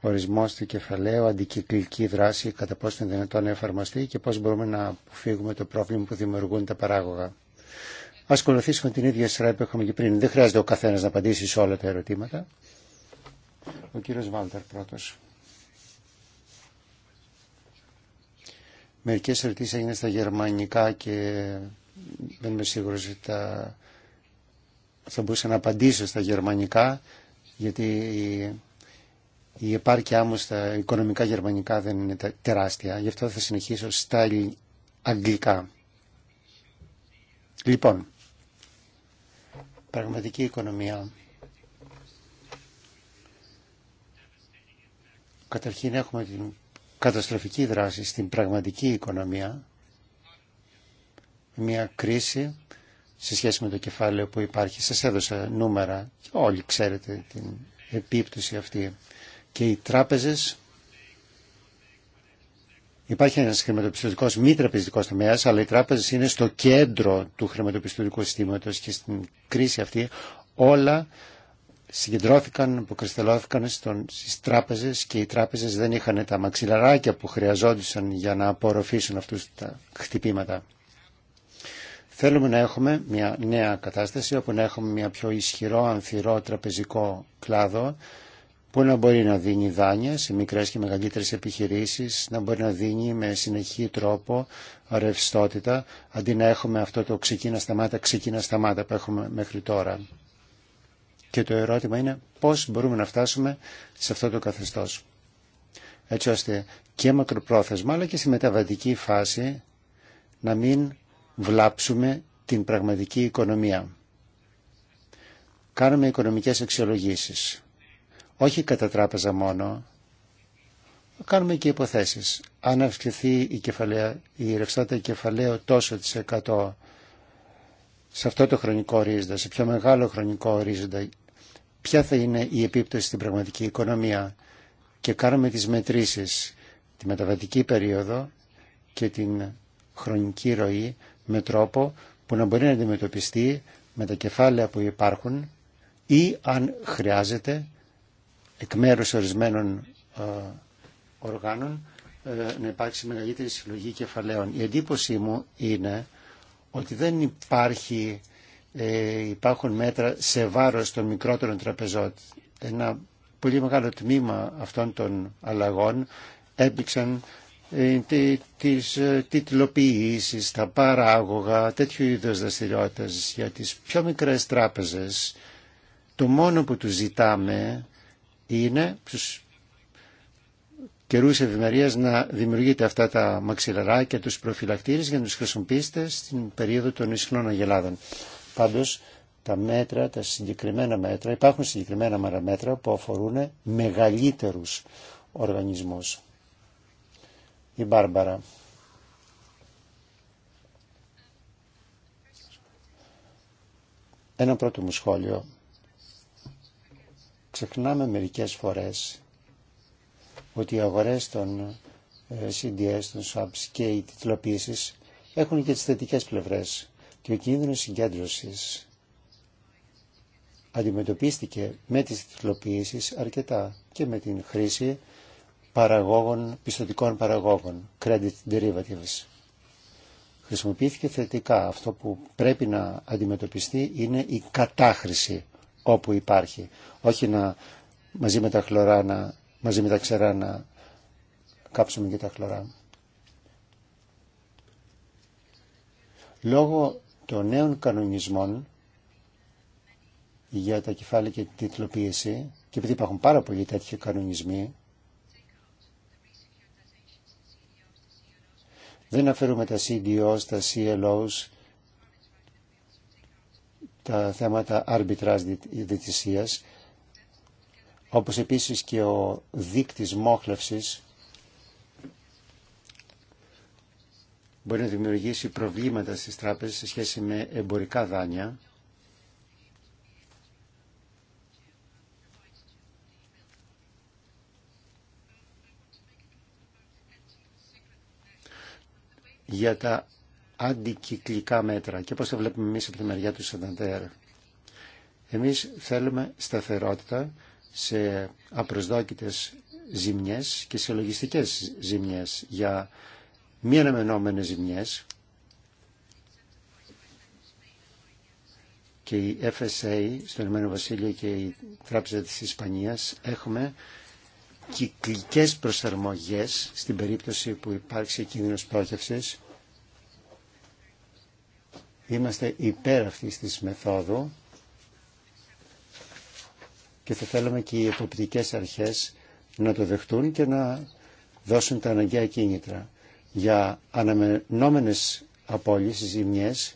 ορισμός του κεφαλαίου, αντικυκλική δράση, κατά πόσο είναι δυνατόν να εφαρμοστεί και πώς μπορούμε να αποφύγουμε το πρόβλημα που δημιουργούν τα παράγωγα. Α ακολουθήσουμε την ίδια σειρά που είχαμε και πριν. Δεν χρειάζεται ο καθένα να απαντήσει σε όλα τα ερωτήματα. Ο κύριο Βάλτερ πρώτο. Μερικέ ερωτήσει έγιναν στα γερμανικά και δεν είμαι σίγουρο ότι θα μπορούσα να απαντήσω στα γερμανικά γιατί η επάρκειά μου στα οικονομικά γερμανικά δεν είναι τεράστια, γι' αυτό θα συνεχίσω στα αγγλικά. Λοιπόν, πραγματική οικονομία. Καταρχήν έχουμε την καταστροφική δράση στην πραγματική οικονομία, μια κρίση σε σχέση με το κεφάλαιο που υπάρχει. Σας έδωσα νούμερα, όλοι ξέρετε την επίπτωση αυτή. Και οι τράπεζες Υπάρχει ένα χρηματοπιστωτικός μη τραπεζικό τομέα, αλλά οι τράπεζε είναι στο κέντρο του χρηματοπιστωτικού συστήματος και στην κρίση αυτή όλα συγκεντρώθηκαν, αποκρισταλώθηκαν στον, στις και οι τράπεζες δεν είχαν τα μαξιλαράκια που χρειαζόντουσαν για να απορροφήσουν αυτού τα χτυπήματα. Θέλουμε να έχουμε μια νέα κατάσταση όπου να έχουμε μια πιο ισχυρό ανθυρό τραπεζικό κλάδο που να μπορεί να δίνει δάνεια σε μικρές και μεγαλύτερες επιχειρήσεις, να μπορεί να δίνει με συνεχή τρόπο ρευστότητα, αντί να έχουμε αυτό το ξεκίνα σταμάτα, ξεκίνα σταμάτα που έχουμε μέχρι τώρα. Και το ερώτημα είναι πώς μπορούμε να φτάσουμε σε αυτό το καθεστώς. Έτσι ώστε και μακροπρόθεσμα αλλά και στη μεταβατική φάση να μην βλάψουμε την πραγματική οικονομία. Κάνουμε οικονομικές αξιολογήσεις όχι κατά τράπεζα μόνο, κάνουμε και υποθέσεις. Αν αυξηθεί η, κεφαλαία, η ρευστότητα κεφαλαίου τόσο της 100 σε αυτό το χρονικό ορίζοντα, σε πιο μεγάλο χρονικό ορίζοντα, ποια θα είναι η επίπτωση στην πραγματική οικονομία και κάνουμε τις μετρήσεις, τη μεταβατική περίοδο και την χρονική ροή με τρόπο που να μπορεί να αντιμετωπιστεί με τα κεφάλαια που υπάρχουν ή αν χρειάζεται εκ μέρους ορισμένων ε, οργάνων ε, να υπάρξει μεγαλύτερη συλλογή κεφαλαίων. Η εντύπωση μου είναι ότι δεν υπάρχει, ε, υπάρχουν μέτρα σε βάρος των μικρότερων τραπεζών. Ένα πολύ μεγάλο τμήμα αυτών των αλλαγών έπληξαν τις τιτλοποιήσεις, τα παράγωγα, τέτοιου είδους δραστηριότητε για τις πιο μικρές τράπεζες. Το μόνο που τους ζητάμε είναι στους καιρούς ευημερίας να δημιουργείτε αυτά τα μαξιλαράκια, τους προφυλακτήρες για να τους χρησιμοποιήσετε στην περίοδο των ισχυρών αγελάδων. Πάντως τα μέτρα, τα συγκεκριμένα μέτρα, υπάρχουν συγκεκριμένα μέτρα που αφορούν μεγαλύτερους οργανισμούς. Η Μπάρμπαρα. Ένα πρώτο μου σχόλιο ξεχνάμε μερικές φορές ότι οι αγορές των CDS, ε, των swaps και οι τιτλοποίησεις έχουν και τις θετικές πλευρές και ο κίνδυνος συγκέντρωσης αντιμετωπίστηκε με τις τιτλοποίησεις αρκετά και με την χρήση παραγόγων, πιστοτικών παραγόγων, credit derivatives. Χρησιμοποιήθηκε θετικά. Αυτό που πρέπει να αντιμετωπιστεί είναι η κατάχρηση όπου υπάρχει. Όχι να μαζί με τα χλωρά, να, μαζί με τα ξερά να κάψουμε και τα χλωρά. Λόγω των νέων κανονισμών για τα κεφάλαια και την τίτλοποίηση και επειδή υπάρχουν πάρα πολλοί τέτοιοι κανονισμοί δεν αφαιρούμε τα CDOs, τα CLOs τα θέματα άρμπιτρας διαιτησίας, όπως επίσης και ο δίκτυς μόχλευσης μπορεί να δημιουργήσει προβλήματα στις τράπεζες σε σχέση με εμπορικά δάνεια. Για τα αντικυκλικά μέτρα και πώς τα βλέπουμε εμείς από τη μεριά του Σανταντέρ. Εμείς θέλουμε σταθερότητα σε απροσδόκητες ζημιές και σε λογιστικές ζημιές για μη αναμενόμενες ζημιές και η FSA στο Ηνωμένο Βασίλειο και η Τράπεζα της Ισπανίας έχουμε κυκλικές προσαρμογές στην περίπτωση που υπάρξει κίνδυνος πρόχευσης Είμαστε υπέρ αυτής της μεθόδου και θα θέλαμε και οι εποπτικές αρχές να το δεχτούν και να δώσουν τα αναγκαία κίνητρα. Για αναμενόμενες απώλειες, ζημιές,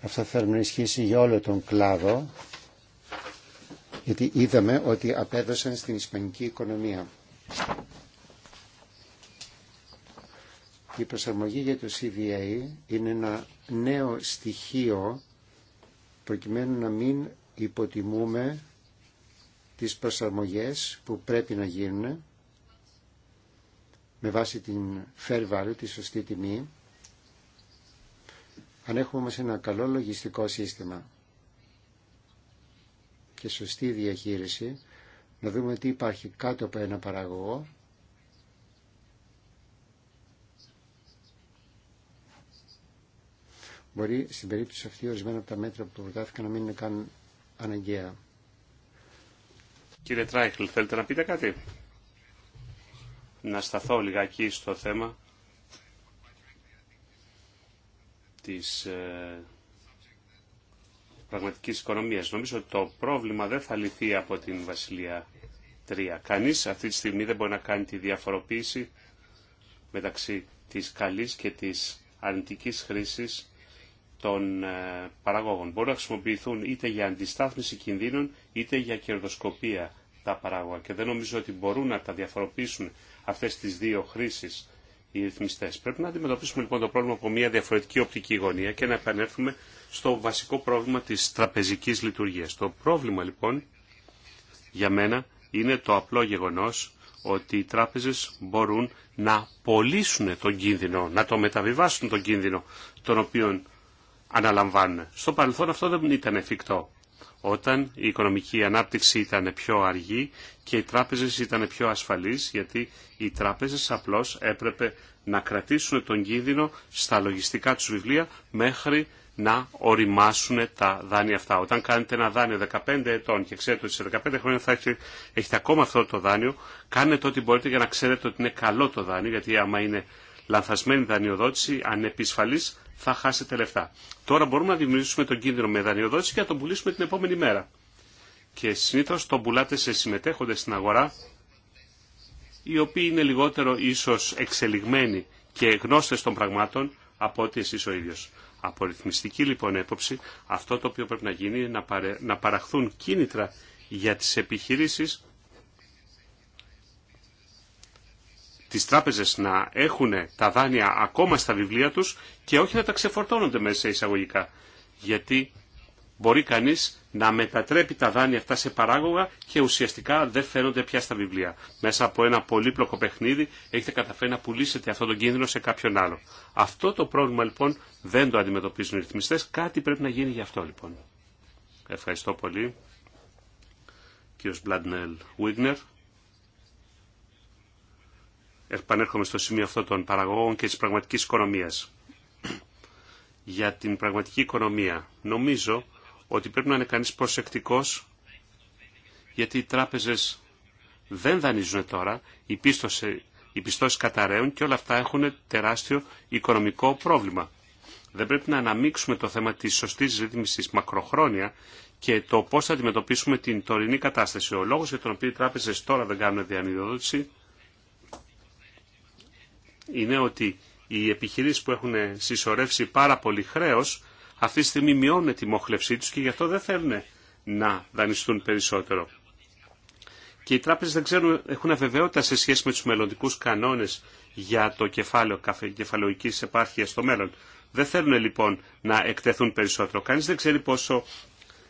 αυτό θέλουμε να ισχύσει για όλο τον κλάδο, γιατί είδαμε ότι απέδωσαν στην ισπανική οικονομία. Η προσαρμογή για το CVA είναι ένα νέο στοιχείο προκειμένου να μην υποτιμούμε τις προσαρμογές που πρέπει να γίνουν με βάση την fair value, τη σωστή τιμή, αν έχουμε όμως ένα καλό λογιστικό σύστημα και σωστή διαχείριση, να δούμε τι υπάρχει κάτω από ένα παραγωγό Μπορεί στην περίπτωση αυτή ορισμένα από τα μέτρα που προτάθηκαν να μην είναι καν αναγκαία. Κύριε Τράιχλ, θέλετε να πείτε κάτι. Να σταθώ λιγάκι στο θέμα της ε, πραγματικής οικονομίας. Νομίζω ότι το πρόβλημα δεν θα λυθεί από την Βασιλεία 3. Κανείς αυτή τη στιγμή δεν μπορεί να κάνει τη διαφοροποίηση μεταξύ της καλής και της αρνητικής χρήσης των ε, παραγόγων. Μπορούν να χρησιμοποιηθούν είτε για αντιστάθμιση κινδύνων είτε για κερδοσκοπία τα παράγωγα και δεν νομίζω ότι μπορούν να τα διαφοροποιήσουν αυτές τις δύο χρήσεις οι ρυθμιστές. Πρέπει να αντιμετωπίσουμε λοιπόν το πρόβλημα από μια διαφορετική οπτική γωνία και να επανέλθουμε στο βασικό πρόβλημα της τραπεζικής λειτουργίας. Το πρόβλημα λοιπόν για μένα είναι το απλό γεγονός ότι οι τράπεζες μπορούν να πωλήσουν τον κίνδυνο, να το μεταβιβάσουν τον κίνδυνο τον οποίο αναλαμβάνουν. Στο παρελθόν αυτό δεν ήταν εφικτό. Όταν η οικονομική ανάπτυξη ήταν πιο αργή και οι τράπεζες ήταν πιο ασφαλείς, γιατί οι τράπεζες απλώς έπρεπε να κρατήσουν τον κίνδυνο στα λογιστικά τους βιβλία μέχρι να οριμάσουν τα δάνεια αυτά. Όταν κάνετε ένα δάνειο 15 ετών και ξέρετε ότι σε 15 χρόνια θα έχετε, έχετε ακόμα αυτό το δάνειο, κάνετε ό,τι μπορείτε για να ξέρετε ότι είναι καλό το δάνειο, γιατί άμα είναι λανθασμένη δανειοδότηση, ανεπισφαλής, θα χάσετε λεφτά. Τώρα μπορούμε να δημιουργήσουμε τον κίνδυνο με δανειοδότηση και να τον πουλήσουμε την επόμενη μέρα. Και συνήθω τον πουλάτε σε συμμετέχοντες στην αγορά, οι οποίοι είναι λιγότερο ίσως εξελιγμένοι και γνώστες των πραγμάτων από ότι εσείς ο ίδιος. Από ρυθμιστική λοιπόν έποψη, αυτό το οποίο πρέπει να γίνει είναι να παραχθούν κίνητρα για τις επιχειρήσεις τις τράπεζες να έχουν τα δάνεια ακόμα στα βιβλία τους και όχι να τα ξεφορτώνονται μέσα εισαγωγικά. Γιατί μπορεί κανείς να μετατρέπει τα δάνεια αυτά σε παράγωγα και ουσιαστικά δεν φαίνονται πια στα βιβλία. Μέσα από ένα πολύπλοκο παιχνίδι έχετε καταφέρει να πουλήσετε αυτόν τον κίνδυνο σε κάποιον άλλο. Αυτό το πρόβλημα λοιπόν δεν το αντιμετωπίζουν οι ρυθμιστές. Κάτι πρέπει να γίνει γι' αυτό λοιπόν. Ευχαριστώ πολύ. Κύριος Μπλαντνέλ Βίγνερ επανέρχομαι στο σημείο αυτό των παραγωγών και της πραγματικής οικονομίας. Για την πραγματική οικονομία νομίζω ότι πρέπει να είναι κανείς προσεκτικός γιατί οι τράπεζες δεν δανείζουν τώρα, οι, πίστοση, οι πιστώσεις καταραίουν και όλα αυτά έχουν τεράστιο οικονομικό πρόβλημα. Δεν πρέπει να αναμίξουμε το θέμα της σωστής ρύθμισης μακροχρόνια και το πώς θα αντιμετωπίσουμε την τωρινή κατάσταση. Ο λόγος για τον οποίο οι τράπεζες τώρα δεν κάνουν διανυδότηση είναι ότι οι επιχειρήσεις που έχουν συσσωρεύσει πάρα πολύ χρέος αυτή τη στιγμή μειώνουν τη μόχλευσή τους και γι' αυτό δεν θέλουν να δανειστούν περισσότερο. Και οι τράπεζες δεν ξέρουν, έχουν αβεβαιότητα σε σχέση με τους μελλοντικούς κανόνες για το κεφάλαιο κεφαλαιοικής επάρχειας στο μέλλον. Δεν θέλουν λοιπόν να εκτεθούν περισσότερο. Κανείς δεν ξέρει πόσο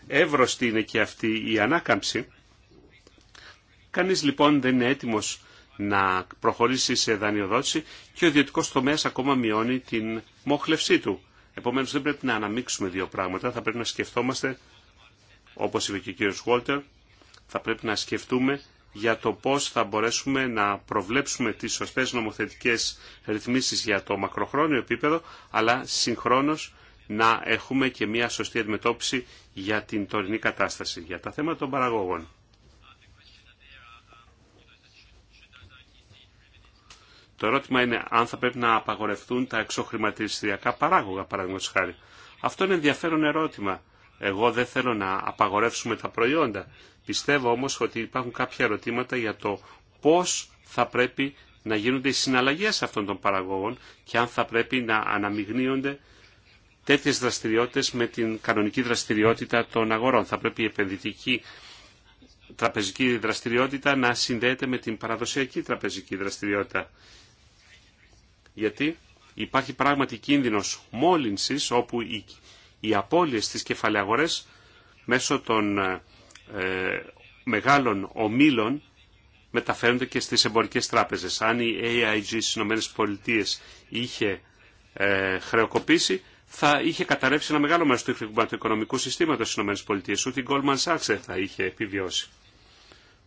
εύρωστη είναι και αυτή η ανάκαμψη. Κανείς λοιπόν δεν είναι έτοιμος να προχωρήσει σε δανειοδότηση και ο ιδιωτικό τομέα ακόμα μειώνει την μόχλευσή του. Επομένω δεν πρέπει να αναμίξουμε δύο πράγματα, θα πρέπει να σκεφτόμαστε, όπω είπε και ο κύριο Βόλτερ, θα πρέπει να σκεφτούμε για το πώς θα μπορέσουμε να προβλέψουμε τις σωστές νομοθετικές ρυθμίσεις για το μακροχρόνιο επίπεδο, αλλά συγχρόνως να έχουμε και μια σωστή αντιμετώπιση για την τωρινή κατάσταση, για τα θέματα των παραγωγών. Το ερώτημα είναι αν θα πρέπει να απαγορευτούν τα εξωχρηματιστηριακά παράγωγα, παραδείγματο χάρη. Αυτό είναι ενδιαφέρον ερώτημα. Εγώ δεν θέλω να απαγορεύσουμε τα προϊόντα. Πιστεύω όμω ότι υπάρχουν κάποια ερωτήματα για το πώ θα πρέπει να γίνονται οι συναλλαγέ αυτών των παραγωγών και αν θα πρέπει να αναμειγνύονται τέτοιε δραστηριότητε με την κανονική δραστηριότητα των αγορών. Θα πρέπει η επενδυτική τραπεζική δραστηριότητα να συνδέεται με την παραδοσιακή τραπεζική δραστηριότητα γιατί υπάρχει πράγματι κίνδυνος μόλυνσης όπου οι, οι απώλειες στις κεφαλαγορές μέσω των ε, ε, μεγάλων ομίλων μεταφέρονται και στις εμπορικές τράπεζες. Αν η AIG στις ΗΠΑ είχε ε, χρεοκοπήσει, θα είχε καταρρεύσει ένα μεγάλο μέρος του οικονομικού συστήματος στις ΗΠΑ. Ούτε η Goldman Sachs θα είχε επιβιώσει.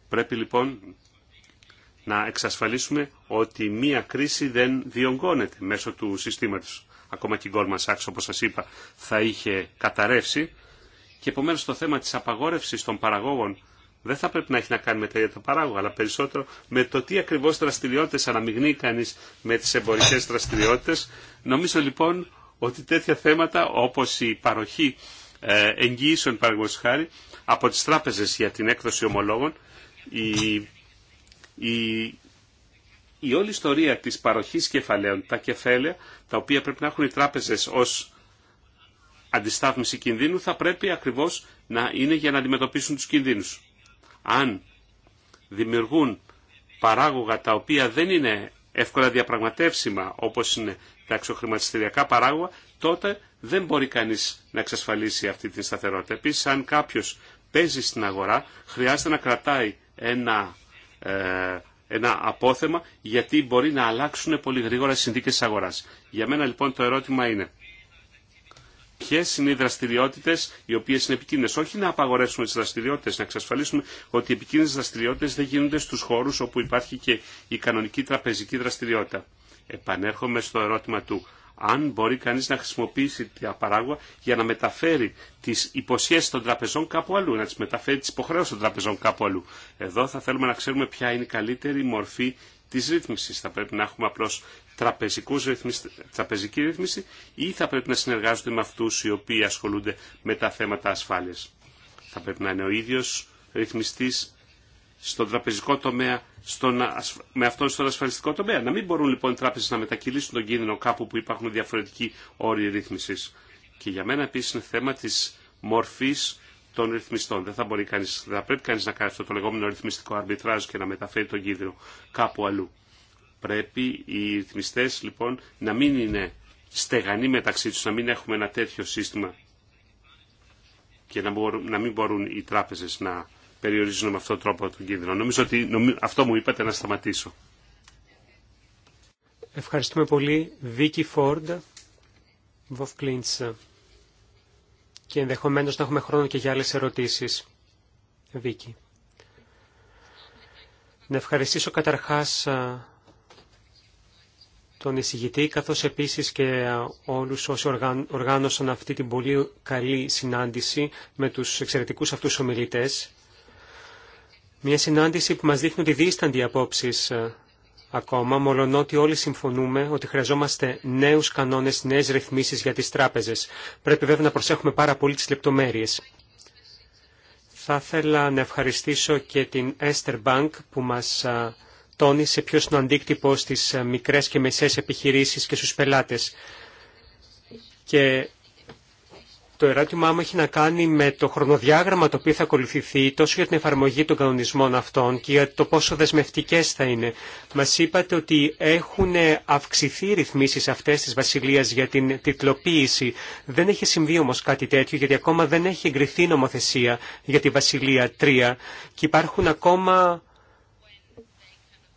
Πρέπει λοιπόν να εξασφαλίσουμε ότι μία κρίση δεν διονγκώνεται μέσω του συστήματος. Ακόμα και η Goldman Sachs, όπως σας είπα, θα είχε καταρρεύσει. Και επομένω το θέμα της απαγόρευσης των παραγόγων δεν θα πρέπει να έχει να κάνει με τα ίδια τα παράγωγα, αλλά περισσότερο με το τι ακριβώς δραστηριότητε αναμειγνύει κανείς με τις εμπορικές δραστηριότητε. Νομίζω λοιπόν ότι τέτοια θέματα όπως η παροχή ε, εγγυήσεων παραγωγής χάρη από τις τράπεζες για την έκδοση ομολόγων, η η, η όλη ιστορία της παροχής κεφαλαίων, τα κεφάλαια τα οποία πρέπει να έχουν οι τράπεζες ως αντιστάθμιση κινδύνου θα πρέπει ακριβώς να είναι για να αντιμετωπίσουν τους κινδύνους. Αν δημιουργούν παράγωγα τα οποία δεν είναι εύκολα διαπραγματεύσιμα όπως είναι τα εξοχρηματιστηριακά παράγωγα, τότε δεν μπορεί κανείς να εξασφαλίσει αυτή την σταθερότητα. Επίσης, αν κάποιος παίζει στην αγορά, χρειάζεται να κρατάει ένα ε, ένα απόθεμα γιατί μπορεί να αλλάξουν πολύ γρήγορα οι συνθήκες αγοράς. Για μένα λοιπόν το ερώτημα είναι ποιε είναι οι δραστηριότητε οι οποίε είναι επικίνδυνε. Όχι να απαγορεύσουμε τι δραστηριότητε, να εξασφαλίσουμε ότι οι επικίνδυνε δραστηριότητε δεν γίνονται στου χώρου όπου υπάρχει και η κανονική τραπεζική δραστηριότητα. Επανέρχομαι στο ερώτημα του αν μπορεί κανείς να χρησιμοποιήσει τα παράγωγα για να μεταφέρει τις υποσχέσεις των τραπεζών κάπου αλλού, να τις μεταφέρει τις υποχρέωσεις των τραπεζών κάπου αλλού. Εδώ θα θέλουμε να ξέρουμε ποια είναι η καλύτερη μορφή της ρύθμισης. Θα πρέπει να έχουμε απλώς τραπεζικούς τραπεζική ρύθμιση ή θα πρέπει να συνεργάζονται με αυτούς οι οποίοι ασχολούνται με τα θέματα ασφάλειας. Θα πρέπει να είναι ο ίδιος ρυθμιστής στον τραπεζικό τομέα, στον, με αυτόν στον ασφαλιστικό τομέα. Να μην μπορούν λοιπόν οι τράπεζε να μετακυλήσουν τον κίνδυνο κάπου που υπάρχουν διαφορετικοί όροι ρύθμιση. Και για μένα επίση είναι θέμα τη μορφή των ρυθμιστών. Δεν θα, μπορεί κανείς, θα πρέπει κανεί να κάνει αυτό το λεγόμενο ρυθμιστικό αρμπιτράζ και να μεταφέρει τον κίνδυνο κάπου αλλού. Πρέπει οι ρυθμιστέ λοιπόν να μην είναι στεγανοί μεταξύ του, να μην έχουμε ένα τέτοιο σύστημα και να, μπορούν, να μην μπορούν οι τράπεζε να περιορίζουν με αυτόν τον τρόπο τον κίνδυνο. Νομίζω ότι αυτό μου είπατε να σταματήσω. Ευχαριστούμε πολύ. Βίκη Φόρντ, Βοφ Κλίντς. Και ενδεχομένω να έχουμε χρόνο και για άλλες ερωτήσεις. Βίκη. Να ευχαριστήσω καταρχάς τον εισηγητή, καθώς επίσης και όλους όσοι οργάνωσαν αυτή την πολύ καλή συνάντηση με τους εξαιρετικούς αυτούς ομιλητές. Μια συνάντηση που μας δείχνει ότι δίστανται απόψεις ε, ακόμα, μολονότι όλοι συμφωνούμε ότι χρειαζόμαστε νέους κανόνες, νέες ρυθμίσεις για τις τράπεζες. Πρέπει βέβαια να προσέχουμε πάρα πολύ τις λεπτομέρειες. Θα ήθελα να ευχαριστήσω και την Esther Bank που μας ε, τόνισε ποιος είναι ο αντίκτυπο στις ε, μικρές και μεσαίες επιχειρήσεις και στους πελάτες. Και το ερώτημά μου έχει να κάνει με το χρονοδιάγραμμα το οποίο θα ακολουθηθεί τόσο για την εφαρμογή των κανονισμών αυτών και για το πόσο δεσμευτικές θα είναι. Μας είπατε ότι έχουν αυξηθεί οι ρυθμίσεις αυτές της Βασιλείας για την τυπλοποίηση. Δεν έχει συμβεί όμως κάτι τέτοιο γιατί ακόμα δεν έχει εγκριθεί νομοθεσία για τη Βασιλεία 3 και υπάρχουν ακόμα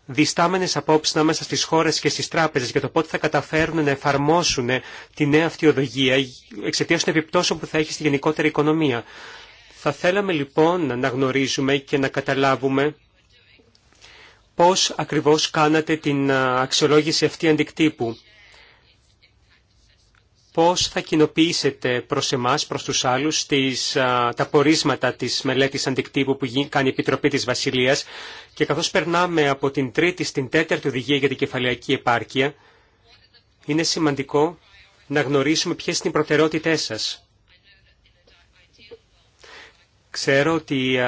διστάμενες απόψεις μέσα στις χώρες και στις τράπεζες για το πότε θα καταφέρουν να εφαρμόσουν τη νέα αυτή οδηγία εξαιτίας των επιπτώσεων που θα έχει στη γενικότερη οικονομία. Θα θέλαμε λοιπόν να αναγνωρίζουμε και να καταλάβουμε πώς ακριβώς κάνατε την αξιολόγηση αυτή αντικτύπου πώς θα κοινοποιήσετε προς εμάς, προς τους άλλους, τις, τα πορίσματα της μελέτης αντικτύπου που κάνει η Επιτροπή της Βασιλείας και καθώς περνάμε από την τρίτη στην τέταρτη οδηγία για την κεφαλαιακή επάρκεια, είναι σημαντικό να γνωρίσουμε ποιες είναι οι προτεραιότητές σας. Ξέρω ότι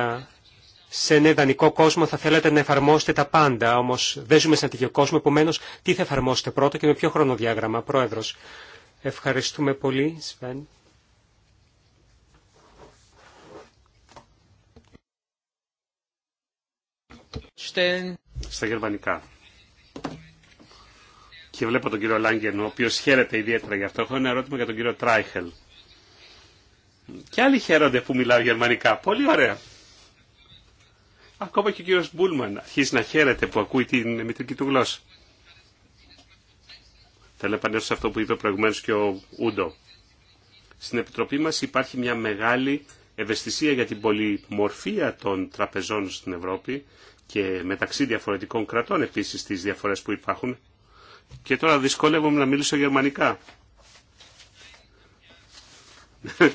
σε ένα ιδανικό κόσμο θα θέλατε να εφαρμόσετε τα πάντα, όμως δεν ζούμε σε ένα τέτοιο κόσμο, επομένως τι θα εφαρμόσετε πρώτο και με ποιο χρονοδιάγραμμα, Πρόεδρος. Ευχαριστούμε πολύ, Σβέν. Στα γερμανικά. Και βλέπω τον κύριο Λάγκεν, ο οποίος χαίρεται ιδιαίτερα γι' αυτό. Έχω ένα ερώτημα για τον κύριο Τράιχελ. Και άλλοι χαίρονται που μιλάω γερμανικά. Πολύ ωραία. Ακόμα και ο κύριος Μπούλμαν αρχίζει να χαίρεται που ακούει την μητρική του γλώσσα. Θέλω να επανέλθω σε αυτό που είπε προηγουμένως και ο Ούντο. Στην Επιτροπή μας υπάρχει μια μεγάλη ευαισθησία για την πολυμορφία των τραπεζών στην Ευρώπη και μεταξύ διαφορετικών κρατών επίσης τι διαφορές που υπάρχουν. Και τώρα δυσκολεύομαι να μιλήσω γερμανικά. <laughs>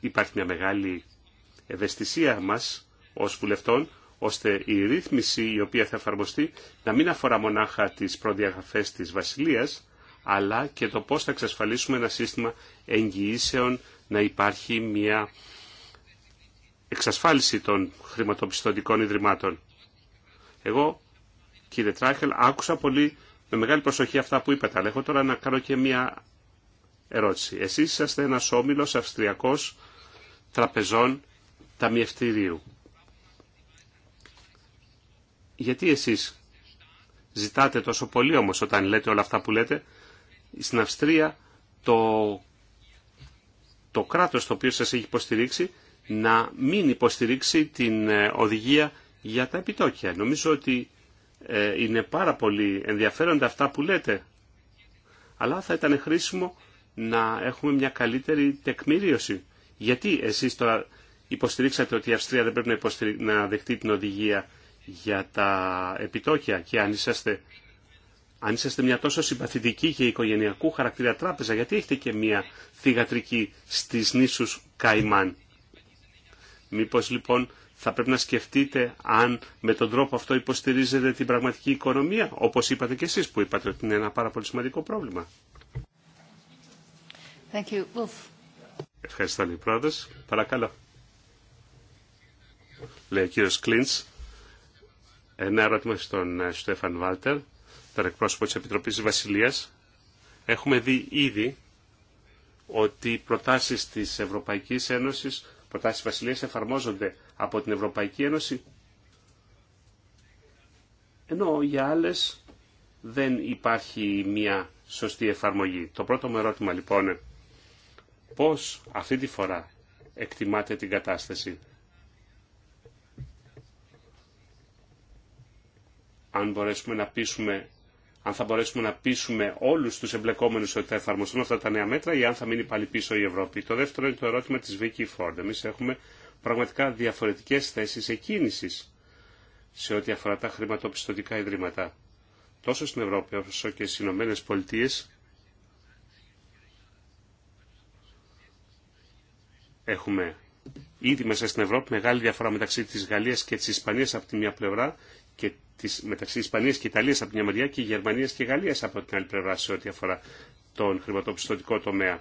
υπάρχει μια μεγάλη ευαισθησία μας ως βουλευτών ώστε η ρύθμιση η οποία θα εφαρμοστεί να μην αφορά μονάχα τις προδιαγραφές της Βασιλείας, αλλά και το πώς θα εξασφαλίσουμε ένα σύστημα εγγυήσεων να υπάρχει μια εξασφάλιση των χρηματοπιστωτικών ιδρυμάτων. Εγώ, κύριε Τράχελ, άκουσα πολύ με μεγάλη προσοχή αυτά που είπατε, αλλά έχω τώρα να κάνω και μια ερώτηση. Εσείς είσαστε ένας όμιλος αυστριακός τραπεζών ταμιευτηρίου. Γιατί εσείς ζητάτε τόσο πολύ όμως όταν λέτε όλα αυτά που λέτε. Στην Αυστρία το, το κράτος το οποίο σας έχει υποστηρίξει να μην υποστηρίξει την ε, οδηγία για τα επιτόκια. Νομίζω ότι ε, είναι πάρα πολύ ενδιαφέροντα αυτά που λέτε. Αλλά θα ήταν χρήσιμο να έχουμε μια καλύτερη τεκμηρίωση. Γιατί εσείς τώρα υποστηρίξατε ότι η Αυστρία δεν πρέπει να δεχτεί την οδηγία για τα επιτόκια και αν είσαστε, αν μια τόσο συμπαθητική και οικογενειακού χαρακτήρα τράπεζα, γιατί έχετε και μια θηγατρική στις νήσους Καϊμάν. Μήπως λοιπόν θα πρέπει να σκεφτείτε αν με τον τρόπο αυτό υποστηρίζετε την πραγματική οικονομία, όπως είπατε και εσείς που είπατε ότι είναι ένα πάρα πολύ σημαντικό πρόβλημα. Thank you. Wolf. Ευχαριστώ, Λεπρόεδρος. Παρακαλώ. Λέει ο κύριος Κλίντς. Ένα ερώτημα στον ε, Στέφαν Βάλτερ, τον εκπρόσωπο της Επιτροπής Βασιλείας. Έχουμε δει ήδη ότι οι προτάσεις της Ευρωπαϊκής Ένωσης, προτάσεις της Βασιλείας εφαρμόζονται από την Ευρωπαϊκή Ένωση, ενώ για άλλες δεν υπάρχει μια σωστή εφαρμογή. Το πρώτο μου ερώτημα λοιπόν πώς αυτή τη φορά εκτιμάτε την κατάσταση. αν, μπορέσουμε να πείσουμε, αν θα μπορέσουμε να πείσουμε όλου του εμπλεκόμενου ότι θα εφαρμοστούν αυτά τα νέα μέτρα ή αν θα μείνει πάλι πίσω η Ευρώπη. Το δεύτερο είναι το ερώτημα τη Βίκυ Φόρντ. Εμεί έχουμε πραγματικά διαφορετικέ θέσει εκκίνηση σε ό,τι αφορά τα χρηματοπιστωτικά ιδρύματα. Τόσο στην Ευρώπη όσο και στι Ηνωμένε Πολιτείε. έχουμε ήδη μέσα στην Ευρώπη μεγάλη διαφορά μεταξύ της Γαλλίας και της Ισπανίας από τη μια πλευρά και της, μεταξύ Ισπανίας και Ιταλίας από την μια μεριά και Γερμανίας και Γαλλίας από την άλλη πλευρά σε ό,τι αφορά τον χρηματοπιστωτικό τομέα.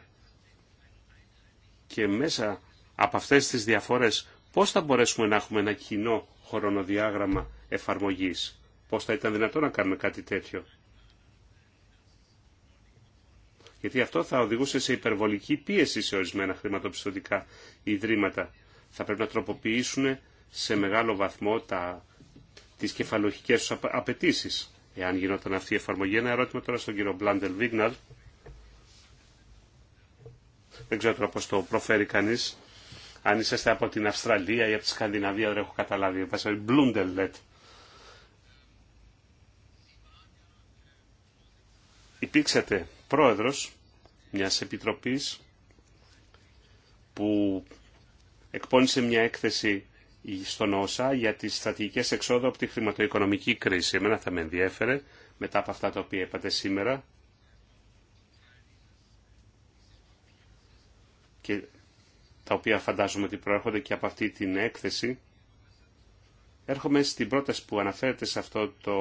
Και μέσα από αυτές τις διαφορές πώς θα μπορέσουμε να έχουμε ένα κοινό χρονοδιάγραμμα εφαρμογής. Πώς θα ήταν δυνατό να κάνουμε κάτι τέτοιο. Γιατί αυτό θα οδηγούσε σε υπερβολική πίεση σε ορισμένα χρηματοπιστωτικά ιδρύματα. Θα πρέπει να τροποποιήσουν σε μεγάλο βαθμό τα τις κεφαλοχικές τους απαιτήσει. Εάν γινόταν αυτή η εφαρμογή, ένα ερώτημα τώρα στον κύριο Μπλάντελ Βίγναλ. Δεν ξέρω τώρα πώς το προφέρει κανείς. Αν είσαστε από την Αυστραλία ή από τη Σκανδιναβία, δεν έχω καταλάβει. Βασίλη Μπλούντελ λέτε. Υπήρξατε πρόεδρος μιας επιτροπής που εκπώνησε μια έκθεση στον ΩΣΑ για τις στρατηγικές εξόδου από τη χρηματοοικονομική κρίση. Εμένα θα με ενδιέφερε μετά από αυτά τα οποία είπατε σήμερα και τα οποία φαντάζομαι ότι προέρχονται και από αυτή την έκθεση. Έρχομαι στην πρόταση που αναφέρεται σε αυτό το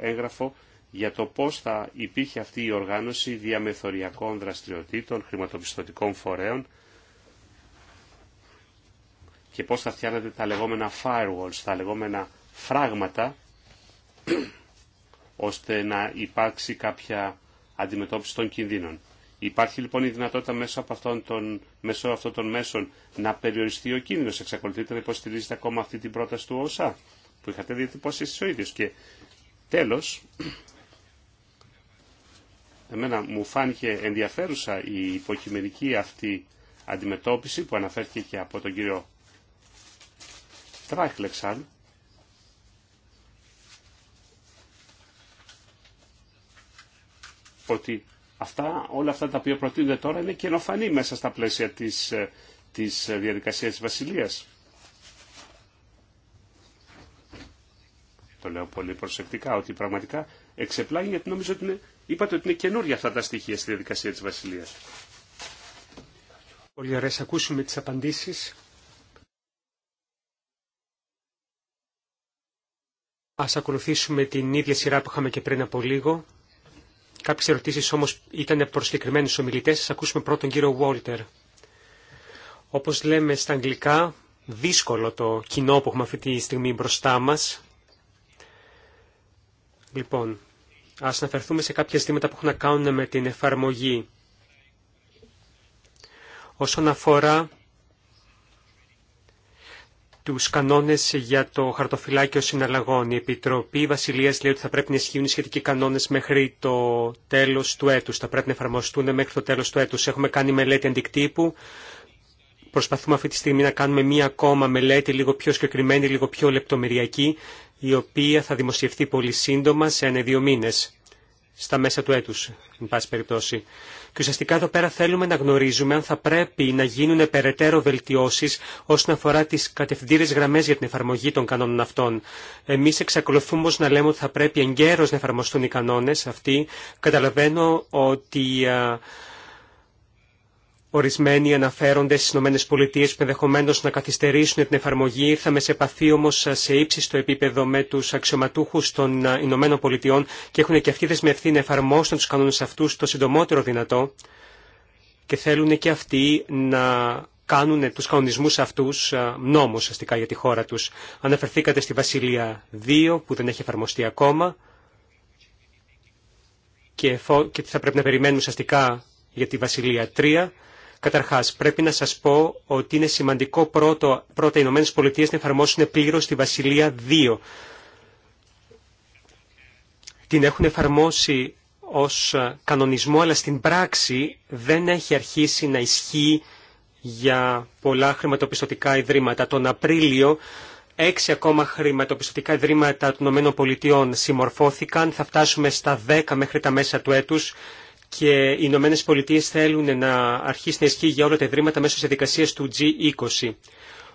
έγγραφο για το πώς θα υπήρχε αυτή η οργάνωση διαμεθοριακών δραστηριοτήτων, χρηματοπιστωτικών φορέων, και πώς θα φτιάχνετε τα λεγόμενα firewalls, τα λεγόμενα φράγματα, <clears throat> ώστε να υπάρξει κάποια αντιμετώπιση των κινδύνων. Υπάρχει λοιπόν η δυνατότητα μέσω, αυτών των, μέσω αυτών των μέσων να περιοριστεί ο κίνδυνο. Εξακολουθείτε να υποστηρίζετε ακόμα αυτή την πρόταση του ΩΣΑ που είχατε διατυπώσει εσεί ο ίδιο. Και τέλο, <clears throat> εμένα μου φάνηκε ενδιαφέρουσα η υποκειμενική αυτή αντιμετώπιση που αναφέρθηκε και από τον κύριο τράχλεξαν ότι αυτά, όλα αυτά τα οποία προτείνονται τώρα είναι καινοφανή μέσα στα πλαίσια της, ε, της διαδικασίας της Βασιλείας. Το λέω πολύ προσεκτικά ότι πραγματικά εξεπλάγει γιατί νομίζω ότι είναι, είπατε ότι είναι καινούργια αυτά τα στοιχεία στη διαδικασία της Βασιλείας. Πολύ ωραία, ακούσουμε τις απαντήσεις. Ας ακολουθήσουμε την ίδια σειρά που είχαμε και πριν από λίγο. Κάποιες ερωτήσεις όμως ήταν προ συγκεκριμένους ομιλητές. Ας ακούσουμε πρώτον κύριο Walter. Όπως λέμε στα αγγλικά, δύσκολο το κοινό που έχουμε αυτή τη στιγμή μπροστά μας. Λοιπόν, ας αναφερθούμε σε κάποια ζητήματα που έχουν να κάνουν με την εφαρμογή. Όσον αφορά του κανόνες για το χαρτοφυλάκιο συναλλαγών. Η Επιτροπή Βασιλείας λέει ότι θα πρέπει να ισχύουν οι σχετικοί κανόνες μέχρι το τέλος του έτους. Θα πρέπει να εφαρμοστούν μέχρι το τέλος του έτους. Έχουμε κάνει μελέτη αντικτύπου. Προσπαθούμε αυτή τη στιγμή να κάνουμε μία ακόμα μελέτη λίγο πιο συγκεκριμένη, λίγο πιο λεπτομεριακή, η οποία θα δημοσιευθεί πολύ σύντομα σε ένα-δύο μήνε στα μέσα του έτου, εν πάση περιπτώσει. Και ουσιαστικά εδώ πέρα θέλουμε να γνωρίζουμε αν θα πρέπει να γίνουν περαιτέρω βελτιώσει όσον αφορά τι κατευθυντήρε γραμμέ για την εφαρμογή των κανόνων αυτών. Εμεί εξακολουθούμε όμω να λέμε ότι θα πρέπει εγκαίρω να εφαρμοστούν οι κανόνε αυτοί. Καταλαβαίνω ότι Ορισμένοι αναφέρονται στι ΗΠΑ που ενδεχομένω να καθυστερήσουν την εφαρμογή. Ήρθαμε σε επαφή όμω σε ύψιστο επίπεδο με του αξιωματούχου των Ηνωμένων Πολιτειών και έχουν και αυτοί δεσμευτεί να εφαρμόσουν του κανόνε αυτού το συντομότερο δυνατό και θέλουν και αυτοί να κάνουν του κανονισμούς αυτού, νόμο αστικά για τη χώρα του. Αναφερθήκατε στη Βασιλεία 2 που δεν έχει εφαρμοστεί ακόμα και θα πρέπει να περιμένουμε ουσιαστικά για τη Βασιλεία 3 Καταρχά, πρέπει να σας πω ότι είναι σημαντικό πρώτο, πρώτα οι ΗΠΑ Πολιτείες να εφαρμόσουν πλήρω τη Βασιλεία 2. Την έχουν εφαρμόσει ως κανονισμό, αλλά στην πράξη δεν έχει αρχίσει να ισχύει για πολλά χρηματοπιστωτικά ιδρύματα. Τον Απρίλιο έξι ακόμα χρηματοπιστωτικά ιδρύματα των ΗΠΑ συμμορφώθηκαν. Θα φτάσουμε στα 10 μέχρι τα μέσα του έτους και οι Ηνωμένε Πολιτείε θέλουν να αρχίσει να ισχύει για όλα τα ιδρύματα μέσω τη διαδικασία του G20.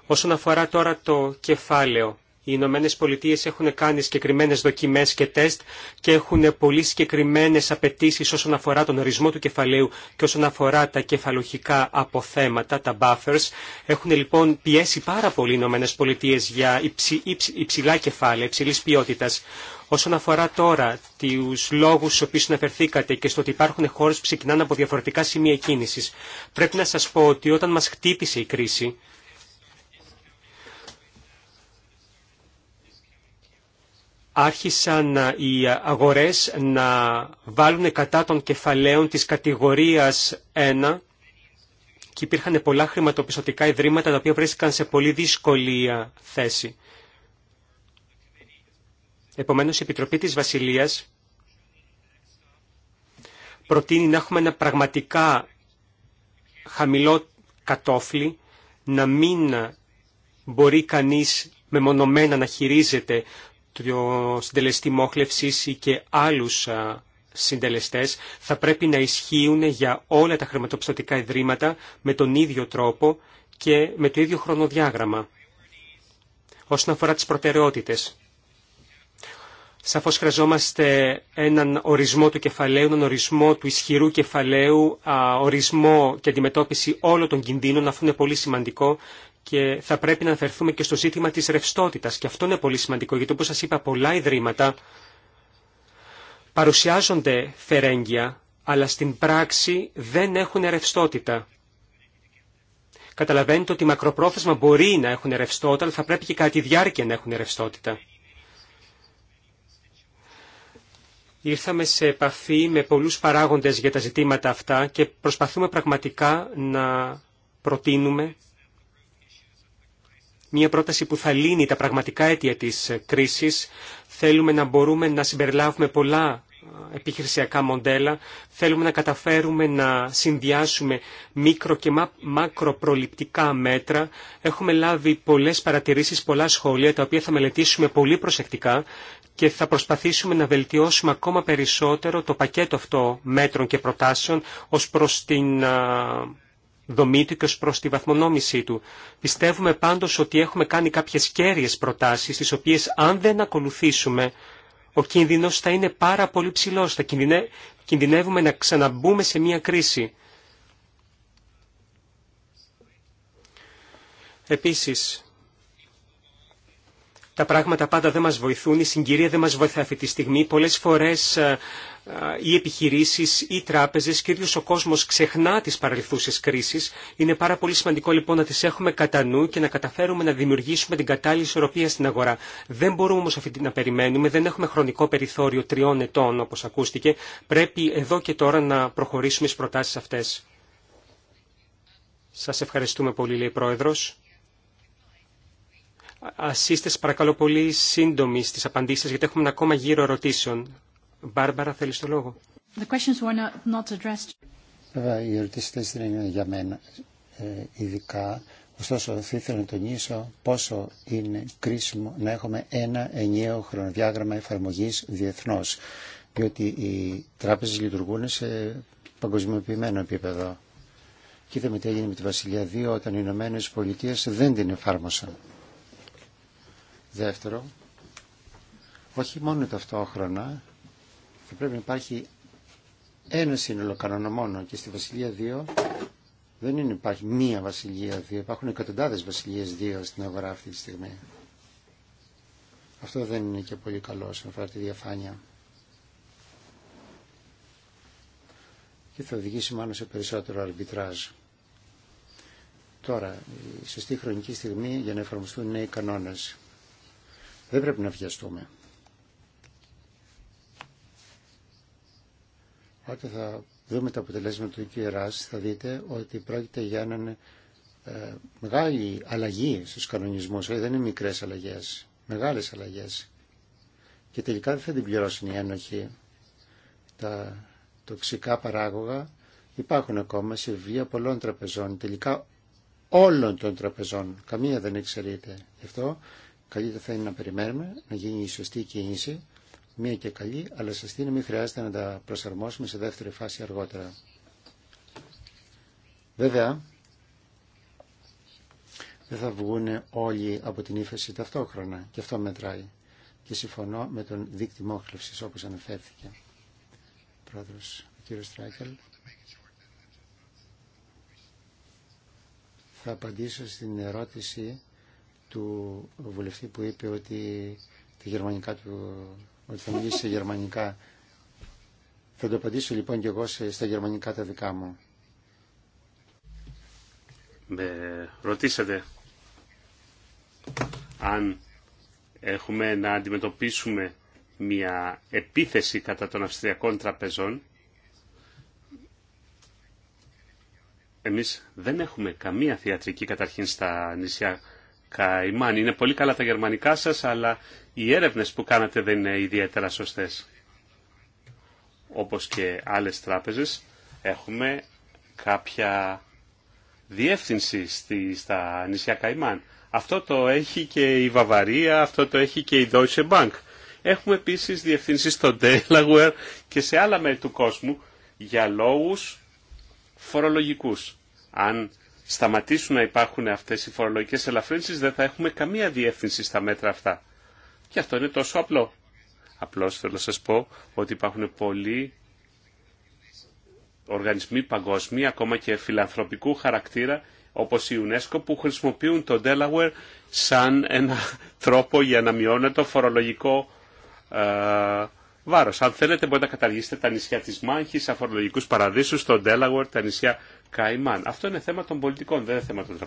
Όσον αφορά τώρα το κεφάλαιο, οι Ηνωμένε Πολιτείε έχουν κάνει συγκεκριμένε δοκιμέ και τεστ και έχουν πολύ συγκεκριμένε απαιτήσει όσον αφορά τον ορισμό του κεφαλαίου και όσον αφορά τα κεφαλοχικά αποθέματα, τα buffers. Έχουν λοιπόν πιέσει πάρα πολύ οι Ηνωμένε Πολιτείε για υψη, υψη, υψηλά κεφάλαια, υψηλή ποιότητα. Όσον αφορά τώρα του λόγου στου οποίου αναφερθήκατε και στο ότι υπάρχουν χώρε που ξεκινάνε από διαφορετικά σημεία κίνηση, πρέπει να σα πω ότι όταν μα χτύπησε η κρίση, άρχισαν οι αγορές να βάλουν κατά των κεφαλαίων της κατηγορίας 1 και υπήρχαν πολλά χρηματοπιστωτικά ιδρύματα τα οποία βρίσκαν σε πολύ δύσκολη θέση. Επομένως, η Επιτροπή της Βασιλείας προτείνει να έχουμε ένα πραγματικά χαμηλό κατόφλι, να μην μπορεί κανείς μεμονωμένα να χειρίζεται το συντελεστή μόχλευσης ή και άλλους συντελεστές θα πρέπει να ισχύουν για όλα τα χρηματοπιστωτικά ιδρύματα με τον ίδιο τρόπο και με το ίδιο χρονοδιάγραμμα. Όσον αφορά τις προτεραιότητες, Σαφώς χρειαζόμαστε έναν ορισμό του κεφαλαίου, έναν ορισμό του ισχυρού κεφαλαίου, ορισμό και αντιμετώπιση όλων των κινδύνων, αυτό είναι πολύ σημαντικό και θα πρέπει να αναφερθούμε και στο ζήτημα της ρευστότητας και αυτό είναι πολύ σημαντικό γιατί όπως σας είπα πολλά ιδρύματα παρουσιάζονται φερέγγια αλλά στην πράξη δεν έχουν ρευστότητα. Καταλαβαίνετε ότι μακροπρόθεσμα μπορεί να έχουν ρευστότητα αλλά θα πρέπει και κατά τη διάρκεια να έχουν ρευστότητα. Ήρθαμε σε επαφή με πολλούς παράγοντες για τα ζητήματα αυτά και προσπαθούμε πραγματικά να προτείνουμε μια πρόταση που θα λύνει τα πραγματικά αίτια της κρίσης. Θέλουμε να μπορούμε να συμπεριλάβουμε πολλά επιχειρησιακά μοντέλα. Θέλουμε να καταφέρουμε να συνδυάσουμε μικρο και μακροπροληπτικά μέτρα. Έχουμε λάβει πολλές παρατηρήσεις, πολλά σχόλια, τα οποία θα μελετήσουμε πολύ προσεκτικά και θα προσπαθήσουμε να βελτιώσουμε ακόμα περισσότερο το πακέτο αυτό μέτρων και προτάσεων ως προς την δομή του και ως προς τη βαθμονόμησή του. Πιστεύουμε πάντως ότι έχουμε κάνει κάποιες κέρυες προτάσεις, τις οποίες αν δεν ακολουθήσουμε ο κίνδυνος θα είναι πάρα πολύ ψηλός. Θα κινδυνεύουμε να ξαναμπούμε σε μια κρίση. Επίσης, τα πράγματα πάντα δεν μας βοηθούν, η συγκυρία δεν μας βοηθά αυτή τη στιγμή. Πολλές φορές ε, ε, οι επιχειρήσεις, οι τράπεζες, κυρίως ο κόσμος ξεχνά τις παρελθούσες κρίσεις. Είναι πάρα πολύ σημαντικό λοιπόν να τις έχουμε κατά νου και να καταφέρουμε να δημιουργήσουμε την κατάλληλη ισορροπία στην αγορά. Δεν μπορούμε όμως αυτή να περιμένουμε, δεν έχουμε χρονικό περιθώριο τριών ετών όπως ακούστηκε. Πρέπει εδώ και τώρα να προχωρήσουμε στις προτάσεις αυτές. Σας ευχαριστούμε πολύ, λέει Πρόεδρος. Ας είστε παρακαλώ πολύ σύντομοι στις απαντήσεις γιατί έχουμε ακόμα γύρω ερωτήσεων. Μπάρμπαρα, θέλεις το λόγο. Βέβαια, οι ερωτήσει δεν είναι για μένα ε, ειδικά. Ωστόσο, θα ήθελα να τονίσω πόσο είναι κρίσιμο να έχουμε ένα ενιαίο χρονοδιάγραμμα εφαρμογή διεθνώ, διότι οι τράπεζε λειτουργούν σε παγκοσμιοποιημένο επίπεδο. Και είδαμε τι έγινε με τη Βασιλεία 2 όταν οι Ηνωμένε Πολιτείε δεν την εφάρμοσαν. Δεύτερο, όχι μόνο ταυτόχρονα, θα πρέπει να υπάρχει ένα σύνολο κανόνα μόνο και στη Βασιλεία 2 δεν είναι, υπάρχει μία Βασιλεία 2, υπάρχουν εκατοντάδες Βασιλείες 2 στην αγορά αυτή τη στιγμή. Αυτό δεν είναι και πολύ καλό όσον αφορά τη διαφάνεια. Και θα οδηγήσει μάλλον σε περισσότερο αρμπιτράζ. Τώρα, η σωστή χρονική στιγμή για να εφαρμοστούν νέοι κανόνες. Δεν πρέπει να βιαστούμε. Όταν θα δούμε τα αποτελέσματα του ΚΕΡΑΣ θα δείτε ότι πρόκειται για έναν ε, μεγάλη αλλαγή στους κανονισμούς, δηλαδή δεν είναι μικρές αλλαγές, μεγάλες αλλαγές. Και τελικά δεν θα την πληρώσουν οι ένοχοι. Τα τοξικά παράγωγα υπάρχουν ακόμα σε βία πολλών τραπεζών, τελικά όλων των τραπεζών. Καμία δεν εξαιρείται. Γι' αυτό καλύτερα θα είναι να περιμένουμε να γίνει η σωστή κίνηση, μία και καλή, αλλά σωστή να μην χρειάζεται να τα προσαρμόσουμε σε δεύτερη φάση αργότερα. Βέβαια, δεν θα βγουν όλοι από την ύφεση ταυτόχρονα και αυτό μετράει. Και συμφωνώ με τον δίκτυ μόχλευσης όπως αναφέρθηκε. Πρόεδρος, ο κύριος Θα απαντήσω στην ερώτηση του βουλευτή που είπε ότι, τη γερμανικά του, ότι θα μιλήσει σε γερμανικά. Θα το απαντήσω λοιπόν και εγώ στα γερμανικά τα δικά μου. Με ρωτήσατε αν έχουμε να αντιμετωπίσουμε μια επίθεση κατά των αυστριακών τραπεζών. Εμείς δεν έχουμε καμία θεατρική καταρχήν στα νησιά Καϊμάν. Είναι πολύ καλά τα γερμανικά σας, αλλά οι έρευνες που κάνατε δεν είναι ιδιαίτερα σωστές. Όπως και άλλες τράπεζες, έχουμε κάποια διεύθυνση στη, στα νησιά Καϊμάν. Αυτό το έχει και η Βαβαρία, αυτό το έχει και η Deutsche Bank. Έχουμε επίσης διευθύνσεις στο Delaware και σε άλλα μέρη του κόσμου για λόγους φορολογικούς. Αν σταματήσουν να υπάρχουν αυτές οι φορολογικές ελαφρύνσεις, δεν θα έχουμε καμία διεύθυνση στα μέτρα αυτά. Και αυτό είναι τόσο απλό. Απλώς θέλω να σας πω ότι υπάρχουν πολλοί οργανισμοί παγκόσμιοι, ακόμα και φιλανθρωπικού χαρακτήρα, όπως η UNESCO, που χρησιμοποιούν το Delaware σαν ένα τρόπο για να μειώνεται το φορολογικό ε, βάρος. Αν θέλετε μπορείτε να καταργήσετε τα νησιά της Μάχης, αφορολογικούς παραδείσους, το Delaware, τα νησιά Καϊμάν. Αυτό είναι θέμα των πολιτικών, δεν είναι θέμα των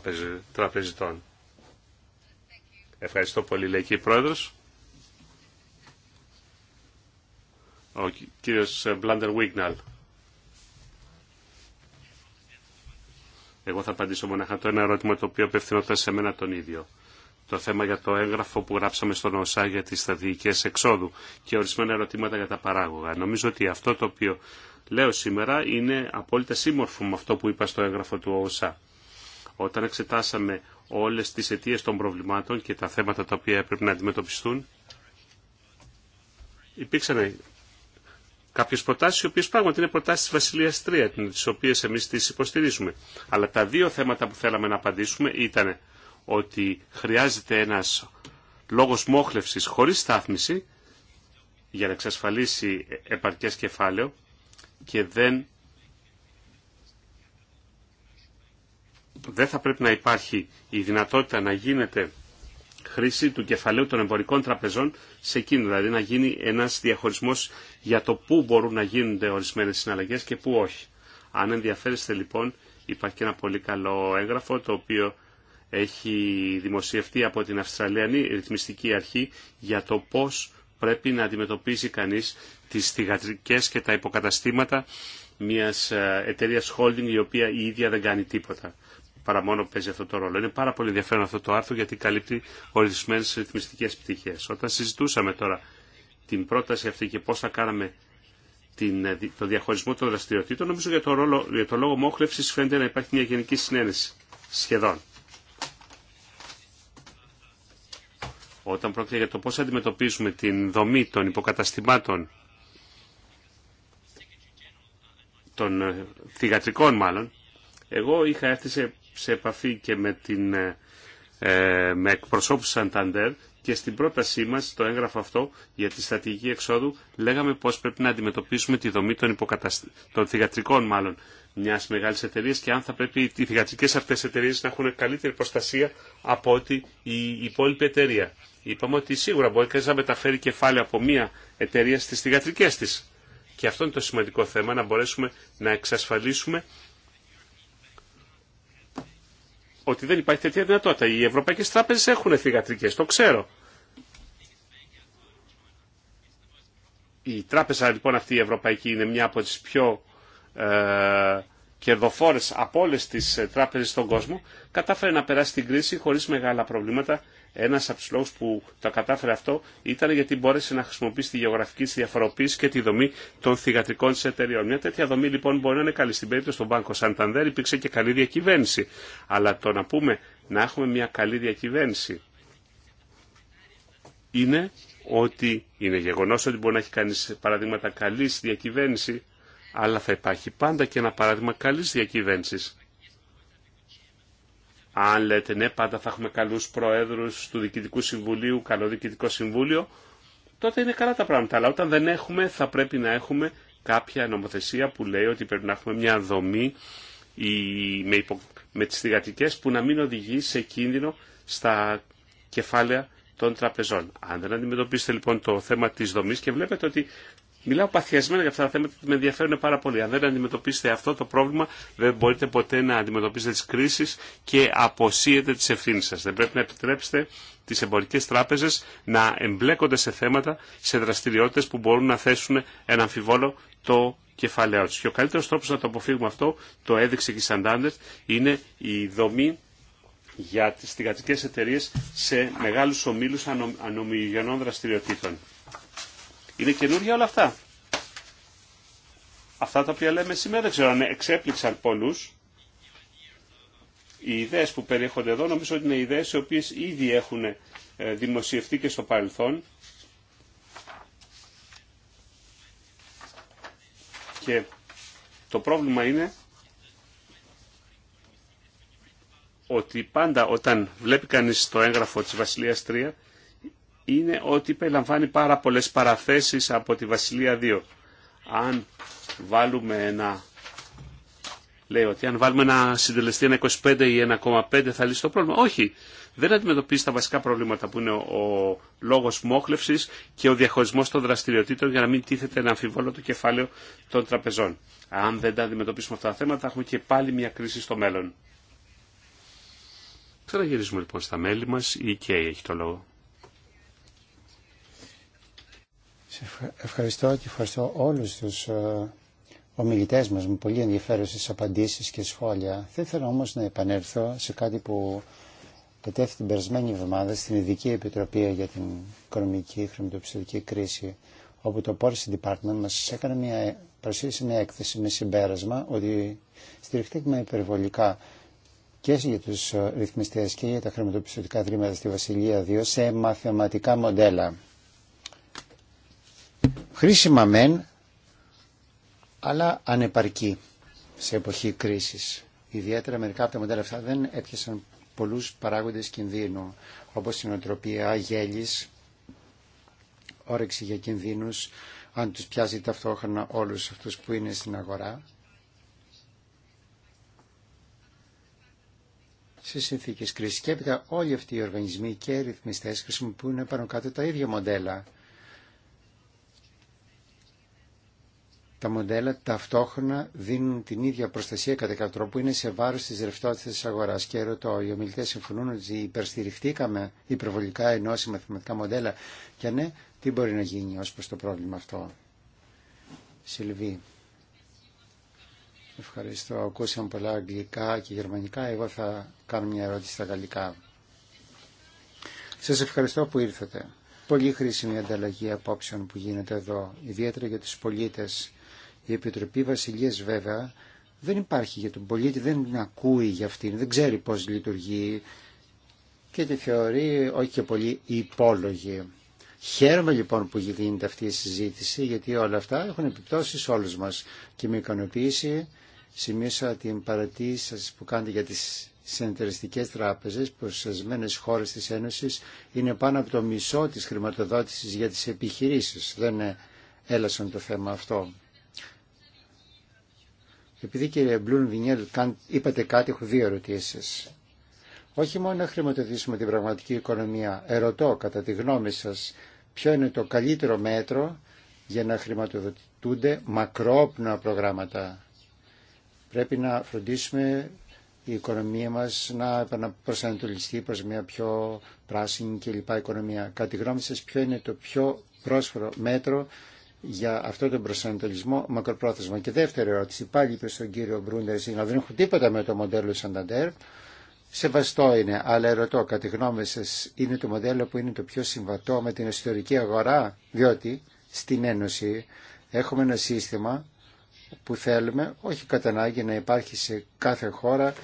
τραπεζιτών. Ευχαριστώ πολύ, λέει και η Πρόεδρος. Ο κύριος Μπλάντερ Βίγναλ. Εγώ θα απαντήσω μονάχα το ένα ερώτημα το οποίο απευθυνόταν σε μένα τον ίδιο. Το θέμα για το έγγραφο που γράψαμε στον ΟΣΑ για τις σταδιοικές εξόδου και ορισμένα ερωτήματα για τα παράγωγα. Νομίζω ότι αυτό το οποίο λέω σήμερα είναι απόλυτα σύμμορφο με αυτό που είπα στο έγγραφο του ΟΟΣΑ. Όταν εξετάσαμε όλες τις αιτίες των προβλημάτων και τα θέματα τα οποία έπρεπε να αντιμετωπιστούν, υπήρξαν κάποιες προτάσεις, οι οποίες πράγματι είναι προτάσεις της Βασιλείας Τρία, τις οποίες εμείς τις υποστηρίζουμε. Αλλά τα δύο θέματα που θέλαμε να απαντήσουμε ήταν ότι χρειάζεται ένας λόγος μόχλευσης χωρίς στάθμιση για να εξασφαλίσει επαρκές κεφάλαιο και δεν, δεν θα πρέπει να υπάρχει η δυνατότητα να γίνεται χρήση του κεφαλαίου των εμπορικών τραπεζών σε εκείνο, δηλαδή να γίνει ένας διαχωρισμός για το πού μπορούν να γίνονται ορισμένες συναλλαγές και πού όχι. Αν ενδιαφέρεστε λοιπόν υπάρχει και ένα πολύ καλό έγγραφο το οποίο έχει δημοσιευτεί από την Αυστραλιανή Ρυθμιστική Αρχή για το πώς πρέπει να αντιμετωπίσει κανείς τις θηγατρικές και τα υποκαταστήματα μιας ε, εταιρείας holding η οποία η ίδια δεν κάνει τίποτα παρά μόνο παίζει αυτό το ρόλο. Είναι πάρα πολύ ενδιαφέρον αυτό το άρθρο γιατί καλύπτει ορισμένε ρυθμιστικέ πτυχέ. Όταν συζητούσαμε τώρα την πρόταση αυτή και πώ θα κάναμε την, ε, το διαχωρισμό των δραστηριοτήτων, νομίζω για το, ρόλο, για το λόγο μόχλευση φαίνεται να υπάρχει μια γενική συνένεση. Σχεδόν. όταν πρόκειται για το πώς αντιμετωπίζουμε την δομή των υποκαταστημάτων των ε, θηγατρικών μάλλον, εγώ είχα έρθει σε, σε επαφή και με, την, ε, ε με Σανταντέρ και στην πρότασή μας, το έγγραφο αυτό για τη στρατηγική εξόδου, λέγαμε πώς πρέπει να αντιμετωπίσουμε τη δομή των, υποκαταστη... των θηγατρικών μάλλον μια μεγάλη εταιρεία και αν θα πρέπει οι θηγατρικέ αυτέ εταιρείε να έχουν καλύτερη προστασία από ότι η υπόλοιπη εταιρεία. Είπαμε ότι σίγουρα μπορεί κανεί να μεταφέρει κεφάλαιο από μια εταιρεία στι θηγατρικέ τη. Και αυτό είναι το σημαντικό θέμα, να μπορέσουμε να εξασφαλίσουμε ότι δεν υπάρχει τέτοια δυνατότητα. Οι ευρωπαϊκές τράπεζες έχουν θηγατρικές, το ξέρω. Η τράπεζα λοιπόν αυτή η ευρωπαϊκή είναι μια από τι πιο ε, κερδοφόρες από όλε τις ε, τράπεζες στον κόσμο, κατάφερε να περάσει την κρίση χωρίς μεγάλα προβλήματα. Ένας από τους λόγους που το κατάφερε αυτό ήταν γιατί μπόρεσε να χρησιμοποιήσει τη γεωγραφική διαφοροποίηση και τη δομή των θηγατρικών της εταιρεία. Μια τέτοια δομή λοιπόν μπορεί να είναι καλή. Στην περίπτωση των Banco Santander υπήρξε και καλή διακυβέρνηση. Αλλά το να πούμε να έχουμε μια καλή διακυβέρνηση είναι ότι είναι γεγονός ότι μπορεί να έχει κάνει παραδείγματα καλής διακυβέρνηση αλλά θα υπάρχει πάντα και ένα παράδειγμα καλής διακυβέρνηση. Αν λέτε ναι, πάντα θα έχουμε καλούς προέδρους του Διοικητικού Συμβουλίου, καλό Διοικητικό Συμβούλιο, τότε είναι καλά τα πράγματα. Αλλά όταν δεν έχουμε, θα πρέπει να έχουμε κάποια νομοθεσία που λέει ότι πρέπει να έχουμε μια δομή με, υπο... με τις που να μην οδηγεί σε κίνδυνο στα κεφάλαια των τραπεζών. Αν δεν αντιμετωπίσετε λοιπόν το θέμα της δομής και βλέπετε ότι Μιλάω παθιασμένα για αυτά τα θέματα που με ενδιαφέρουν πάρα πολύ. Αν δεν αντιμετωπίσετε αυτό το πρόβλημα, δεν μπορείτε ποτέ να αντιμετωπίσετε τι κρίσει και αποσύετε τι ευθύνε σα. Δεν πρέπει να επιτρέψετε τι εμπορικέ τράπεζε να εμπλέκονται σε θέματα, σε δραστηριότητε που μπορούν να θέσουν ένα αμφιβόλο το κεφαλαίο του. Και ο καλύτερο τρόπο να το αποφύγουμε αυτό, το έδειξε και η Σαντάντερ, είναι η δομή για τι θηγατρικέ εταιρείε σε μεγάλου ομίλου ανομιγενών δραστηριοτήτων. Είναι καινούργια όλα αυτά. Αυτά τα οποία λέμε σήμερα δεν ξέρω αν εξέπληξαν πολλούς. Οι ιδέες που περιέχονται εδώ νομίζω ότι είναι ιδέες οι οποίες ήδη έχουν ε, δημοσιευτεί και στο παρελθόν. Και το πρόβλημα είναι ότι πάντα όταν βλέπει κανείς το έγγραφο της Βασιλείας 3 είναι ότι περιλαμβάνει πάρα πολλές παραθέσεις από τη Βασιλεία 2. Αν βάλουμε ένα λέει ότι αν βάλουμε ένα συντελεστή 1,25 ή 1,5 θα λύσει το πρόβλημα. Όχι, δεν αντιμετωπίζει τα βασικά προβλήματα που είναι ο λόγος μόχλευσης και ο διαχωρισμός των δραστηριοτήτων για να μην τίθεται ένα αμφιβόλο το κεφάλαιο των τραπεζών. Αν δεν τα αντιμετωπίσουμε αυτά τα θέματα θα έχουμε και πάλι μια κρίση στο μέλλον. Ξαναγυρίζουμε λοιπόν στα μέλη μας. Η ΚΕΙ e έχει το λόγο. ευχαριστώ και ευχαριστώ όλους τους ε, ομιλητές μας με πολύ ενδιαφέρουσες απαντήσεις και σχόλια. Θα ήθελα όμως να επανέλθω σε κάτι που κατέφθη την περασμένη εβδομάδα στην Ειδική Επιτροπή για την Οικονομική Χρηματοπιστωτική Κρίση, όπου το Policy Department μας έκανε μια, παρουσίαση μια έκθεση με συμπέρασμα ότι στηριχτήκαμε υπερβολικά και για του ε, ρυθμιστέ και για τα χρηματοπιστωτικά δρήματα στη Βασιλεία 2 σε μαθηματικά μοντέλα. Χρήσιμα μεν, αλλά ανεπαρκή σε εποχή κρίσης. Ιδιαίτερα μερικά από τα μοντέλα αυτά δεν έπιασαν πολλούς παράγοντες κινδύνου, όπως η νοοτροπία, γέλης, όρεξη για κινδύνους, αν τους πιάζει ταυτόχρονα όλους αυτούς που είναι στην αγορά. Σε συνθήκες κρίσης και έπειτα όλοι αυτοί οι οργανισμοί και οι ρυθμιστές χρησιμοποιούν πάνω κάτω τα ίδια μοντέλα τα μοντέλα ταυτόχρονα δίνουν την ίδια προστασία κατά κάποιο τρόπο είναι σε βάρο τη ρευστότητα τη αγορά. Και ρωτώ, οι ομιλητέ συμφωνούν ότι υπερστηριχτήκαμε υπερβολικά ενώ σε μαθηματικά μοντέλα. Και ναι, τι μπορεί να γίνει ω προ το πρόβλημα αυτό. Σιλβί. Ευχαριστώ. Ακούσαμε πολλά αγγλικά και γερμανικά. Εγώ θα κάνω μια ερώτηση στα γαλλικά. Σας ευχαριστώ που ήρθατε. Πολύ χρήσιμη ανταλλαγή απόψεων που γίνεται εδώ, ιδιαίτερα για του πολίτε. Η Επιτροπή Βασιλείας βέβαια δεν υπάρχει για τον πολίτη, δεν ακούει για αυτήν, δεν ξέρει πώς λειτουργεί και τη θεωρεί όχι και πολύ υπόλογη. Χαίρομαι λοιπόν που γίνεται αυτή η συζήτηση γιατί όλα αυτά έχουν επιπτώσει σε όλους μας και με ικανοποίηση σημείωσα την παρατήρηση σας που κάνετε για τις συνεταιριστικέ τράπεζες που στι χώρες της Ένωσης είναι πάνω από το μισό της χρηματοδότησης για τις επιχειρήσεις. Δεν ε, έλασαν το θέμα αυτό. Επειδή κύριε Μπλουν Βινιέλ είπατε κάτι, έχω δύο ερωτήσεις. Όχι μόνο να χρηματοδοτήσουμε την πραγματική οικονομία. Ερωτώ κατά τη γνώμη σας ποιο είναι το καλύτερο μέτρο για να χρηματοδοτούνται μακρόπνοα προγράμματα. Πρέπει να φροντίσουμε η οικονομία μας να προσανατολιστεί προς μια πιο πράσινη και οικονομία. Κατά τη γνώμη σας ποιο είναι το πιο πρόσφορο μέτρο για αυτόν τον προσανατολισμό μακροπρόθεσμα. Και δεύτερη ερώτηση, πάλι προ τον κύριο Μπρούντερ, να δεν έχουν τίποτα με το μοντέλο Σανταντέρ. Σεβαστό είναι, αλλά ερωτώ κατά γνώμη σα, είναι το μοντέλο που είναι το πιο συμβατό με την εσωτερική αγορά, διότι στην Ένωση έχουμε ένα σύστημα που θέλουμε, όχι κατά ανάγκη να υπάρχει σε κάθε χώρα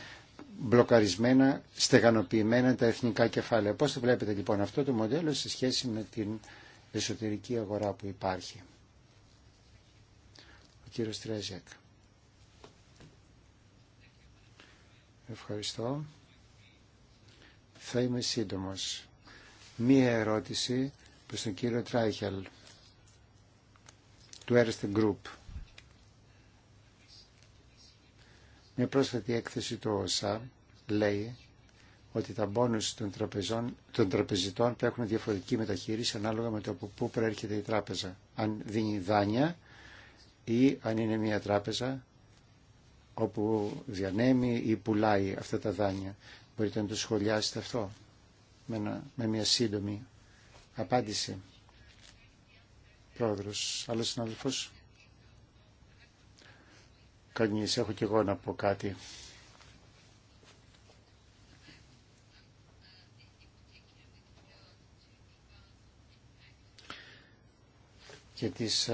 μπλοκαρισμένα, στεγανοποιημένα τα εθνικά κεφάλαια. Πώς το βλέπετε λοιπόν αυτό το μοντέλο σε σχέση με την εσωτερική αγορά που υπάρχει κύριος Τρέζιακ. Ευχαριστώ. Θα είμαι σύντομος. Μία ερώτηση προς τον κύριο Τράιχελ του Erste Group. Μια πρόσφατη έκθεση του ΩΣΑ λέει ότι τα μπόνους των, τραπεζών, των τραπεζιτών έχουν διαφορετική μεταχείριση ανάλογα με το από πού προέρχεται η τράπεζα. Αν δίνει δάνεια ή αν είναι μια τράπεζα όπου διανέμει ή πουλάει αυτά τα δάνεια. Μπορείτε να το σχολιάσετε αυτό με, μια σύντομη απάντηση. Πρόεδρος, άλλος συνάδελφος. Κανείς, έχω και εγώ να πω κάτι. και τις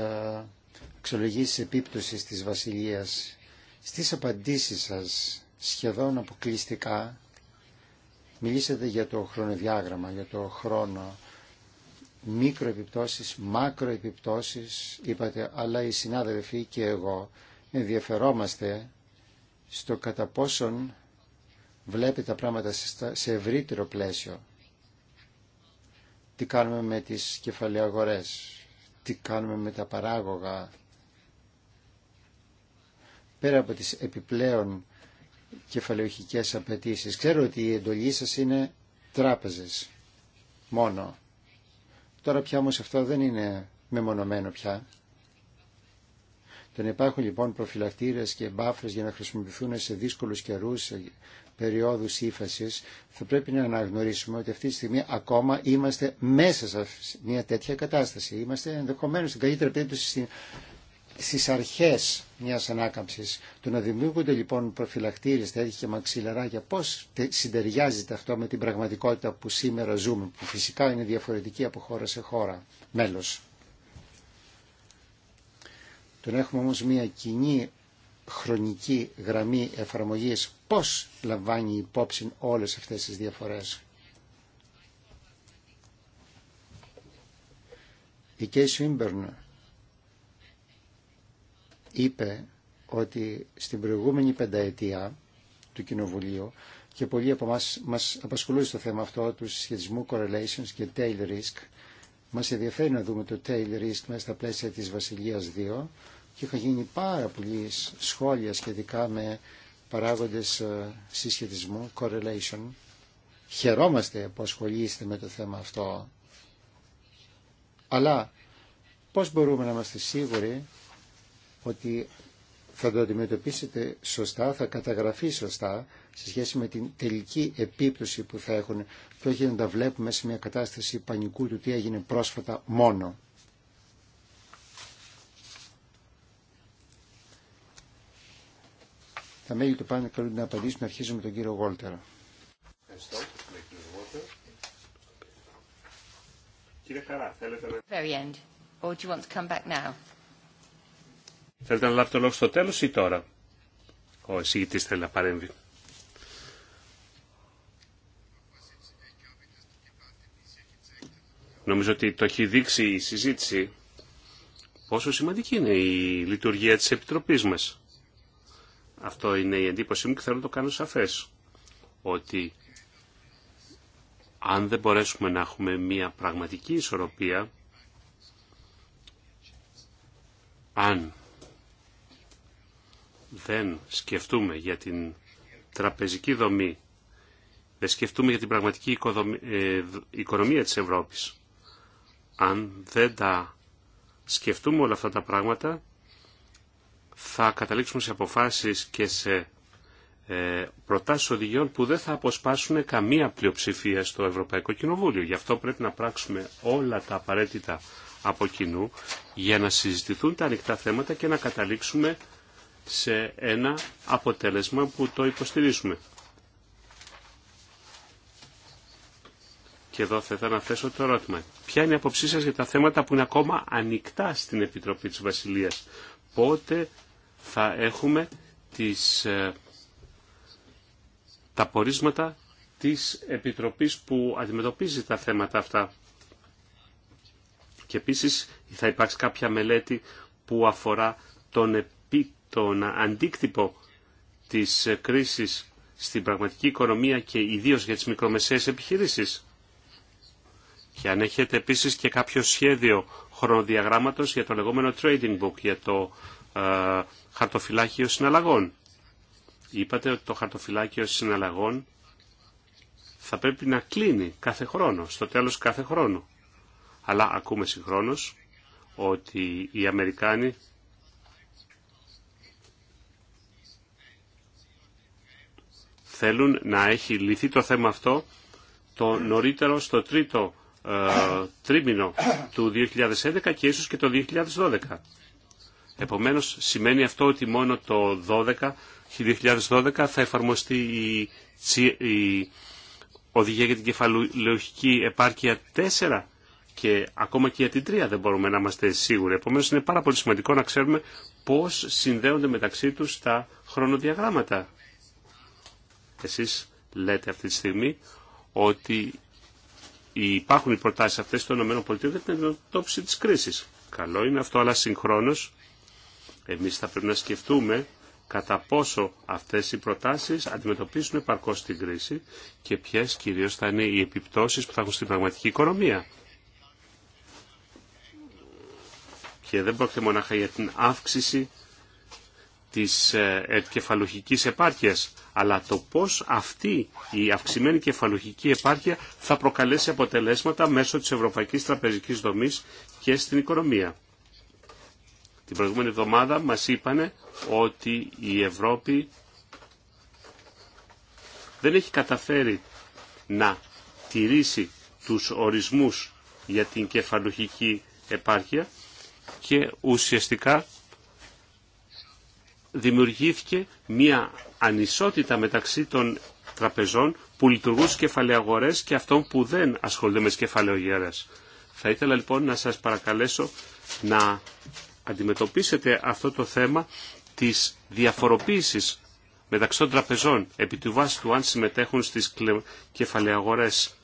αξιολογήσεις επίπτωσης της Βασιλείας. Στις απαντήσεις σας σχεδόν αποκλειστικά μιλήσατε για το χρονοδιάγραμμα, για το χρόνο, μικροεπιπτώσεις, μακροεπιπτώσεις, είπατε, αλλά οι συνάδελφοι και εγώ ενδιαφερόμαστε στο κατά πόσον βλέπει τα πράγματα σε ευρύτερο πλαίσιο. Τι κάνουμε με τις κεφαλαιαγορές, τι κάνουμε με τα παράγωγα, πέρα από τις επιπλέον κεφαλαιοχικές απαιτήσει. Ξέρω ότι η εντολή σας είναι τράπεζες μόνο. Τώρα πια όμως αυτό δεν είναι μεμονωμένο πια. Τον υπάρχουν λοιπόν προφυλακτήρες και μπάφρες για να χρησιμοποιηθούν σε δύσκολους καιρούς, σε περιόδους ύφαση, θα πρέπει να αναγνωρίσουμε ότι αυτή τη στιγμή ακόμα είμαστε μέσα σε μια τέτοια κατάσταση. Είμαστε ενδεχομένως στην καλύτερη περίπτωση στην στις αρχές μιας ανάκαμψης. Το να δημιουργούνται λοιπόν προφυλακτήρες, τέτοια και μαξιλαράκια, πώς συντεριάζεται αυτό με την πραγματικότητα που σήμερα ζούμε, που φυσικά είναι διαφορετική από χώρα σε χώρα, μέλος. Τον έχουμε όμως μια κοινή χρονική γραμμή εφαρμογής, πώς λαμβάνει υπόψη όλες αυτές τις διαφορές. Η Κέι είπε ότι στην προηγούμενη πενταετία του Κοινοβουλίου και πολλοί από εμά μας απασχολούν στο θέμα αυτό του σχετισμού correlations και tail risk. Μας ενδιαφέρει να δούμε το tail risk μέσα στα πλαίσια της Βασιλείας 2 και είχαν γίνει πάρα πολλοί σχόλια σχετικά με παράγοντες ε, συσχετισμού, correlation. Χαιρόμαστε που ασχολείστε με το θέμα αυτό. Αλλά πώς μπορούμε να είμαστε σίγουροι ότι θα το αντιμετωπίσετε σωστά, θα καταγραφεί σωστά σε σχέση με την τελική επίπτωση που θα έχουν και όχι να τα βλέπουμε σε μια κατάσταση πανικού του τι έγινε πρόσφατα μόνο. Τα μέλη του πάνε καλούνται να απαντήσουν. Αρχίζουμε τον κύριο Γόλτερα. Κύριε Χαρά, θέλετε να... Θέλετε να λάβετε λόγο στο τέλος ή τώρα. Ο εισηγητής θέλει να παρέμβει. Νομίζω ότι το έχει δείξει η συζήτηση πόσο σημαντική είναι η λειτουργία της Επιτροπής μας. Αυτό είναι η εντύπωσή μου και θέλω να το κάνω σαφές. Ότι αν δεν μπορέσουμε να έχουμε μια πραγματική ισορροπία, αν δεν σκεφτούμε για την τραπεζική δομή, δεν σκεφτούμε για την πραγματική ε, οικονομία της Ευρώπης, αν δεν τα σκεφτούμε όλα αυτά τα πράγματα, θα καταλήξουμε σε αποφάσεις και σε ε, προτάσεις οδηγιών που δεν θα αποσπάσουν καμία πλειοψηφία στο Ευρωπαϊκό Κοινοβούλιο. Γι' αυτό πρέπει να πράξουμε όλα τα απαραίτητα από κοινού για να συζητηθούν τα ανοιχτά θέματα και να καταλήξουμε σε ένα αποτέλεσμα που το υποστηρίζουμε. Και εδώ θα ήθελα να θέσω το ερώτημα. Ποια είναι η αποψή σας για τα θέματα που είναι ακόμα ανοιχτά στην Επιτροπή της Βασιλείας. Πότε θα έχουμε τις, ε, τα πορίσματα της Επιτροπής που αντιμετωπίζει τα θέματα αυτά. Και επίσης θα υπάρξει κάποια μελέτη που αφορά τον επί, τον αντίκτυπο της κρίσης στην πραγματική οικονομία και ιδίως για τις μικρομεσαίες επιχειρήσεις. Και αν έχετε επίσης και κάποιο σχέδιο χρονοδιαγράμματος για το λεγόμενο trading book, για το ε, χαρτοφυλάκιο συναλλαγών. Είπατε ότι το χαρτοφυλάκιο συναλλαγών θα πρέπει να κλείνει κάθε χρόνο, στο τέλος κάθε χρόνο. Αλλά ακούμε συγχρόνως ότι οι Αμερικάνοι θέλουν να έχει λυθεί το θέμα αυτό το νωρίτερο στο τρίτο ε, τρίμηνο του 2011 και ίσως και το 2012. Επομένως σημαίνει αυτό ότι μόνο το 12, 2012 θα εφαρμοστεί η, η οδηγία για την κεφαλαιοχική επάρκεια 4 και ακόμα και για την 3 δεν μπορούμε να είμαστε σίγουροι. Επομένως είναι πάρα πολύ σημαντικό να ξέρουμε πώς συνδέονται μεταξύ τους τα χρονοδιαγράμματα εσείς λέτε αυτή τη στιγμή ότι υπάρχουν οι προτάσεις αυτές των ΗΠΑ για την αντιμετώπιση της κρίσης. Καλό είναι αυτό, αλλά συγχρόνως εμείς θα πρέπει να σκεφτούμε κατά πόσο αυτές οι προτάσεις αντιμετωπίζουν επαρκώς την κρίση και ποιες κυρίως θα είναι οι επιπτώσεις που θα έχουν στην πραγματική οικονομία. Και δεν πρόκειται μονάχα για την αύξηση της ε, κεφαλουχικής επάρκειας, αλλά το πώς αυτή η αυξημένη κεφαλουχική επάρκεια θα προκαλέσει αποτελέσματα μέσω της Ευρωπαϊκής Τραπεζικής Δομής και στην οικονομία. Την προηγούμενη εβδομάδα μας είπανε ότι η Ευρώπη δεν έχει καταφέρει να τηρήσει τους ορισμούς για την κεφαλουχική επάρκεια και ουσιαστικά δημιουργήθηκε μια ανισότητα μεταξύ των τραπεζών που λειτουργούν στις κεφαλαιαγορές και αυτών που δεν ασχολούνται με τις Θα ήθελα λοιπόν να σας παρακαλέσω να αντιμετωπίσετε αυτό το θέμα της διαφοροποίησης μεταξύ των τραπεζών επί του βάση του αν συμμετέχουν στις κεφαλαιαγορές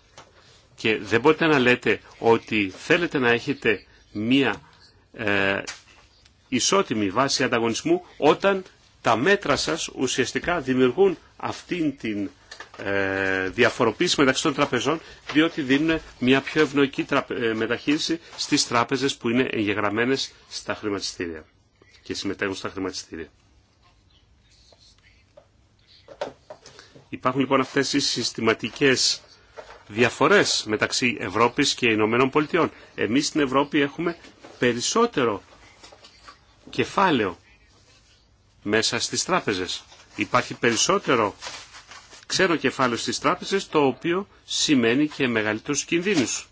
και δεν μπορείτε να λέτε ότι θέλετε να έχετε μία ε, ισότιμη βάση ανταγωνισμού όταν τα μέτρα σας ουσιαστικά δημιουργούν αυτήν την ε, διαφοροποίηση μεταξύ των τραπεζών διότι δίνουν μια πιο ευνοϊκή ε, μεταχείριση στις τράπεζες που είναι εγγεγραμμένες στα χρηματιστήρια και συμμετέχουν στα χρηματιστήρια. Υπάρχουν λοιπόν αυτές οι συστηματικές διαφορές μεταξύ Ευρώπης και Ηνωμένων Πολιτειών. Εμείς στην Ευρώπη έχουμε περισσότερο κεφάλαιο μέσα στις τράπεζες. Υπάρχει περισσότερο ξέρω κεφάλαιο στις τράπεζες, το οποίο σημαίνει και μεγαλύτερους κινδύνους.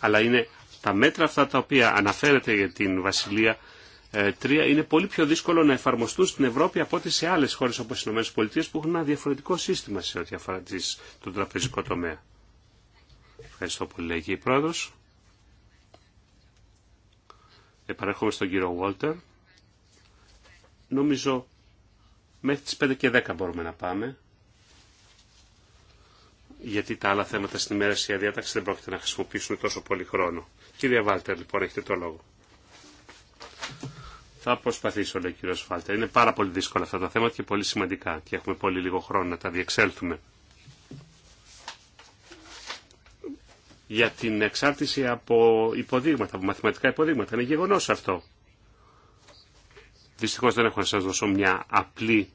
Αλλά είναι τα μέτρα αυτά τα οποία αναφέρεται για την Βασιλεία 3 ε, είναι πολύ πιο δύσκολο να εφαρμοστούν στην Ευρώπη από ό,τι σε άλλες χώρες όπως οι ΗΠΑ που έχουν ένα διαφορετικό σύστημα σε ό,τι αφορά τον τραπεζικό τομέα. Ευχαριστώ πολύ, και η πρόεδρος. Επαρέχομαι στον κύριο Βόλτερ. Νομίζω μέχρι τις 5 και 10 μπορούμε να πάμε. Γιατί τα άλλα θέματα στην μέρα διάταξη δεν πρόκειται να χρησιμοποιήσουν τόσο πολύ χρόνο. Κύριε Βάλτερ, λοιπόν, έχετε το λόγο. Θα προσπαθήσω, λέει ο κύριο Βάλτερ. Είναι πάρα πολύ δύσκολα αυτά τα θέματα και πολύ σημαντικά και έχουμε πολύ λίγο χρόνο να τα διεξέλθουμε. για την εξάρτηση από υποδείγματα, από μαθηματικά υποδείγματα. Είναι γεγονός αυτό. Δυστυχώ δεν έχω να σας δώσω μια απλή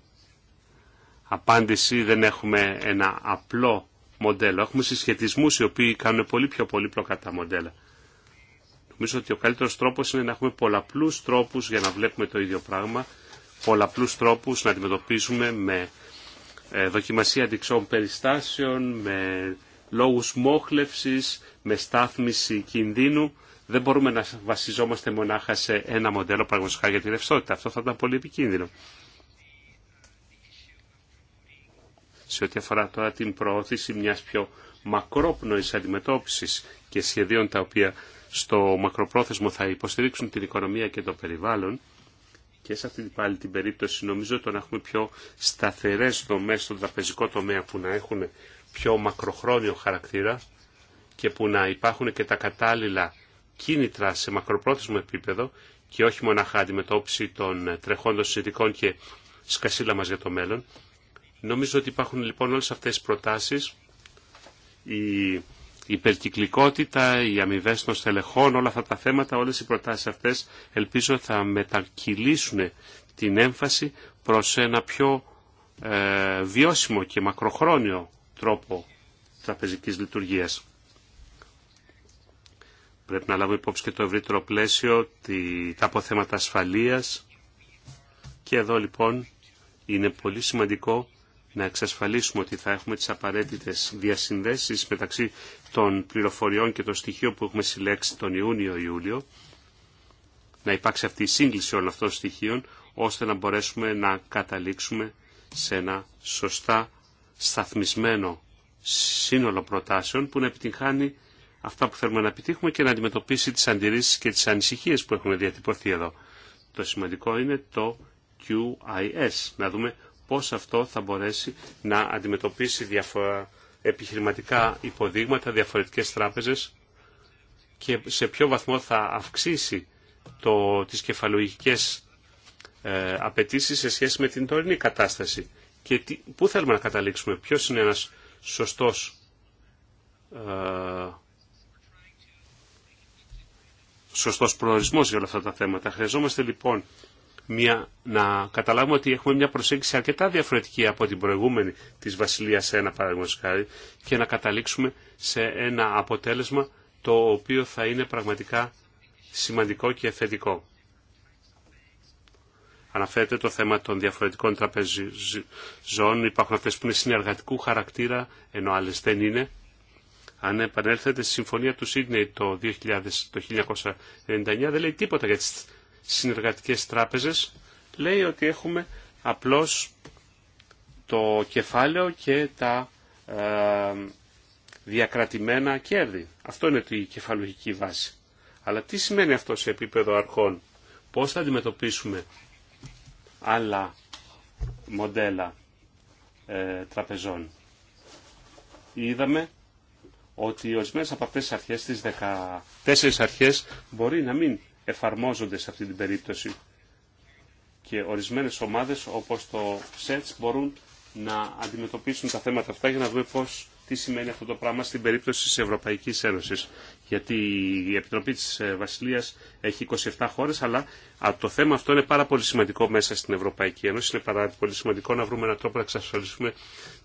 απάντηση, δεν έχουμε ένα απλό μοντέλο. Έχουμε συσχετισμούς οι οποίοι κάνουν πολύ πιο πολύπλοκα τα μοντέλα. Νομίζω ότι ο καλύτερος τρόπος είναι να έχουμε πολλαπλούς τρόπους για να βλέπουμε το ίδιο πράγμα, πολλαπλού τρόπου να αντιμετωπίζουμε με ε, δοκιμασία αντικσών περιστάσεων, με λόγους μόχλευσης, με στάθμιση κινδύνου. Δεν μπορούμε να βασιζόμαστε μονάχα σε ένα μοντέλο πραγματικά για τη ρευστότητα. Αυτό θα ήταν πολύ επικίνδυνο. Σε ό,τι αφορά τώρα την προώθηση μιας πιο μακρόπνοης αντιμετώπισης και σχεδίων τα οποία στο μακροπρόθεσμο θα υποστηρίξουν την οικονομία και το περιβάλλον, και σε αυτή πάλι την περίπτωση νομίζω το να έχουμε πιο σταθερές δομές στον τραπεζικό τομέα που να έχουν πιο μακροχρόνιο χαρακτήρα και που να υπάρχουν και τα κατάλληλα κίνητρα σε μακροπρόθεσμο επίπεδο και όχι μοναχά αντιμετώπιση των τρεχόντων συνθηκών και σκασίλα μας για το μέλλον. Νομίζω ότι υπάρχουν λοιπόν όλες αυτές οι προτάσεις, η υπερκυκλικότητα, οι αμοιβέ των στελεχών, όλα αυτά τα θέματα, όλες οι προτάσεις αυτές ελπίζω θα μετακυλήσουν την έμφαση προς ένα πιο ε, βιώσιμο και μακροχρόνιο τρόπο τραπεζικής λειτουργίας. Πρέπει να λάβω υπόψη και το ευρύτερο πλαίσιο, τα αποθέματα ασφαλείας και εδώ λοιπόν είναι πολύ σημαντικό να εξασφαλίσουμε ότι θα έχουμε τις απαραίτητες διασυνδέσεις μεταξύ των πληροφοριών και των στοιχείων που έχουμε συλλέξει τον Ιούνιο-Ιούλιο, να υπάρξει αυτή η σύγκληση όλων αυτών των στοιχείων, ώστε να μπορέσουμε να καταλήξουμε σε ένα σωστά σταθμισμένο σύνολο προτάσεων που να επιτυγχάνει αυτά που θέλουμε να επιτύχουμε και να αντιμετωπίσει τις αντιρρήσεις και τις ανησυχίες που έχουν διατυπωθεί εδώ. Το σημαντικό είναι το QIS, να δούμε πώς αυτό θα μπορέσει να αντιμετωπίσει διαφορα... επιχειρηματικά υποδείγματα, διαφορετικές τράπεζες και σε ποιο βαθμό θα αυξήσει το, τις κεφαλογικές ε, απαιτήσει σε σχέση με την τωρινή κατάσταση και πού θέλουμε να καταλήξουμε, ποιος είναι ένας σωστός ε, σωστός προορισμός για όλα αυτά τα θέματα. Χρειαζόμαστε λοιπόν μια, να καταλάβουμε ότι έχουμε μια προσέγγιση αρκετά διαφορετική από την προηγούμενη της Βασιλείας 1 παραδείγματος χάρη και να καταλήξουμε σε ένα αποτέλεσμα το οποίο θα είναι πραγματικά σημαντικό και θετικό αναφέρεται το θέμα των διαφορετικών τραπεζών. Υπάρχουν αυτές που είναι συνεργατικού χαρακτήρα, ενώ άλλε δεν είναι. Αν επανέλθετε στη συμφωνία του Σίδνεϊ το, 2000, το 1999 δεν λέει τίποτα για τις συνεργατικές τράπεζες. Λέει ότι έχουμε απλώς το κεφάλαιο και τα ε, διακρατημένα κέρδη. Αυτό είναι η κεφαλογική βάση. Αλλά τι σημαίνει αυτό σε επίπεδο αρχών. Πώς θα αντιμετωπίσουμε άλλα μοντέλα ε, τραπεζών. Είδαμε ότι ορισμένε από αυτές τις αρχές, τις 14 αρχές, μπορεί να μην εφαρμόζονται σε αυτή την περίπτωση. Και ορισμένες ομάδες όπως το ΣΕΤΣ μπορούν να αντιμετωπίσουν τα θέματα αυτά για να δούμε πώς τι σημαίνει αυτό το πράγμα στην περίπτωση της Ευρωπαϊκής Ένωσης γιατί η Επιτροπή της ε, Βασιλείας έχει 27 χώρες, αλλά το θέμα αυτό είναι πάρα πολύ σημαντικό μέσα στην Ευρωπαϊκή Ένωση. Είναι πάρα πολύ σημαντικό να βρούμε έναν τρόπο να εξασφαλίσουμε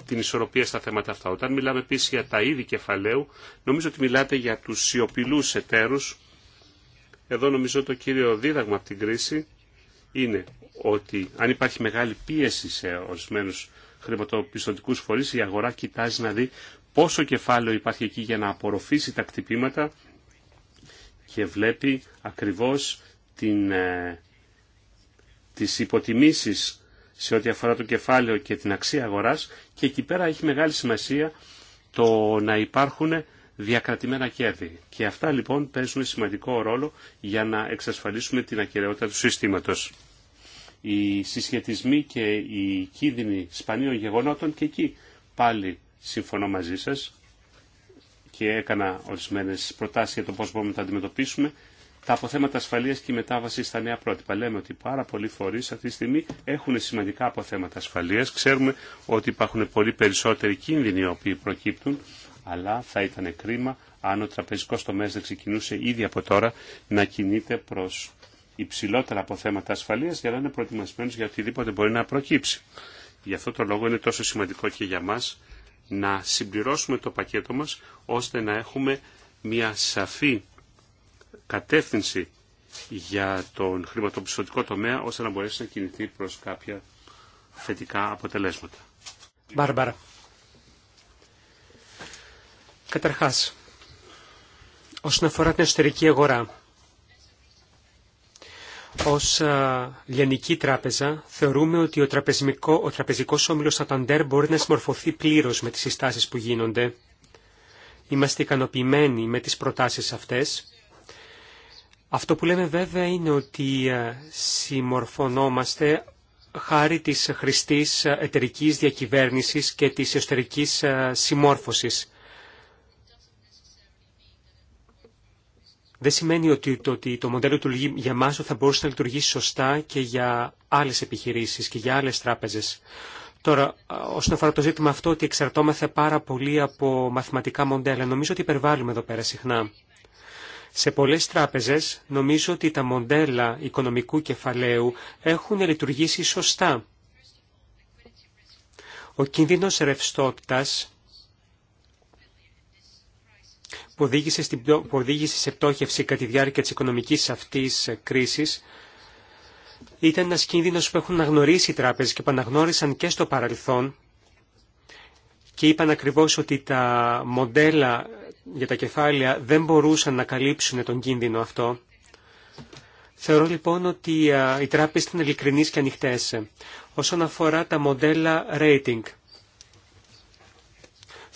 την ισορροπία στα θέματα αυτά. Όταν μιλάμε επίσης για τα είδη κεφαλαίου, νομίζω ότι μιλάτε για τους σιωπηλούς εταίρους. Εδώ νομίζω το κύριο δίδαγμα από την κρίση είναι ότι αν υπάρχει μεγάλη πίεση σε ορισμένου χρηματοπιστωτικούς φορείς, η αγορά κοιτάζει να δει πόσο κεφάλαιο υπάρχει εκεί για να απορροφήσει τα κτυπήματα και βλέπει ακριβώς την, ε, τις υποτιμήσεις σε ό,τι αφορά το κεφάλαιο και την αξία αγοράς και εκεί πέρα έχει μεγάλη σημασία το να υπάρχουν διακρατημένα κέρδη. Και αυτά λοιπόν παίζουν σημαντικό ρόλο για να εξασφαλίσουμε την ακαιρεότητα του συστήματος. Οι συσχετισμοί και οι κίνδυνοι σπανίων γεγονότων και εκεί πάλι Συμφωνώ μαζί σας και έκανα ορισμένε προτάσεις για το πώς μπορούμε να τα αντιμετωπίσουμε. Τα αποθέματα ασφαλείας και η μετάβαση στα νέα πρότυπα. Λέμε ότι πάρα πολλοί φορείς αυτή τη στιγμή έχουν σημαντικά αποθέματα ασφαλείας. Ξέρουμε ότι υπάρχουν πολύ περισσότεροι κίνδυνοι οι οποίοι προκύπτουν, αλλά θα ήταν κρίμα αν ο τραπεζικός τομέας δεν ξεκινούσε ήδη από τώρα να κινείται προς υψηλότερα αποθέματα ασφαλείας για να είναι προετοιμασμένο για οτιδήποτε μπορεί να προκύψει. Γι' αυτό το λόγο είναι τόσο σημαντικό και για μας να συμπληρώσουμε το πακέτο μας ώστε να έχουμε μια σαφή κατεύθυνση για τον χρηματοπιστωτικό τομέα ώστε να μπορέσει να κινηθεί προς κάποια θετικά αποτελέσματα. Μπάρμπαρα. Καταρχάς, όσον αφορά την εσωτερική αγορά, ως λιανική τράπεζα θεωρούμε ότι ο, τραπεζικό, ο τραπεζικός όμιλος Σαταντέρ μπορεί να συμμορφωθεί πλήρως με τις συστάσεις που γίνονται. Είμαστε ικανοποιημένοι με τις προτάσεις αυτές. Αυτό που λέμε βέβαια είναι ότι συμμορφωνόμαστε χάρη της χρηστής εταιρικής διακυβέρνησης και της εσωτερικής συμμόρφωσης. δεν σημαίνει ότι το, το μοντέλο του για μας θα μπορούσε να λειτουργήσει σωστά και για άλλες επιχειρήσεις και για άλλες τράπεζες. Τώρα, όσον αφορά το ζήτημα αυτό, ότι εξαρτώμαστε πάρα πολύ από μαθηματικά μοντέλα, νομίζω ότι υπερβάλλουμε εδώ πέρα συχνά. Σε πολλές τράπεζες νομίζω ότι τα μοντέλα οικονομικού κεφαλαίου έχουν λειτουργήσει σωστά. Ο κίνδυνος ρευστότητας που οδήγησε, στην, που σε πτώχευση κατά τη διάρκεια της οικονομικής αυτής κρίσης ήταν ένας κίνδυνος που έχουν αναγνωρίσει οι τράπεζες και που και στο παρελθόν και είπαν ακριβώς ότι τα μοντέλα για τα κεφάλαια δεν μπορούσαν να καλύψουν τον κίνδυνο αυτό. Θεωρώ λοιπόν ότι οι τράπεζες ήταν ειλικρινείς και ανοιχτές. Όσον αφορά τα μοντέλα rating,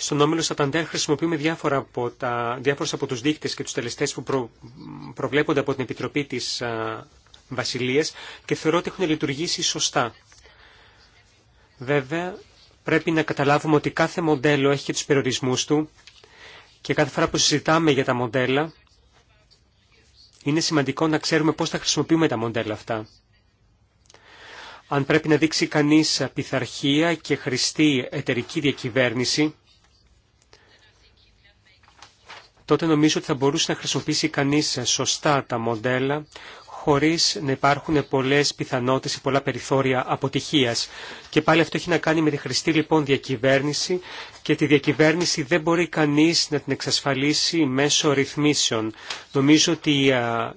στον όμιλο Σαταντέρ χρησιμοποιούμε διάφορα από τα, διάφορους από τους δείκτες και τους τελεστές που προβλέπονται από την Επιτροπή της α, Βασιλείας και θεωρώ ότι έχουν λειτουργήσει σωστά. Βέβαια, πρέπει να καταλάβουμε ότι κάθε μοντέλο έχει και τους περιορισμούς του και κάθε φορά που συζητάμε για τα μοντέλα, είναι σημαντικό να ξέρουμε πώς θα χρησιμοποιούμε τα μοντέλα αυτά. Αν πρέπει να δείξει κανείς πειθαρχία και χρηστή εταιρική διακυβέρνηση, τότε νομίζω ότι θα μπορούσε να χρησιμοποιήσει κανείς σωστά τα μοντέλα χωρίς να υπάρχουν πολλές πιθανότητες ή πολλά περιθώρια αποτυχίας. Και πάλι αυτό έχει να κάνει με τη χρηστή λοιπόν διακυβέρνηση και τη διακυβέρνηση δεν μπορεί κανείς να την εξασφαλίσει μέσω ρυθμίσεων. Νομίζω ότι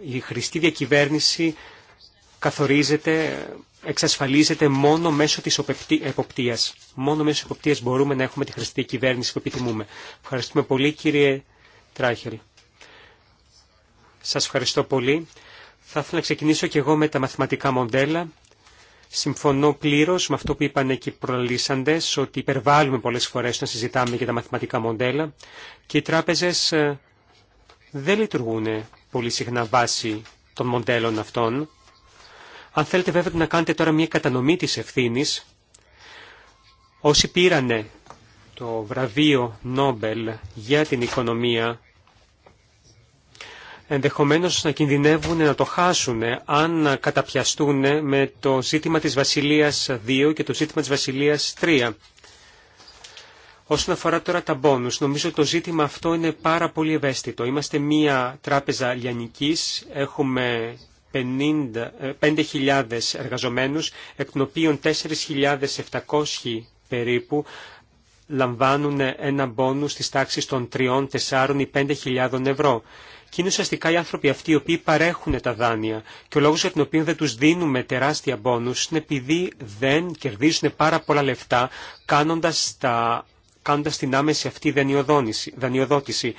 η χρηστή διακυβέρνηση καθορίζεται, εξασφαλίζεται μόνο μέσω της εποπτείας. Μόνο μέσω εποπτείας μπορούμε να έχουμε τη χρηστή διακυβέρνηση που επιθυμούμε. Ευχαριστούμε πολύ κύριε Σα Σας ευχαριστώ πολύ. Θα ήθελα να ξεκινήσω και εγώ με τα μαθηματικά μοντέλα. Συμφωνώ πλήρω με αυτό που είπαν και οι προλύσαντε, ότι υπερβάλλουμε πολλέ φορέ να συζητάμε για τα μαθηματικά μοντέλα και οι τράπεζε ε, δεν λειτουργούν πολύ συχνά βάσει των μοντέλων αυτών. Αν θέλετε βέβαια να κάνετε τώρα μια κατανομή της ευθύνης, όσοι πήρανε το βραβείο Νόμπελ για την οικονομία ενδεχομένως να κινδυνεύουν να το χάσουν αν καταπιαστούν με το ζήτημα της Βασιλείας 2 και το ζήτημα της Βασιλείας 3. Όσον αφορά τώρα τα μπόνους, νομίζω το ζήτημα αυτό είναι πάρα πολύ ευαίσθητο. Είμαστε μία τράπεζα λιανικής, έχουμε 5.000 ε, εργαζομένους, εκ των οποίων 4.700 περίπου λαμβάνουν ένα μπόνου στις τάξεις των 3, 4 ή 5.000 ευρώ. Και είναι ουσιαστικά οι άνθρωποι αυτοί οι οποίοι παρέχουν τα δάνεια. Και ο λόγος για τον οποίο δεν τους δίνουμε τεράστια μπόνους είναι επειδή δεν κερδίζουν πάρα πολλά λεφτά κάνοντας, τα... κάνοντας την άμεση αυτή δανειοδότηση.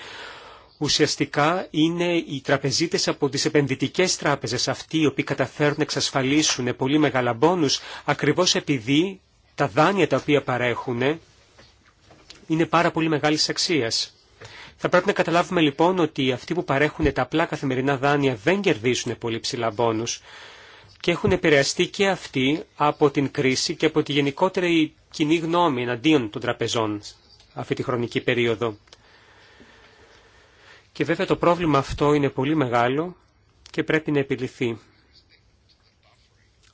Ουσιαστικά είναι οι τραπεζίτες από τις επενδυτικές τράπεζες αυτοί οι οποίοι καταφέρουν να εξασφαλίσουν πολύ μεγάλα μπόνους ακριβώς επειδή τα δάνεια τα οποία παρέχουν είναι πάρα πολύ μεγάλη αξία. Θα πρέπει να καταλάβουμε λοιπόν ότι αυτοί που παρέχουν τα απλά καθημερινά δάνεια δεν κερδίζουν πολύ ψηλά μπόνου και έχουν επηρεαστεί και αυτοί από την κρίση και από τη γενικότερη κοινή γνώμη εναντίον των τραπεζών αυτή τη χρονική περίοδο. Και βέβαια το πρόβλημα αυτό είναι πολύ μεγάλο και πρέπει να επιληθεί.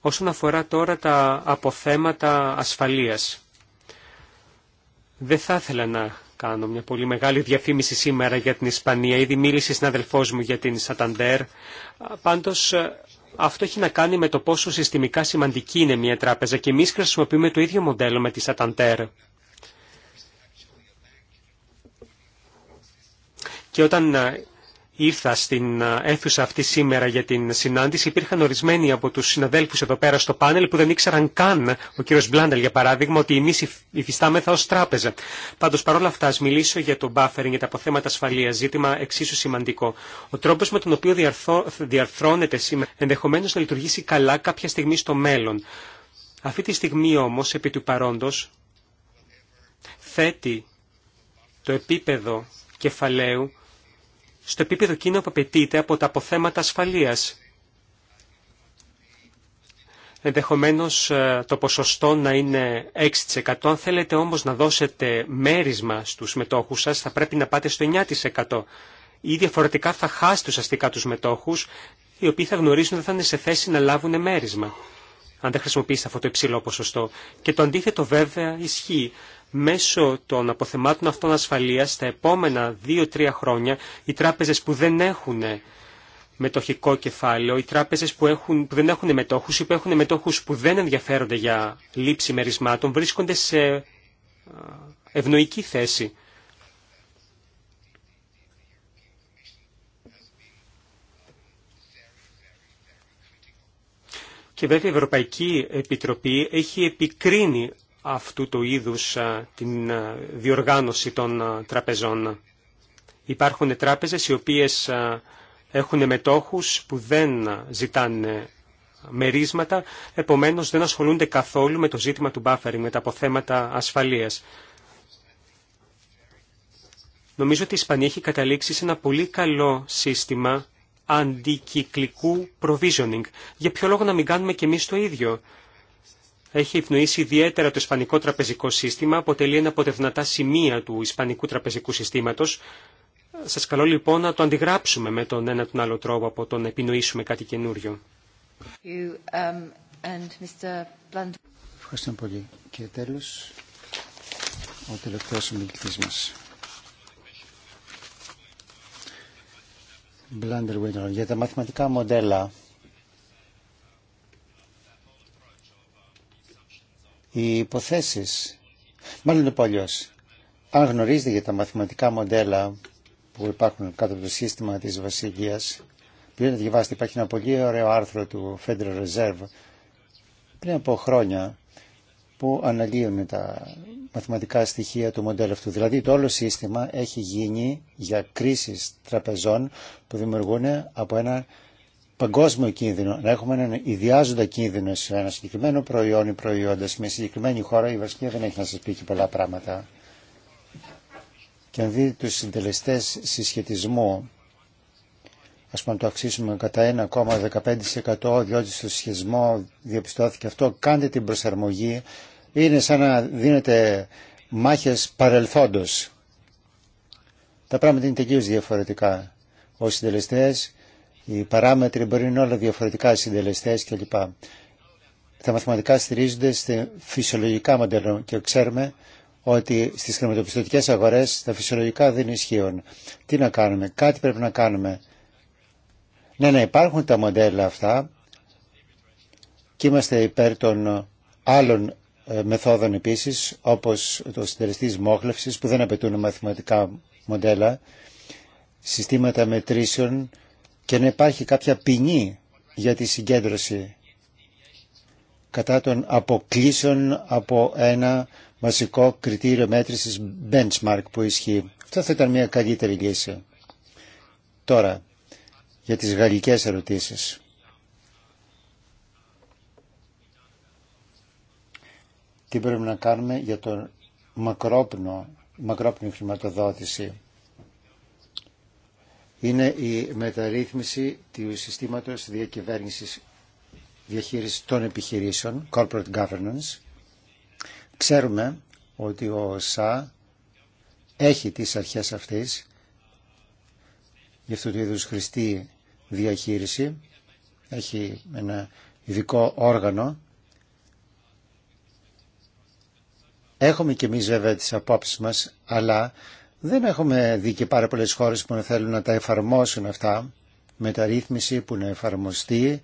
Όσον αφορά τώρα τα αποθέματα ασφαλείας. Δεν θα ήθελα να κάνω μια πολύ μεγάλη διαφήμιση σήμερα για την Ισπανία. Ήδη μίλησε η συναδελφός μου για την Σαταντέρ. Πάντως αυτό έχει να κάνει με το πόσο συστημικά σημαντική είναι μια τράπεζα και εμεί χρησιμοποιούμε το ίδιο μοντέλο με τη Σαταντέρ. Και όταν ήρθα στην ε, αίθουσα αυτή σήμερα για την συνάντηση, υπήρχαν ορισμένοι από τους συναδέλφους εδώ πέρα στο πάνελ που δεν ήξεραν καν, ο κύριος Μπλάντελ για παράδειγμα, ότι εμείς υφιστάμεθα ως τράπεζα. Πάντως παρόλα αυτά ας μιλήσω για το buffering, για τα αποθέματα ασφαλείας, ζήτημα εξίσου σημαντικό. Ο τρόπος με τον οποίο διαρθώ, διαρθρώνεται σήμερα ενδεχομένως να λειτουργήσει καλά κάποια στιγμή στο μέλλον. Αυτή τη στιγμή όμως, επί του παρόντος, θέτει το επίπεδο κεφαλαίου στο επίπεδο εκείνο που απαιτείται από τα αποθέματα ασφαλείας. Ενδεχομένως ε, το ποσοστό να είναι 6%. Αν θέλετε όμως να δώσετε μέρισμα στους μετόχους σας, θα πρέπει να πάτε στο 9%. Ή διαφορετικά θα χάσετε ουσιαστικά τους μετόχους, οι οποίοι θα γνωρίζουν ότι θα είναι σε θέση να λάβουν μέρισμα αν δεν χρησιμοποιήσετε αυτό το υψηλό ποσοστό. Και το αντίθετο βέβαια ισχύει μέσω των αποθεμάτων αυτών ασφαλείας τα επομενα δυο δύο-τρία χρόνια οι τράπεζες που δεν έχουν μετοχικό κεφάλαιο, οι τράπεζες που, έχουν, που δεν έχουν μετόχους ή που έχουν μετόχους που δεν ενδιαφέρονται για λήψη μερισμάτων βρίσκονται σε ευνοϊκή θέση. Και βέβαια η Ευρωπαϊκή Επιτροπή έχει επικρίνει αυτού του είδους την διοργάνωση των τραπεζών. Υπάρχουν τράπεζες οι οποίες έχουν μετόχους που δεν ζητάνε μερίσματα, επομένως δεν ασχολούνται καθόλου με το ζήτημα του buffering, με τα αποθέματα ασφαλείας. Νομίζω ότι η Ισπανία έχει καταλήξει σε ένα πολύ καλό σύστημα αντικυκλικού provisioning. Για ποιο λόγο να μην κάνουμε και εμείς το ίδιο έχει ευνοήσει ιδιαίτερα το ισπανικό τραπεζικό σύστημα, αποτελεί ένα από τα σημεία του ισπανικού τραπεζικού συστήματος. Σας καλώ λοιπόν να το αντιγράψουμε με τον ένα τον άλλο τρόπο από το να επινοήσουμε κάτι καινούριο. Um, Ευχαριστώ πολύ. Και τέλος, ο τελευταίος ομιλητή μας. για τα μαθηματικά μοντέλα οι υποθέσεις, μάλλον το πω αν γνωρίζετε για τα μαθηματικά μοντέλα που υπάρχουν κάτω από το σύστημα της βασιλείας, πριν να διαβάσετε, υπάρχει ένα πολύ ωραίο άρθρο του Federal Reserve πριν από χρόνια που αναλύουν τα μαθηματικά στοιχεία του μοντέλου αυτού. Δηλαδή το όλο σύστημα έχει γίνει για κρίσεις τραπεζών που δημιουργούν από ένα παγκόσμιο κίνδυνο, να έχουμε έναν ιδιάζοντα κίνδυνο σε ένα συγκεκριμένο προϊόν ή προϊόντα σε μια συγκεκριμένη χώρα, η Βασκία δεν έχει να σα πει και πολλά πράγματα. Και αν δείτε του συντελεστέ συσχετισμού, α πούμε, το αυξήσουμε κατά 1,15% διότι στο συσχετισμό διαπιστώθηκε αυτό, κάντε την προσαρμογή. Είναι σαν να δίνετε μάχε παρελθόντο. Τα πράγματα είναι τελείω διαφορετικά. Ο συντελεστέ οι παράμετροι μπορεί να είναι όλα διαφορετικά, συντελεστέ κλπ. Τα μαθηματικά στηρίζονται σε φυσιολογικά μοντέλα και ξέρουμε ότι στις χρηματοπιστωτικές αγορές τα φυσιολογικά δεν ισχύουν. Τι να κάνουμε, κάτι πρέπει να κάνουμε. Ναι, να υπάρχουν τα μοντέλα αυτά και είμαστε υπέρ των άλλων ε, μεθόδων επίσης, όπως το συντελεστής μόχλευσης που δεν απαιτούν μαθηματικά μοντέλα, συστήματα μετρήσεων και να υπάρχει κάποια ποινή για τη συγκέντρωση κατά των αποκλήσεων από ένα βασικό κριτήριο μέτρησης benchmark που ισχύει. Αυτό θα ήταν μια καλύτερη λύση. Τώρα, για τις γαλλικές ερωτήσεις. Τι πρέπει να κάνουμε για τον μακρόπνο, μακρόπνη χρηματοδότηση είναι η μεταρρύθμιση του συστήματος διακυβέρνησης διαχείρισης των επιχειρήσεων, corporate governance. Ξέρουμε ότι ο ΣΑ έχει τις αρχές αυτές για αυτού του είδους χρηστή διαχείριση. Έχει ένα ειδικό όργανο. Έχουμε και εμείς βέβαια τις απόψεις μας, αλλά δεν έχουμε δει και πάρα πολλές χώρες που θέλουν να τα εφαρμόσουν αυτά. με Μεταρρύθμιση που να εφαρμοστεί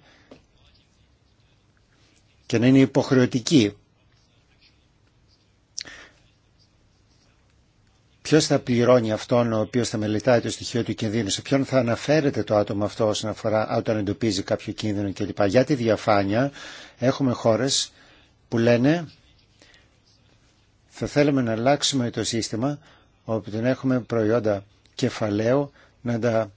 και να είναι υποχρεωτική. Ποιο θα πληρώνει αυτόν ο οποίο θα μελετάει το στοιχείο του κινδύνου, σε ποιον θα αναφέρεται το άτομο αυτό όσον αφορά όταν εντοπίζει κάποιο κίνδυνο κλπ. Για τη διαφάνεια έχουμε χώρε που λένε θα θέλουμε να αλλάξουμε το σύστημα όπου δεν έχουμε προϊόντα κεφαλαίου να τα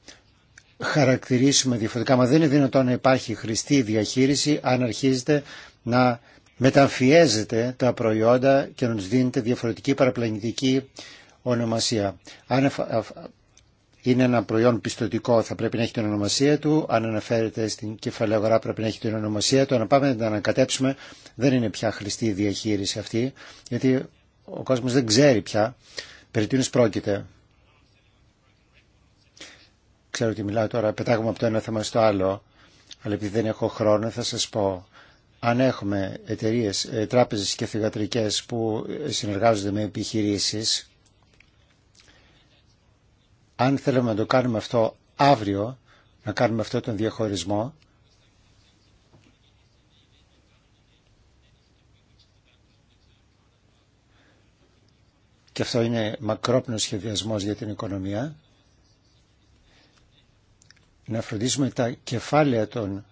χαρακτηρίσουμε διαφορετικά. Μα δεν είναι δυνατόν να υπάρχει χρηστή διαχείριση αν αρχίζετε να μεταμφιέζετε τα προϊόντα και να τους δίνετε διαφορετική παραπλανητική ονομασία. Αν είναι ένα προϊόν πιστοτικό θα πρέπει να έχει την ονομασία του, αν αναφέρεται στην αγορά πρέπει να έχει την ονομασία του, αν πάμε να την ανακατέψουμε δεν είναι πια χρηστή διαχείριση αυτή, γιατί ο κόσμος δεν ξέρει πια Περί πρόκειται. Ξέρω ότι μιλάω τώρα, πετάγουμε από το ένα θέμα στο άλλο, αλλά επειδή δεν έχω χρόνο θα σας πω. Αν έχουμε εταιρείε, ε, τράπεζες και θηγατρικές που ε, συνεργάζονται με επιχειρήσεις, αν θέλουμε να το κάνουμε αυτό αύριο, να κάνουμε αυτό τον διαχωρισμό, και αυτό είναι μακρόπνος σχεδιασμός για την οικονομία, να φροντίσουμε τα κεφάλαια των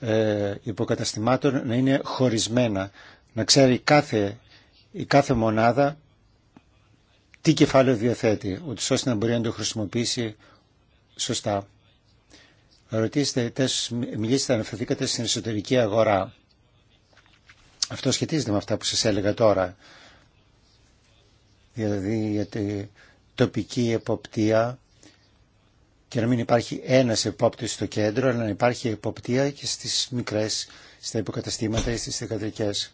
ε, υποκαταστημάτων να είναι χωρισμένα, να ξέρει κάθε, η κάθε μονάδα τι κεφάλαιο διαθέτει, ούτως ώστε να μπορεί να το χρησιμοποιήσει σωστά. Ρωτήστε, τες, μιλήσετε, αναφερθήκατε στην εσωτερική αγορά. Αυτό σχετίζεται με αυτά που σας έλεγα τώρα δηλαδή για τη τοπική εποπτεία και να μην υπάρχει ένας επόπτης στο κέντρο, αλλά να υπάρχει εποπτεία και στις μικρές, στα υποκαταστήματα ή στις θεκατρικές.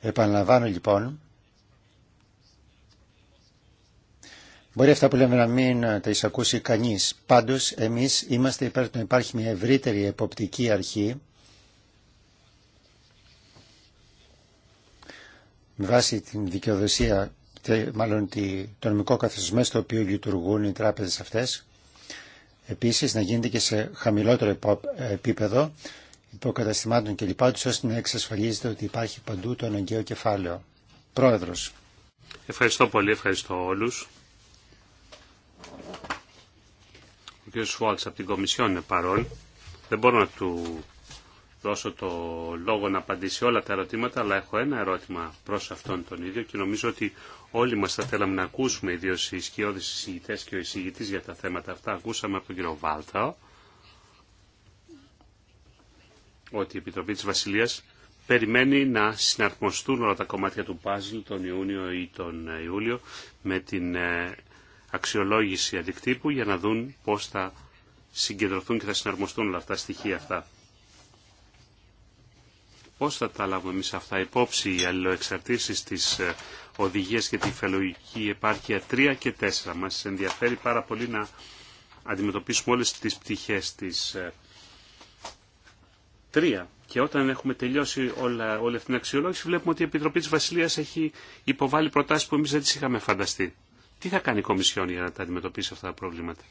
Επαναλαμβάνω λοιπόν, Μπορεί αυτά που λέμε να μην τα εισακούσει κανείς. Πάντως εμείς είμαστε υπέρ του να υπάρχει μια ευρύτερη εποπτική αρχή με βάση την δικαιοδοσία, μάλλον το νομικό καθεστώ στο οποίο λειτουργούν οι τράπεζες αυτές, επίσης να γίνεται και σε χαμηλότερο επίπεδο υποκαταστημάτων κλπ. ώστε να εξασφαλίζεται ότι υπάρχει παντού το αναγκαίο κεφάλαιο. Πρόεδρος. Ευχαριστώ πολύ, ευχαριστώ όλους. Ο κ. Σουάλτ από την Κομισιόν είναι παρόν. Δεν μπορώ να του δώσω το λόγο να απαντήσει όλα τα ερωτήματα, αλλά έχω ένα ερώτημα προς αυτόν τον ίδιο και νομίζω ότι όλοι μας θα θέλαμε να ακούσουμε, ιδίω οι σκιώδεις εισηγητές και ο εισηγητής για τα θέματα αυτά. Ακούσαμε από τον κύριο Βάλταο ότι η Επιτροπή της Βασιλείας περιμένει να συναρμοστούν όλα τα κομμάτια του παζλ τον Ιούνιο ή τον Ιούλιο με την ε, αξιολόγηση αντικτύπου για να δουν πώς θα συγκεντρωθούν και θα συναρμοστούν όλα αυτά τα στοιχεία αυτά. Πώς θα τα λάβουμε εμείς αυτά υπόψη οι αλληλοεξαρτήσεις της ε, οδηγίας και τη φελογική επάρκεια 3 και 4. Μας ενδιαφέρει πάρα πολύ να αντιμετωπίσουμε όλες τις πτυχές της 3. Ε, και όταν έχουμε τελειώσει όλα, όλη αυτή την αξιολόγηση βλέπουμε ότι η Επιτροπή της Βασιλείας έχει υποβάλει προτάσεις που εμείς δεν τις είχαμε φανταστεί. Τι θα κάνει η Κομισιόν για να τα αντιμετωπίσει αυτά τα προβλήματα.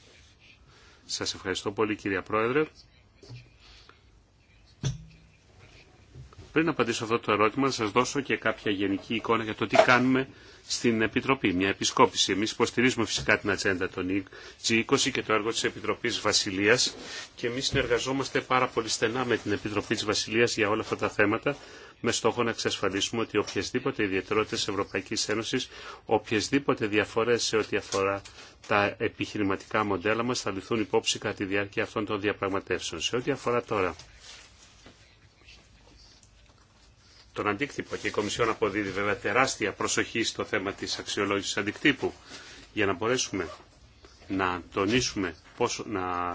Σας ευχαριστώ πολύ κυρία Πρόεδρε. Πριν απαντήσω αυτό το ερώτημα, να σας δώσω και κάποια γενική εικόνα για το τι κάνουμε στην Επιτροπή. Μια επισκόπηση. Εμείς υποστηρίζουμε φυσικά την ατζέντα των G20 και το έργο της Επιτροπής Βασιλείας και εμείς συνεργαζόμαστε πάρα πολύ στενά με την Επιτροπή της Βασιλείας για όλα αυτά τα θέματα με στόχο να εξασφαλίσουμε ότι οποιασδήποτε ιδιαιτερότητες της Ευρωπαϊκής Ένωσης, οποιασδήποτε διαφορές σε ό,τι αφορά τα επιχειρηματικά μοντέλα μας θα ληφθούν υπόψη κατά τη διάρκεια αυτών των διαπραγματεύσεων. Σε ό,τι αφορά τώρα τον αντίκτυπο και η Κομισιόν αποδίδει βέβαια τεράστια προσοχή στο θέμα της αξιολόγησης αντικτύπου για να μπορέσουμε να τονίσουμε, πόσο, να,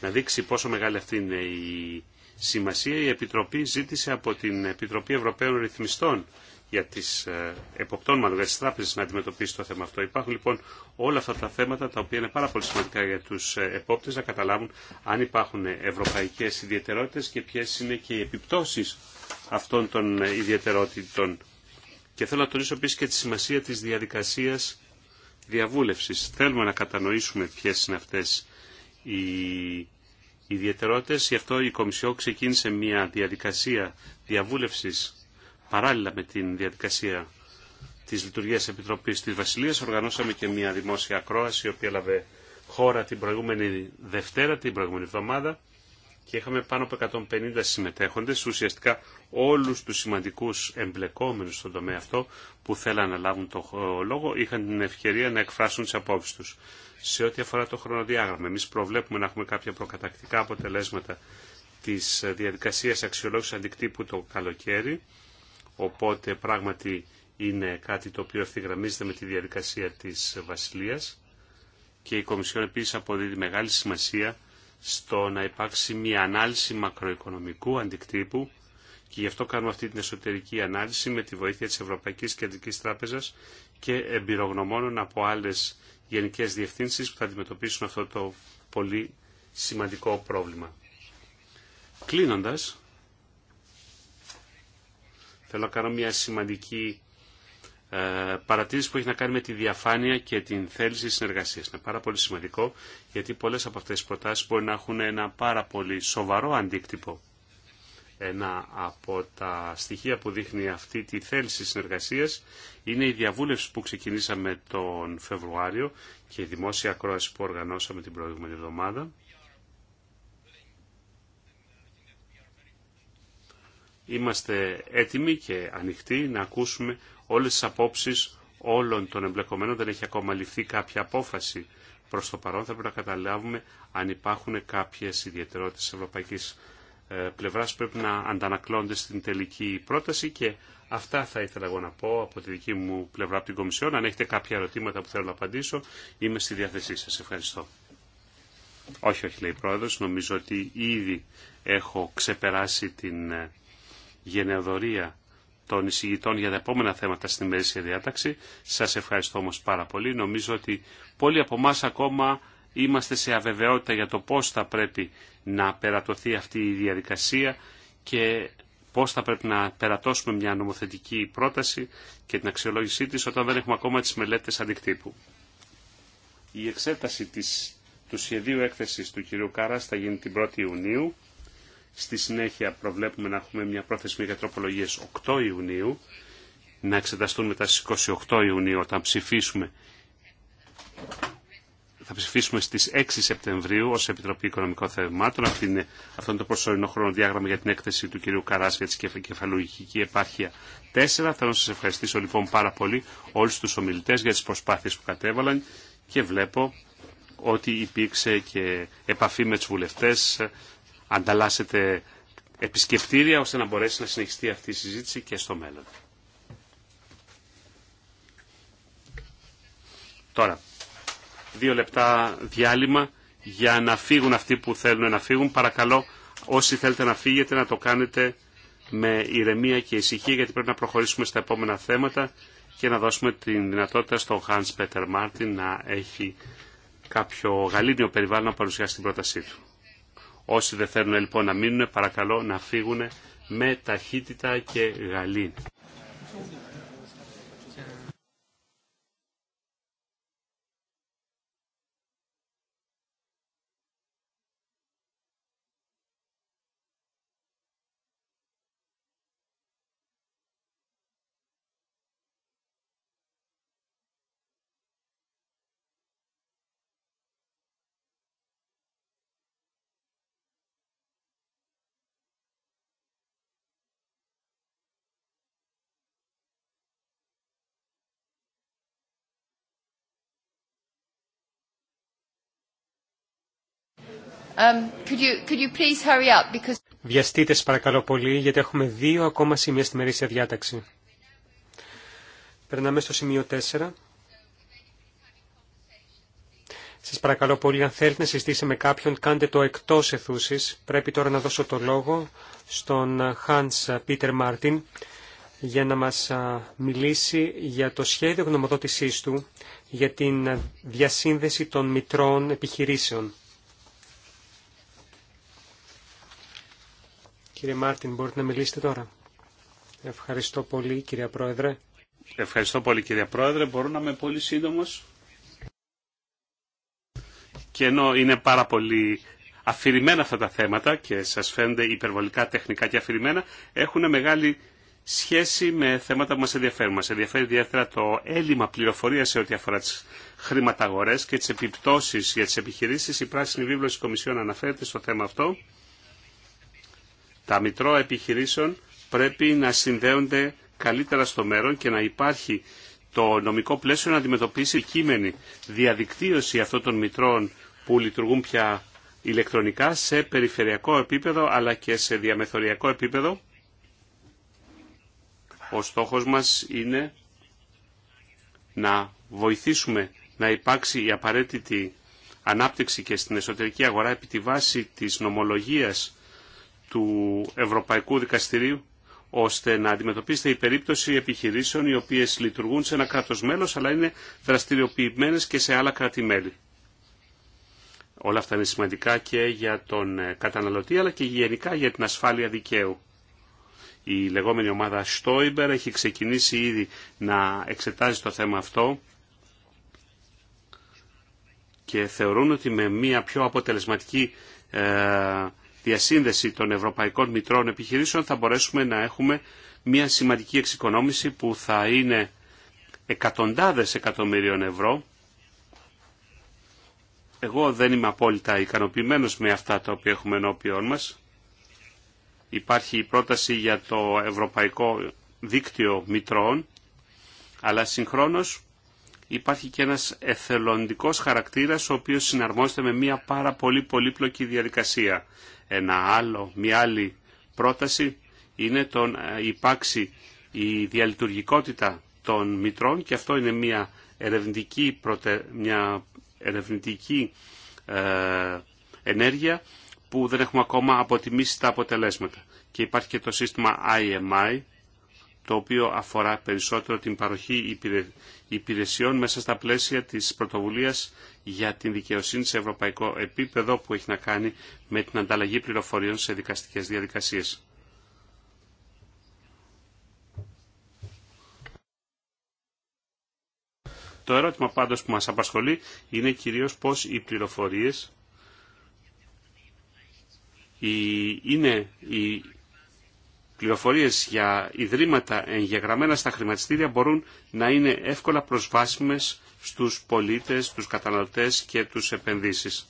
να δείξει πόσο μεγάλη αυτή είναι η σημασία. Η Επιτροπή ζήτησε από την Επιτροπή Ευρωπαίων Ρυθμιστών για τις ε, εποπτών μάλλον, για τράπεζες να αντιμετωπίσει το θέμα αυτό. Υπάρχουν λοιπόν όλα αυτά τα θέματα τα οποία είναι πάρα πολύ σημαντικά για τους ε, επόπτες να καταλάβουν αν υπάρχουν ευρωπαϊκές ιδιαιτερότητες και ποιες είναι και οι επιπτώσεις αυτών των ιδιαιτερότητων. Και θέλω να τονίσω επίση και τη σημασία της διαδικασίας διαβούλευσης. Θέλουμε να κατανοήσουμε ποιες είναι αυτές οι ιδιαιτερότητες. Γι' αυτό η Κομισιό ξεκίνησε μια διαδικασία διαβούλευσης παράλληλα με την διαδικασία της Λειτουργίας Επιτροπής της Βασιλείας. Οργανώσαμε και μια δημόσια ακρόαση, η οποία έλαβε χώρα την προηγούμενη Δευτέρα, την προηγούμενη εβδομάδα και είχαμε πάνω από 150 συμμετέχοντες, ουσιαστικά όλους τους σημαντικούς εμπλεκόμενους στον τομέα αυτό που θέλαν να λάβουν το λόγο είχαν την ευκαιρία να εκφράσουν τις απόψεις τους. Σε ό,τι αφορά το χρονοδιάγραμμα, εμείς προβλέπουμε να έχουμε κάποια προκατακτικά αποτελέσματα της διαδικασίας αξιολόγησης αντικτύπου το καλοκαίρι, οπότε πράγματι είναι κάτι το οποίο ευθυγραμμίζεται με τη διαδικασία της Βασιλείας και η Κομισιόν επίσης αποδίδει μεγάλη σημασία στο να υπάρξει μια ανάλυση μακροοικονομικού αντικτύπου και γι' αυτό κάνουμε αυτή την εσωτερική ανάλυση με τη βοήθεια της Ευρωπαϊκής Κεντρικής Τράπεζας και εμπειρογνωμόνων από άλλες γενικές διευθύνσεις που θα αντιμετωπίσουν αυτό το πολύ σημαντικό πρόβλημα. Κλείνοντας, θέλω να κάνω μια σημαντική ε, παρατήρηση που έχει να κάνει με τη διαφάνεια και την θέληση συνεργασία. Είναι πάρα πολύ σημαντικό γιατί πολλέ από αυτέ τι προτάσει μπορεί να έχουν ένα πάρα πολύ σοβαρό αντίκτυπο. Ένα από τα στοιχεία που δείχνει αυτή τη θέληση συνεργασίας είναι η διαβούλευση που ξεκινήσαμε τον Φεβρουάριο και η δημόσια ακρόαση που οργανώσαμε την προηγούμενη εβδομάδα. Είμαστε έτοιμοι και ανοιχτοί να ακούσουμε όλες τις απόψεις όλων των εμπλεκομένων. Δεν έχει ακόμα ληφθεί κάποια απόφαση προς το παρόν. Θα πρέπει να καταλάβουμε αν υπάρχουν κάποιες ιδιαιτερότητες της ευρωπαϊκής ε, πλευράς που πρέπει να αντανακλώνται στην τελική πρόταση και αυτά θα ήθελα εγώ να πω από τη δική μου πλευρά από την Κομισιόν. Αν έχετε κάποια ερωτήματα που θέλω να απαντήσω, είμαι στη διάθεσή σας. Ευχαριστώ. Όχι, όχι, λέει η Πρόεδρος. Νομίζω ότι ήδη έχω ξεπεράσει την ε, γενεοδορία των εισηγητών για τα επόμενα θέματα στην μέση διάταξη. Σας ευχαριστώ όμως πάρα πολύ. Νομίζω ότι πολλοί από εμά ακόμα είμαστε σε αβεβαιότητα για το πώς θα πρέπει να περατωθεί αυτή η διαδικασία και πώς θα πρέπει να περατώσουμε μια νομοθετική πρόταση και την αξιολόγησή της όταν δεν έχουμε ακόμα τις μελέτες αντικτύπου. Η εξέταση της, του σχεδίου έκθεσης του κ. Κάρας θα γίνει την 1η Ιουνίου Στη συνέχεια προβλέπουμε να έχουμε μια πρόθεση για τροπολογίες 8 Ιουνίου, να εξεταστούν μετά στις 28 Ιουνίου όταν ψηφίσουμε. Θα ψηφίσουμε στις 6 Σεπτεμβρίου ως Επιτροπή Οικονομικών Θεμάτων. αυτό είναι το προσωρινό χρονοδιάγραμμα για την έκθεση του κυρίου Καράς για τη κεφαλουργική επάρχεια 4. Θέλω να σας ευχαριστήσω λοιπόν πάρα πολύ όλους τους ομιλητές για τις προσπάθειες που κατέβαλαν και βλέπω ότι υπήρξε και επαφή με τους βουλευτές ανταλλάσσετε επισκεπτήρια ώστε να μπορέσει να συνεχιστεί αυτή η συζήτηση και στο μέλλον. Τώρα, δύο λεπτά διάλειμμα για να φύγουν αυτοί που θέλουν να φύγουν. Παρακαλώ, όσοι θέλετε να φύγετε, να το κάνετε με ηρεμία και ησυχία, γιατί πρέπει να προχωρήσουμε στα επόμενα θέματα και να δώσουμε τη δυνατότητα στον Hans Peter Μάρτιν να έχει κάποιο γαλήνιο περιβάλλον να παρουσιάσει την πρότασή του. Όσοι δεν θέλουν λοιπόν να μείνουν, παρακαλώ να φύγουν με ταχύτητα και γαλήνη. Um, could παρακαλώ πολύ γιατί έχουμε δύο ακόμα σημεία στη μερίσια διάταξη. Περνάμε στο σημείο 4. Σας παρακαλώ πολύ αν θέλετε να συζητήσετε με κάποιον κάντε το εκτός εθούσης. Πρέπει τώρα να δώσω το λόγο στον Hans Peter Martin για να μας μιλήσει για το σχέδιο γνωμοδότησής του για την διασύνδεση των μητρών επιχειρήσεων. Κύριε Μάρτιν, μπορείτε να μιλήσετε τώρα. Ευχαριστώ πολύ, κύριε Πρόεδρε. Ευχαριστώ πολύ, κύριε Πρόεδρε. Μπορώ να είμαι πολύ σύντομο. Και ενώ είναι πάρα πολύ αφηρημένα αυτά τα θέματα και σας φαίνονται υπερβολικά τεχνικά και αφηρημένα, έχουν μεγάλη σχέση με θέματα που μας ενδιαφέρουν. Μας ενδιαφέρει ιδιαίτερα το έλλειμμα πληροφορία σε ό,τι αφορά τις χρηματαγορές και τις επιπτώσεις για τις επιχειρήσεις. Η πράσινη βίβλωση Κομισιόν αναφέρεται στο θέμα αυτό τα μητρώα επιχειρήσεων πρέπει να συνδέονται καλύτερα στο μέλλον και να υπάρχει το νομικό πλαίσιο να αντιμετωπίσει κείμενη διαδικτύωση αυτών των μητρώων που λειτουργούν πια ηλεκτρονικά σε περιφερειακό επίπεδο αλλά και σε διαμεθοριακό επίπεδο. Ο στόχος μας είναι να βοηθήσουμε να υπάρξει η απαραίτητη ανάπτυξη και στην εσωτερική αγορά επί τη βάση της νομολογίας του Ευρωπαϊκού Δικαστηρίου ώστε να αντιμετωπίσετε η περίπτωση επιχειρήσεων οι οποίες λειτουργούν σε ένα κράτος μέλος αλλά είναι δραστηριοποιημένες και σε άλλα κράτη-μέλη. Όλα αυτά είναι σημαντικά και για τον ε, καταναλωτή αλλά και γενικά για την ασφάλεια δικαίου. Η λεγόμενη ομάδα Stoiber έχει ξεκινήσει ήδη να εξετάζει το θέμα αυτό και θεωρούν ότι με μια πιο αποτελεσματική ε, διασύνδεση των ευρωπαϊκών μητρών επιχειρήσεων θα μπορέσουμε να έχουμε μια σημαντική εξοικονόμηση που θα είναι εκατοντάδες εκατομμυρίων ευρώ. Εγώ δεν είμαι απόλυτα ικανοποιημένος με αυτά τα οποία έχουμε ενώπιόν μας. Υπάρχει η πρόταση για το Ευρωπαϊκό Δίκτυο Μητρών, αλλά συγχρόνως υπάρχει και ένας εθελοντικός χαρακτήρας ο οποίος συναρμόζεται με μια πάρα πολύ πολύπλοκη διαδικασία. Ένα άλλο, μια άλλη πρόταση είναι το να υπάρξει η διαλειτουργικότητα των μητρών και αυτό είναι μια ερευνητική, μια ερευνητική ε, ενέργεια που δεν έχουμε ακόμα αποτιμήσει τα αποτελέσματα. Και υπάρχει και το σύστημα IMI το οποίο αφορά περισσότερο την παροχή υπηρεσιών μέσα στα πλαίσια της πρωτοβουλίας για την δικαιοσύνη σε ευρωπαϊκό επίπεδο που έχει να κάνει με την ανταλλαγή πληροφοριών σε δικαστικές διαδικασίες. Το ερώτημα πάντως που μας απασχολεί είναι κυρίως πώς οι πληροφορίες είναι η πληροφορίες για ιδρύματα εγγεγραμμένα στα χρηματιστήρια μπορούν να είναι εύκολα προσβάσιμες στους πολίτες, τους καταναλωτές και τους επενδύσεις.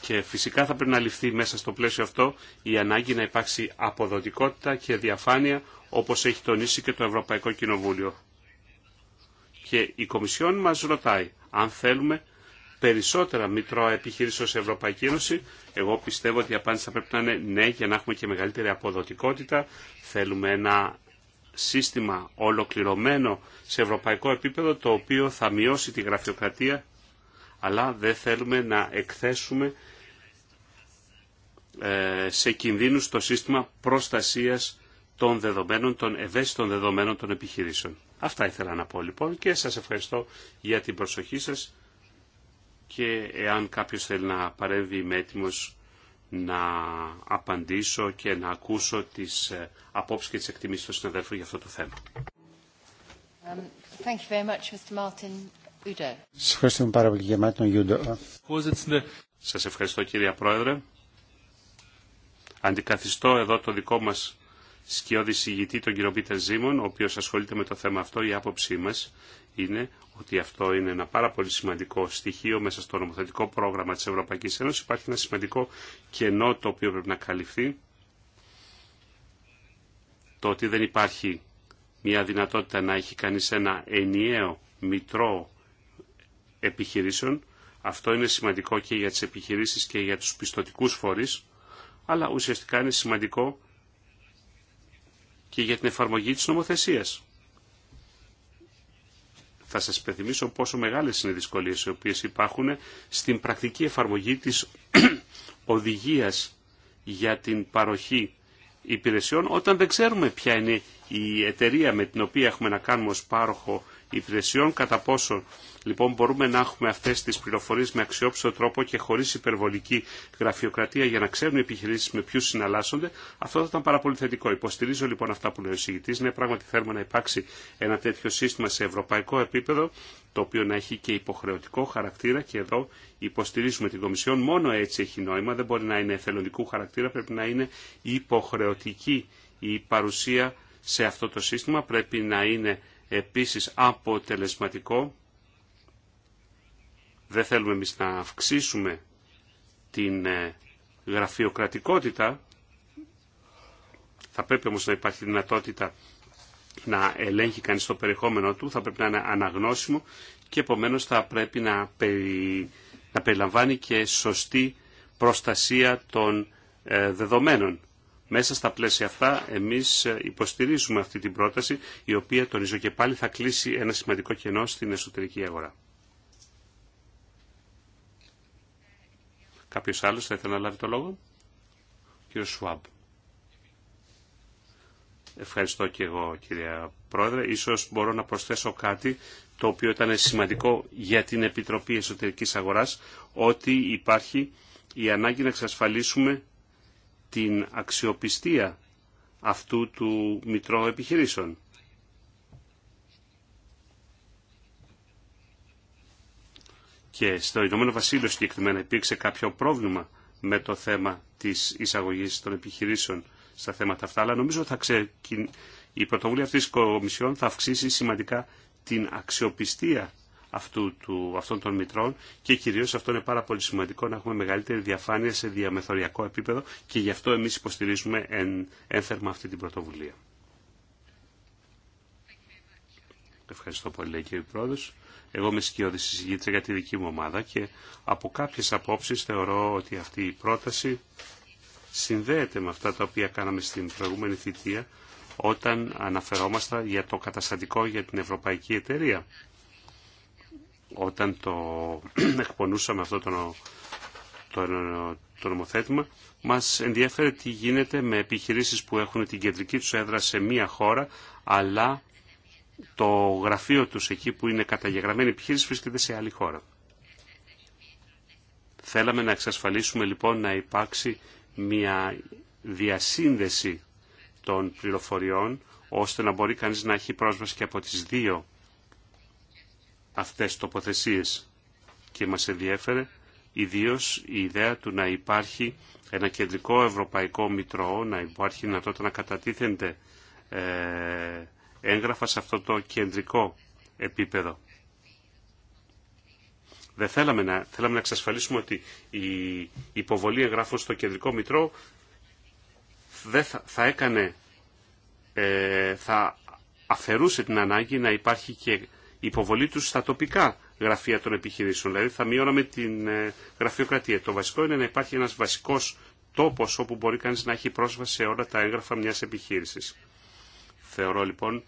Και φυσικά θα πρέπει να ληφθεί μέσα στο πλαίσιο αυτό η ανάγκη να υπάρξει αποδοτικότητα και διαφάνεια όπως έχει τονίσει και το Ευρωπαϊκό Κοινοβούλιο. Και η Κομισιόν μας ρωτάει αν θέλουμε περισσότερα μητρώα επιχειρήσεων Ευρωπαϊκή Ένωση. Εγώ πιστεύω ότι η απάντηση θα πρέπει να είναι ναι για να έχουμε και μεγαλύτερη αποδοτικότητα. Θέλουμε ένα σύστημα ολοκληρωμένο σε ευρωπαϊκό επίπεδο το οποίο θα μειώσει τη γραφειοκρατία αλλά δεν θέλουμε να εκθέσουμε ε, σε κινδύνους το σύστημα προστασίας των δεδομένων, των ευαίσθητων δεδομένων των επιχειρήσεων. Αυτά ήθελα να πω λοιπόν και σας ευχαριστώ για την προσοχή σας και εάν κάποιος θέλει να παρέμβει είμαι έτοιμος να απαντήσω και να ακούσω τις ε, απόψεις και τις εκτιμήσεις των συναδέλφων για αυτό το θέμα. Σας ευχαριστώ κύριε Πρόεδρε. Αντικαθιστώ εδώ το δικό μας σκιώδη ηγητή τον κύριο Πίτερ Ζήμων, ο οποίο ασχολείται με το θέμα αυτό, η άποψή μα, είναι ότι αυτό είναι ένα πάρα πολύ σημαντικό στοιχείο μέσα στο νομοθετικό πρόγραμμα τη Ευρωπαϊκή Ένωση. Υπάρχει ένα σημαντικό κενό το οποίο πρέπει να καλυφθεί. Το ότι δεν υπάρχει μια δυνατότητα να έχει κανεί ένα ενιαίο μητρό επιχειρήσεων. Αυτό είναι σημαντικό και για τις επιχειρήσεις και για τους πιστοτικούς φορείς, αλλά ουσιαστικά είναι σημαντικό και για την εφαρμογή της νομοθεσίας. Θα σας υπενθυμίσω πόσο μεγάλες είναι οι δυσκολίες οι οποίες υπάρχουν στην πρακτική εφαρμογή της <clears throat> οδηγίας για την παροχή υπηρεσιών όταν δεν ξέρουμε ποια είναι η εταιρεία με την οποία έχουμε να κάνουμε ως πάροχο υπηρεσιών, κατά πόσο λοιπόν μπορούμε να έχουμε αυτές τις πληροφορίες με αξιόπιστο τρόπο και χωρίς υπερβολική γραφειοκρατία για να ξέρουν οι επιχειρήσεις με ποιους συναλλάσσονται, αυτό θα ήταν πάρα πολύ θετικό. Υποστηρίζω λοιπόν αυτά που λέει ο συγητής. Ναι, πράγματι θέλουμε να υπάρξει ένα τέτοιο σύστημα σε ευρωπαϊκό επίπεδο, το οποίο να έχει και υποχρεωτικό χαρακτήρα και εδώ υποστηρίζουμε την Κομισιόν. Μόνο έτσι έχει νόημα, δεν μπορεί να είναι εθελοντικού χαρακτήρα, πρέπει να είναι υποχρεωτική η παρουσία σε αυτό το σύστημα, πρέπει να είναι επίσης αποτελεσματικό. Δεν θέλουμε εμείς να αυξήσουμε την ε, γραφειοκρατικότητα. Θα πρέπει όμως να υπάρχει δυνατότητα να ελέγχει κανείς το περιεχόμενο του, θα πρέπει να είναι αναγνώσιμο και επομένως θα πρέπει να, να περιλαμβάνει και σωστή προστασία των ε, δεδομένων. Μέσα στα πλαίσια αυτά εμείς ε, υποστηρίζουμε αυτή την πρόταση η οποία τονίζω και πάλι θα κλείσει ένα σημαντικό κενό στην εσωτερική αγορά. Κάποιος άλλος θα ήθελε να λάβει το λόγο. Κύριο Σουάμπ. Ευχαριστώ και εγώ κυρία Πρόεδρε. Ίσως μπορώ να προσθέσω κάτι το οποίο ήταν σημαντικό για την Επιτροπή Εσωτερικής Αγοράς ότι υπάρχει η ανάγκη να εξασφαλίσουμε την αξιοπιστία αυτού του Μητρώου Επιχειρήσεων. Και στο Ηνωμένο Βασίλειο συγκεκριμένα υπήρξε κάποιο πρόβλημα με το θέμα της εισαγωγής των επιχειρήσεων στα θέματα αυτά, αλλά νομίζω θα ξε... η πρωτοβουλία αυτής της Κομισιόν θα αυξήσει σημαντικά την αξιοπιστία αυτού, του, αυτών των μητρών και κυρίως αυτό είναι πάρα πολύ σημαντικό να έχουμε μεγαλύτερη διαφάνεια σε διαμεθοριακό επίπεδο και γι' αυτό εμείς υποστηρίζουμε εν, ένθερμα αυτή την πρωτοβουλία. Ευχαριστώ πολύ, λέει κύριε Πρόεδρος. Εγώ είμαι σκιώδης συζητήτρια για τη δική μου ομάδα και από κάποιες απόψεις θεωρώ ότι αυτή η πρόταση συνδέεται με αυτά τα οποία κάναμε στην προηγούμενη θητεία όταν αναφερόμαστε για το καταστατικό για την Ευρωπαϊκή Εταιρεία όταν το <clears throat> εκπονούσαμε αυτό το, το, το νομοθέτημα, μας ενδιαφέρει τι γίνεται με επιχειρήσεις που έχουν την κεντρική τους έδρα σε μία χώρα, αλλά το γραφείο τους εκεί που είναι καταγεγραμμένη επιχείρηση βρίσκεται σε άλλη χώρα. Θέλαμε να εξασφαλίσουμε λοιπόν να υπάρξει μια διασύνδεση των πληροφοριών, ώστε να μπορεί κανείς να έχει πρόσβαση και από τις δύο αυτές τοποθεσίες και μας ενδιέφερε ιδίως η ιδέα του να υπάρχει ένα κεντρικό ευρωπαϊκό μητρό, να υπάρχει δυνατότητα να κατατίθενται ε, έγγραφα σε αυτό το κεντρικό επίπεδο. Δεν θέλαμε να, θέλαμε να εξασφαλίσουμε ότι η υποβολή εγγράφων στο κεντρικό μητρό δεν θα, έκανε, ε, θα αφαιρούσε την ανάγκη να υπάρχει και υποβολή τους στα τοπικά γραφεία των επιχειρήσεων. Δηλαδή θα μειώναμε την ε, γραφειοκρατία. Το βασικό είναι να υπάρχει ένας βασικός τόπος όπου μπορεί κανείς να έχει πρόσβαση σε όλα τα έγγραφα μιας επιχείρησης. Θεωρώ λοιπόν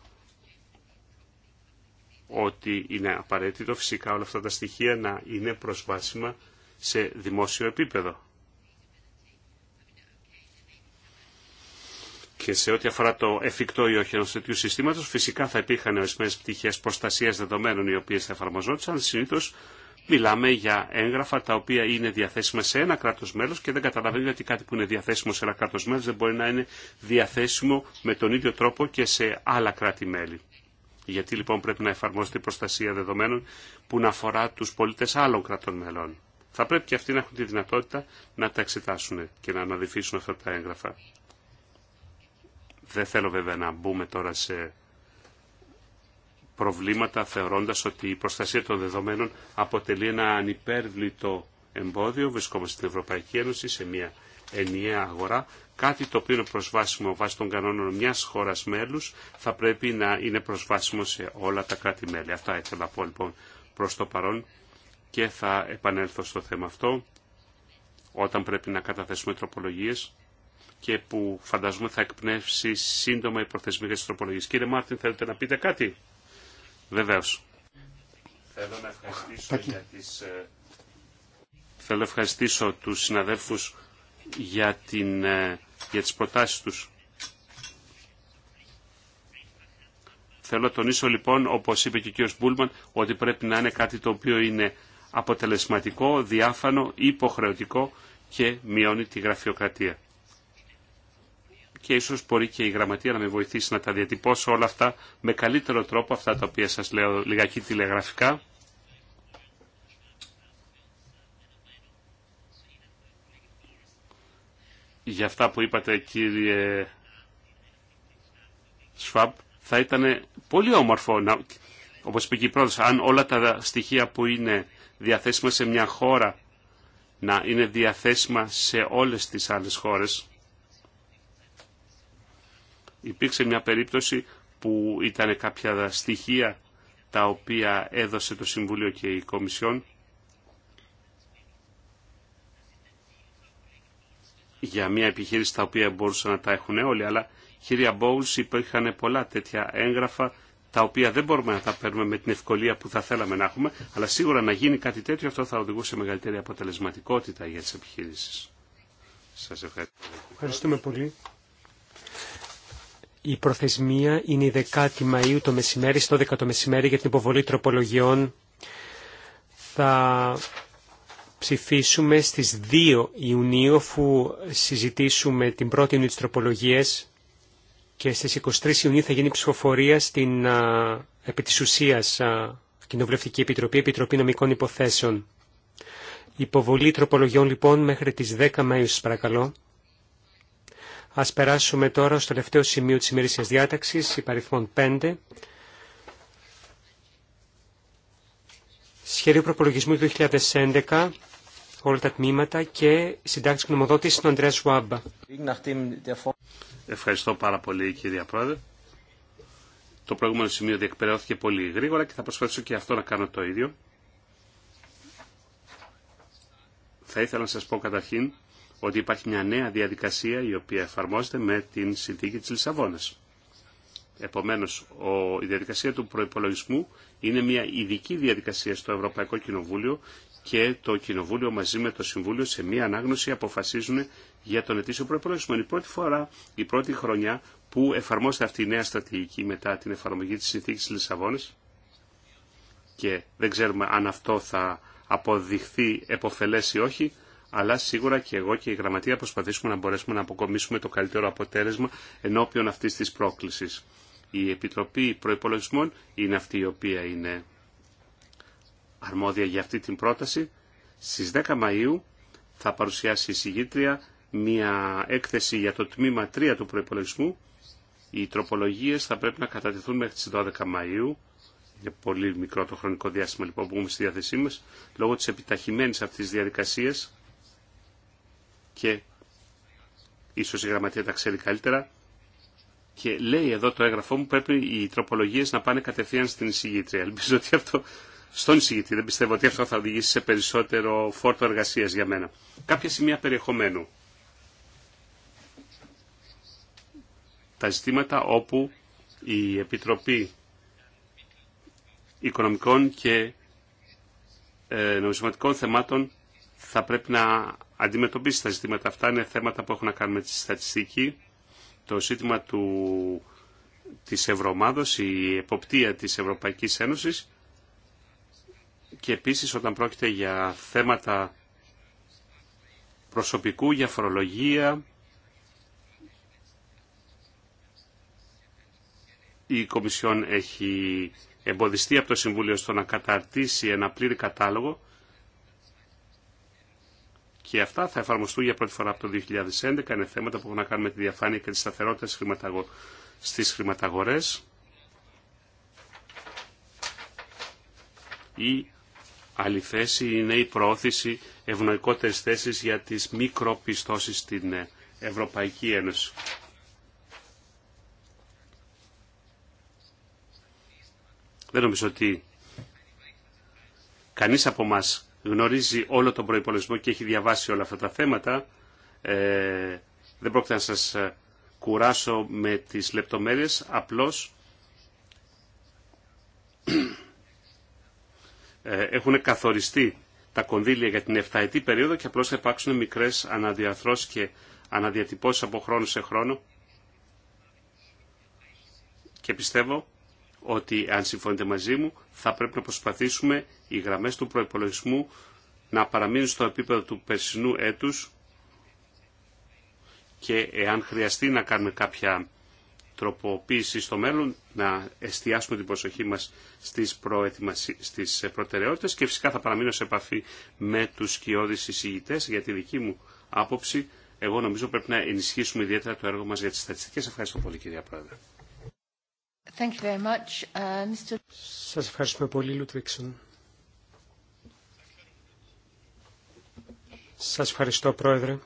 ότι είναι απαραίτητο φυσικά όλα αυτά τα στοιχεία να είναι προσβάσιμα σε δημόσιο επίπεδο. Και σε ό,τι αφορά το εφικτό ή όχι ενό τέτοιου συστήματο. Φυσικά θα υπήρχαν ορισμένε πτυχέ προστασία δεδομένων οι οποίε θα εφαρμοζόντουσαν. Συνήθω μιλάμε για έγγραφα τα οποία είναι διαθέσιμα σε ένα κράτο μέλο και δεν καταλαβαίνουμε ότι κάτι που είναι διαθέσιμο σε ένα κράτο μέλο δεν μπορεί να είναι διαθέσιμο με τον ίδιο τρόπο και σε άλλα κράτη-μέλη. Γιατί λοιπόν πρέπει να εφαρμόζεται η προστασία δεδομένων που να αφορά του πολίτε άλλων κρατών μελών. Θα πρέπει και αυτοί να έχουν τη δυνατότητα να τα εξετάσουν και να αναδυφίσουν αυτά τα έγγραφα. Δεν θέλω βέβαια να μπούμε τώρα σε προβλήματα θεωρώντας ότι η προστασία των δεδομένων αποτελεί ένα ανυπέρβλητο εμπόδιο. Βρισκόμαστε στην Ευρωπαϊκή Ένωση σε μια ενιαία αγορά. Κάτι το οποίο είναι προσβάσιμο βάσει των κανόνων μιας χώρας μέλους θα πρέπει να είναι προσβάσιμο σε όλα τα κράτη-μέλη. Αυτά ήθελα να πω λοιπόν προς το παρόν και θα επανέλθω στο θέμα αυτό όταν πρέπει να καταθέσουμε τροπολογίες και που φανταζούμε θα εκπνεύσει σύντομα η προθεσμία της τροπολογίας. Κύριε Μάρτιν, θέλετε να πείτε κάτι. βεβαίω. Θέλω να ευχαριστήσω, για τις... Ε, Θέλω να ευχαριστήσω τους συναδέλφους για, την, ε, για τις προτάσεις τους. Θέλω να τονίσω λοιπόν, όπως είπε και ο κύριος Μπούλμαν, ότι πρέπει να είναι κάτι το οποίο είναι αποτελεσματικό, διάφανο, υποχρεωτικό και μειώνει τη γραφειοκρατία και ίσως μπορεί και η γραμματεία να με βοηθήσει να τα διατυπώσω όλα αυτά με καλύτερο τρόπο, αυτά τα οποία σας λέω λιγάκι τηλεγραφικά. Για αυτά που είπατε κύριε Σφαμπ, θα ήταν πολύ όμορφο, να, όπως είπε και η πρόεδρος, αν όλα τα στοιχεία που είναι διαθέσιμα σε μια χώρα να είναι διαθέσιμα σε όλες τις άλλες χώρες υπήρξε μια περίπτωση που ήταν κάποια στοιχεία τα οποία έδωσε το Συμβούλιο και η Κομισιόν για μια επιχείρηση τα οποία μπορούσαν να τα έχουν όλοι, αλλά κυρία Μπόουλς υπήρχαν πολλά τέτοια έγγραφα τα οποία δεν μπορούμε να τα παίρνουμε με την ευκολία που θα θέλαμε να έχουμε, αλλά σίγουρα να γίνει κάτι τέτοιο αυτό θα οδηγούσε μεγαλύτερη αποτελεσματικότητα για τις επιχειρήσεις. Σας ευχαριστώ. Ευχαριστούμε πολύ. Η προθεσμία είναι η 10η Μαΐου το μεσημέρι, στο 12 το μεσημέρι για την υποβολή τροπολογιών. Θα ψηφίσουμε στις 2 Ιουνίου αφού συζητήσουμε την πρώτη Ιουνίου της τροπολογίας και στις 23 Ιουνίου θα γίνει ψηφοφορία στην α, επί της ουσίας Κοινοβουλευτική Επιτροπή, Επιτροπή Νομικών Υποθέσεων. Υποβολή τροπολογιών λοιπόν μέχρι τις 10 Μαΐου σας παρακαλώ. Ας περάσουμε τώρα στο τελευταίο σημείο της ημερήσιας διάταξης, υπαριθμών 5. Σχέδιο προπολογισμού 2011, όλα τα τμήματα και συντάξει γνωμοδότηση του Αντρέα Σουάμπα. Ευχαριστώ πάρα πολύ κυρία Πρόεδρε. Το προηγούμενο σημείο διεκπαιρεώθηκε πολύ γρήγορα και θα προσπαθήσω και αυτό να κάνω το ίδιο. Θα ήθελα να σας πω καταρχήν ότι υπάρχει μια νέα διαδικασία η οποία εφαρμόζεται με την συνθήκη της Λισαβόνας. Επομένως, η διαδικασία του προϋπολογισμού είναι μια ειδική διαδικασία στο Ευρωπαϊκό Κοινοβούλιο και το Κοινοβούλιο μαζί με το Συμβούλιο σε μία ανάγνωση αποφασίζουν για τον ετήσιο προϋπολογισμό. Είναι η πρώτη φορά, η πρώτη χρονιά που εφαρμόζεται αυτή η νέα στρατηγική μετά την εφαρμογή της συνθήκης της Λισαβόνας και δεν ξέρουμε αν αυτό θα αποδειχθεί επωφελές ή όχι, αλλά σίγουρα και εγώ και η Γραμματεία προσπαθήσουμε να μπορέσουμε να αποκομίσουμε το καλύτερο αποτέλεσμα ενώπιον αυτής της πρόκλησης. Η Επιτροπή Προϋπολογισμών είναι αυτή η οποία είναι αρμόδια για αυτή την πρόταση. Στις 10 Μαΐου θα παρουσιάσει η συγγήτρια μια έκθεση για το τμήμα 3 του προϋπολογισμού. Οι τροπολογίες θα πρέπει να κατατεθούν μέχρι τις 12 Μαΐου. Είναι πολύ μικρό το χρονικό διάστημα λοιπόν που έχουμε στη διάθεσή μας. Λόγω της επιταχυμένης αυτής της διαδικασίας και ίσως η γραμματεία τα ξέρει καλύτερα, και λέει εδώ το έγγραφό μου πρέπει οι τροπολογίε να πάνε κατευθείαν στην εισηγήτρια. Ελπίζω ότι αυτό. Στον εισηγητή δεν πιστεύω ότι αυτό θα οδηγήσει σε περισσότερο φόρτο εργασία για μένα. Κάποια σημεία περιεχομένου. Τα ζητήματα όπου η Επιτροπή Οικονομικών και ε, Νομισματικών Θεμάτων θα πρέπει να αντιμετωπίσει τα ζητήματα αυτά. Είναι θέματα που έχουν να κάνουν με τη στατιστική, το ζήτημα του, της Ευρωομάδος, η εποπτεία της Ευρωπαϊκής Ένωσης και επίσης όταν πρόκειται για θέματα προσωπικού, για φορολογία, η Κομισιόν έχει εμποδιστεί από το Συμβούλιο στο να καταρτήσει ένα πλήρη κατάλογο και αυτά θα εφαρμοστούν για πρώτη φορά από το 2011. Είναι θέματα που έχουν να κάνουν με τη διαφάνεια και τη σταθερότητα στις χρηματαγορές. Η άλλη θέση είναι η προώθηση ευνοϊκότερη θέση για τις μικροπιστώσει στην ε, Ευρωπαϊκή Ένωση. Δεν νομίζω ότι κανείς από μας γνωρίζει όλο τον προϋπολογισμό και έχει διαβάσει όλα αυτά τα θέματα, ε, δεν πρόκειται να σας ε, κουράσω με τις λεπτομέρειες, απλώς ε, έχουν καθοριστεί τα κονδύλια για την 7 περίοδο και απλώς θα υπάρξουν μικρές αναδιαθρώσεις και αναδιατυπώσεις από χρόνο σε χρόνο και πιστεύω ότι αν συμφωνείτε μαζί μου θα πρέπει να προσπαθήσουμε οι γραμμές του προϋπολογισμού να παραμείνουν στο επίπεδο του περσινού έτους και εάν χρειαστεί να κάνουμε κάποια τροποποίηση στο μέλλον, να εστιάσουμε την προσοχή μας στις, προετοιμασί... στις προτεραιότητες και φυσικά θα παραμείνω σε επαφή με τους σκιώδεις εισηγητές για τη δική μου άποψη. Εγώ νομίζω πρέπει να ενισχύσουμε ιδιαίτερα το έργο μας για τις στατιστικές. Ευχαριστώ πολύ κυρία Πρόεδρε. Thank uh, Σας ευχαριστούμε πολύ, Λουτβίξον. Σας ευχαριστώ, Πρόεδρε.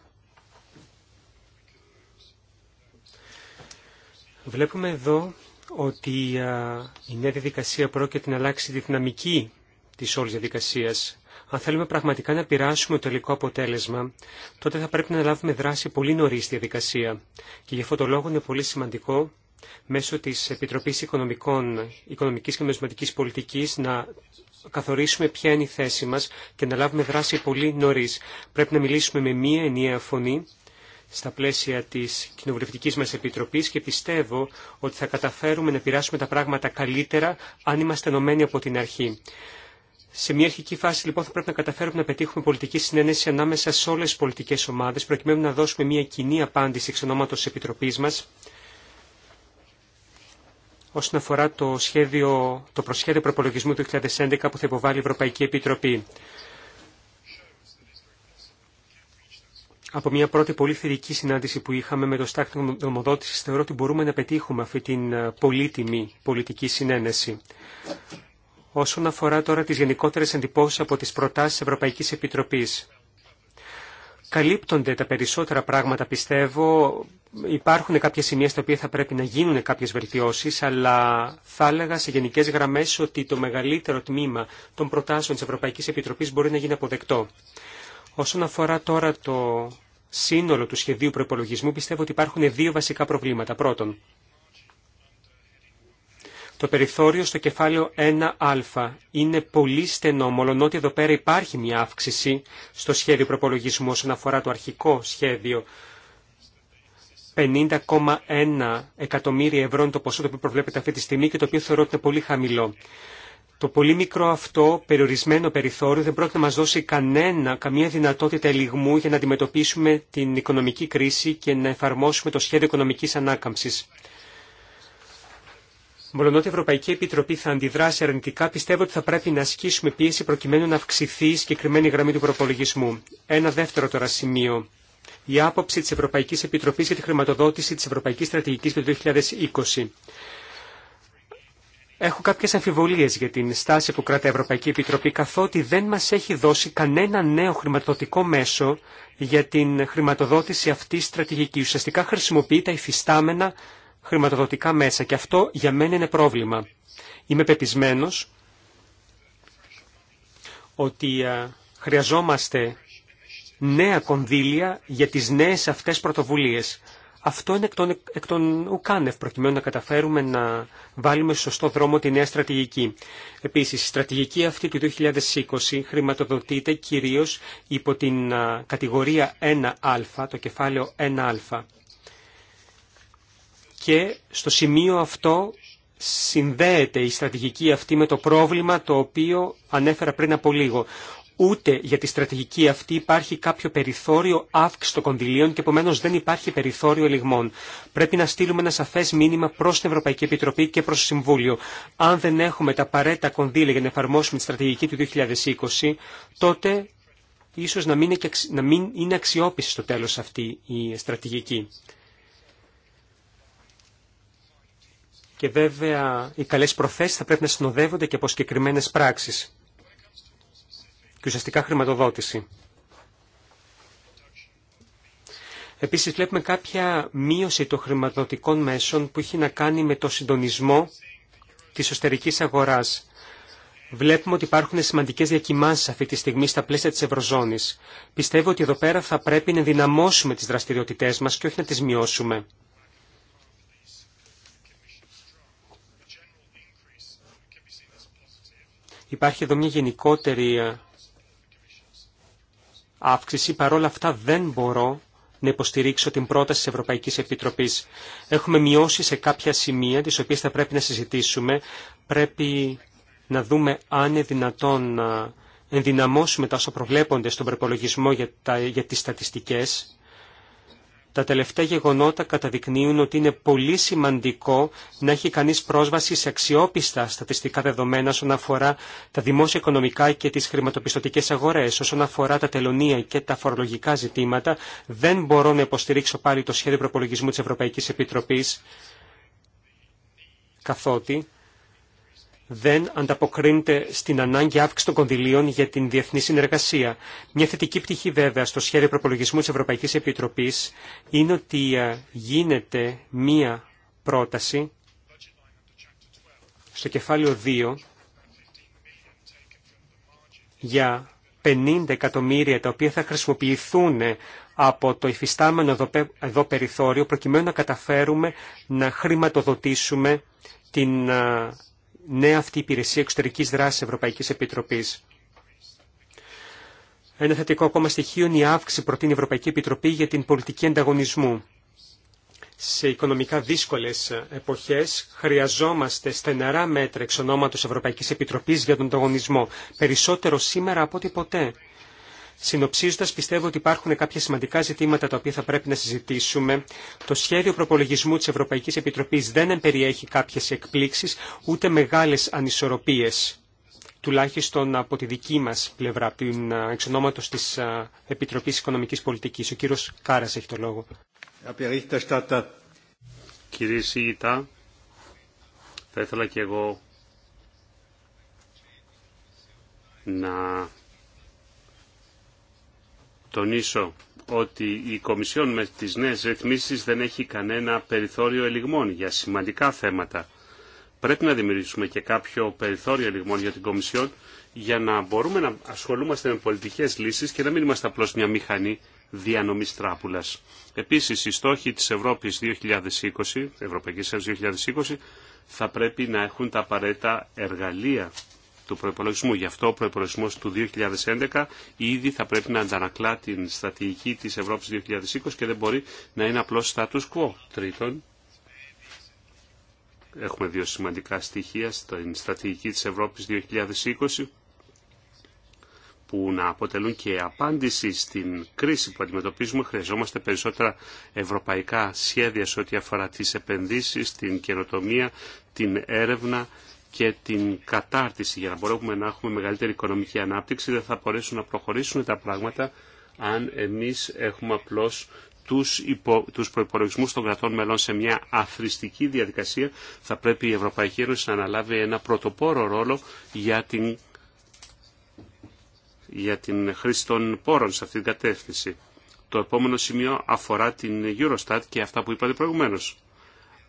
Βλέπουμε εδώ ότι η νέα διαδικασία πρόκειται να αλλάξει τη δυναμική της όλης διαδικασίας. Αν θέλουμε πραγματικά να πειράσουμε το τελικό αποτέλεσμα, τότε θα πρέπει να λάβουμε δράση πολύ νωρί στη διαδικασία. Και γι' αυτό το λόγο είναι πολύ σημαντικό μέσω της Επιτροπής Οικονομικών, Οικονομικής και Μεσματικής Πολιτικής να καθορίσουμε ποια είναι η θέση μας και να λάβουμε δράση πολύ νωρίς. Πρέπει να μιλήσουμε με μία ενιαία φωνή στα πλαίσια της κοινοβουλευτικής μας επιτροπής και πιστεύω ότι θα καταφέρουμε να πειράσουμε τα πράγματα καλύτερα αν είμαστε ενωμένοι από την αρχή. Σε μια αρχική φάση λοιπόν θα πρέπει να καταφέρουμε να πετύχουμε πολιτική συνένεση ανάμεσα σε όλες τις πολιτικές ομάδες προκειμένου να δώσουμε μια κοινή απάντηση εξ ονόματος της Επιτροπής μας όσον αφορά το, σχέδιο, το προσχέδιο προπολογισμού του 2011 που θα υποβάλει η Ευρωπαϊκή Επιτροπή. Από μια πρώτη πολύ θετική συνάντηση που είχαμε με το στάκτη νομοδοτηση, θεωρώ ότι μπορούμε να πετύχουμε αυτή την ε, πολύτιμη πολιτική συνένεση. Όσον αφορά τώρα τις γενικότερες εντυπώσεις από τις προτάσεις Ευρωπαϊκής Επιτροπής, καλύπτονται τα περισσότερα πράγματα πιστεύω. Υπάρχουν κάποια σημεία στα οποία θα πρέπει να γίνουν κάποιες βελτιώσεις, αλλά θα έλεγα σε γενικές γραμμές ότι το μεγαλύτερο τμήμα των προτάσεων της Ευρωπαϊκής Επιτροπής μπορεί να γίνει αποδεκτό. Όσον αφορά τώρα το σύνολο του σχεδίου προπολογισμού, πιστεύω ότι υπάρχουν δύο βασικά προβλήματα. Πρώτον, το περιθώριο στο κεφάλαιο 1α είναι πολύ στενό, μολονότι εδώ πέρα υπάρχει μια αύξηση στο σχέδιο προπολογισμού όσον αφορά το αρχικό σχέδιο. 50,1 εκατομμύρια ευρώ είναι το ποσό το οποίο προβλέπεται αυτή τη στιγμή και το οποίο θεωρώ ότι είναι πολύ χαμηλό. Το πολύ μικρό αυτό περιορισμένο περιθώριο δεν πρόκειται να μας δώσει κανένα, καμία δυνατότητα ελιγμού για να αντιμετωπίσουμε την οικονομική κρίση και να εφαρμόσουμε το σχέδιο οικονομικής ανάκαμψης. Μολονότι η Ευρωπαϊκή Επιτροπή θα αντιδράσει αρνητικά, πιστεύω ότι θα πρέπει να ασκήσουμε πίεση προκειμένου να αυξηθεί η συγκεκριμένη γραμμή του προπολογισμού. Ένα δεύτερο τώρα σημείο. Η άποψη τη Ευρωπαϊκή Επιτροπή για τη χρηματοδότηση της Ευρωπαϊκής Στρατηγικής του 2020. Έχω κάποιε αμφιβολίε για την στάση που κρατά η Ευρωπαϊκή Επιτροπή, καθότι δεν μα έχει δώσει κανένα νέο χρηματοδοτικό μέσο για την χρηματοδότηση αυτή στρατηγική. Ουσιαστικά χρησιμοποιεί τα υφιστάμενα χρηματοδοτικά μέσα και αυτό για μένα είναι πρόβλημα. Είμαι πεπισμένος ότι ε, χρειαζόμαστε νέα κονδύλια για τις νέες αυτές πρωτοβουλίες. Αυτό είναι εκ των, των ουκάνευ, προκειμένου να καταφέρουμε να βάλουμε σωστό δρόμο τη νέα στρατηγική. Επίσης, η στρατηγική αυτή του 2020 χρηματοδοτείται κυρίως υπό την ε, κατηγορία 1α, το κεφάλαιο 1α και στο σημείο αυτό συνδέεται η στρατηγική αυτή με το πρόβλημα το οποίο ανέφερα πριν από λίγο. Ούτε για τη στρατηγική αυτή υπάρχει κάποιο περιθώριο αύξηση των κονδυλίων και επομένω δεν υπάρχει περιθώριο ελιγμών. Πρέπει να στείλουμε ένα σαφέ μήνυμα προ την Ευρωπαϊκή Επιτροπή και προ το Συμβούλιο. Αν δεν έχουμε τα απαραίτητα κονδύλια για να εφαρμόσουμε τη στρατηγική του 2020, τότε ίσω να, μην είναι αξιόπιστη στο τέλο αυτή η στρατηγική. και βέβαια οι καλές προθέσεις θα πρέπει να συνοδεύονται και από συγκεκριμένε πράξεις και ουσιαστικά χρηματοδότηση. Επίσης βλέπουμε κάποια μείωση των χρηματοδοτικών μέσων που έχει να κάνει με το συντονισμό της εσωτερικής αγοράς. Βλέπουμε ότι υπάρχουν σημαντικές διακοιμάνσεις αυτή τη στιγμή στα πλαίσια της Ευρωζώνης. Πιστεύω ότι εδώ πέρα θα πρέπει να δυναμώσουμε τις δραστηριότητές μας και όχι να τις μειώσουμε. Υπάρχει εδώ μια γενικότερη ε, αύξηση. Παρόλα αυτά δεν μπορώ να υποστηρίξω την πρόταση της Ευρωπαϊκής Επιτροπής. Έχουμε μειώσει σε κάποια σημεία, τις οποίες θα πρέπει να συζητήσουμε. Πρέπει να δούμε αν είναι δυνατόν να ενδυναμώσουμε τα όσα προβλέπονται στον προπολογισμό για, τα, για τις στατιστικές. Τα τελευταία γεγονότα καταδεικνύουν ότι είναι πολύ σημαντικό να έχει κανείς πρόσβαση σε αξιόπιστα στατιστικά δεδομένα όσον αφορά τα δημόσια οικονομικά και τις χρηματοπιστωτικές αγορές. Όσον αφορά τα τελωνία και τα φορολογικά ζητήματα, δεν μπορώ να υποστηρίξω πάλι το σχέδιο προπολογισμού της Ευρωπαϊκής Επιτροπής, καθότι δεν ανταποκρίνεται στην ανάγκη αύξηση των κονδυλίων για την διεθνή συνεργασία. Μια θετική πτυχή βέβαια στο σχέδιο προπολογισμού της Ευρωπαϊκής Επιτροπής είναι ότι ε, γίνεται μία πρόταση στο κεφάλαιο 2 για 50 εκατομμύρια τα οποία θα χρησιμοποιηθούν από το υφιστάμενο εδώ περιθώριο προκειμένου να καταφέρουμε να χρηματοδοτήσουμε την ε, νέα αυτή υπηρεσία εξωτερικής δράσης Ευρωπαϊκής Επιτροπής. Ένα θετικό ακόμα στοιχείο είναι η αύξηση προτείνει την Ευρωπαϊκή Επιτροπή για την πολιτική ανταγωνισμού. Σε οικονομικά δύσκολε εποχές χρειαζόμαστε στεναρά μέτρα εξ ονόματο Ευρωπαϊκής Επιτροπής για τον ανταγωνισμό, περισσότερο σήμερα από ό,τι ποτέ. Συνοψίζοντα, πιστεύω ότι υπάρχουν κάποια σημαντικά ζητήματα τα οποία θα πρέπει να συζητήσουμε. Το σχέδιο προπολογισμού τη Ευρωπαϊκή Επιτροπή δεν περιέχει κάποιε εκπλήξει ούτε μεγάλε ανισορροπίε τουλάχιστον από τη δική μας πλευρά, από την εξ τη της Επιτροπής Οικονομικής Πολιτικής. Ο κύριος Κάρας έχει το λόγο. Κύριε Σιγητά, θα ήθελα και εγώ να τονίσω ότι η Κομισιόν με τις νέες ρυθμίσεις δεν έχει κανένα περιθώριο ελιγμών για σημαντικά θέματα. Πρέπει να δημιουργήσουμε και κάποιο περιθώριο ελιγμών για την Κομισιόν για να μπορούμε να ασχολούμαστε με πολιτικές λύσεις και να μην είμαστε απλώς μια μηχανή διανομής τράπουλας. Επίσης, οι στόχοι της Ευρώπης 2020, Ευρωπαϊκής Ένωσης 2020 θα πρέπει να έχουν τα απαραίτητα εργαλεία του προπολογισμού. Γι' αυτό ο προπολογισμό του 2011 ήδη θα πρέπει να αντανακλά την στρατηγική τη Ευρώπη 2020 και δεν μπορεί να είναι απλώ status quo. Τρίτον, έχουμε δύο σημαντικά στοιχεία στην στρατηγική της Ευρώπης 2020 που να αποτελούν και απάντηση στην κρίση που αντιμετωπίζουμε. Χρειαζόμαστε περισσότερα ευρωπαϊκά σχέδια σε ό,τι αφορά τις επενδύσεις, την καινοτομία, την έρευνα και την κατάρτιση για να μπορούμε να έχουμε μεγαλύτερη οικονομική ανάπτυξη δεν θα μπορέσουν να προχωρήσουν τα πράγματα αν εμείς έχουμε απλώς τους, υπο, τους προϋπολογισμούς των κρατών μελών σε μια αθρηστική διαδικασία θα πρέπει η Ευρωπαϊκή Ένωση να αναλάβει ένα πρωτοπόρο ρόλο για την, για την χρήση των πόρων σε αυτή την κατεύθυνση. Το επόμενο σημείο αφορά την Eurostat και αυτά που είπατε προηγουμένως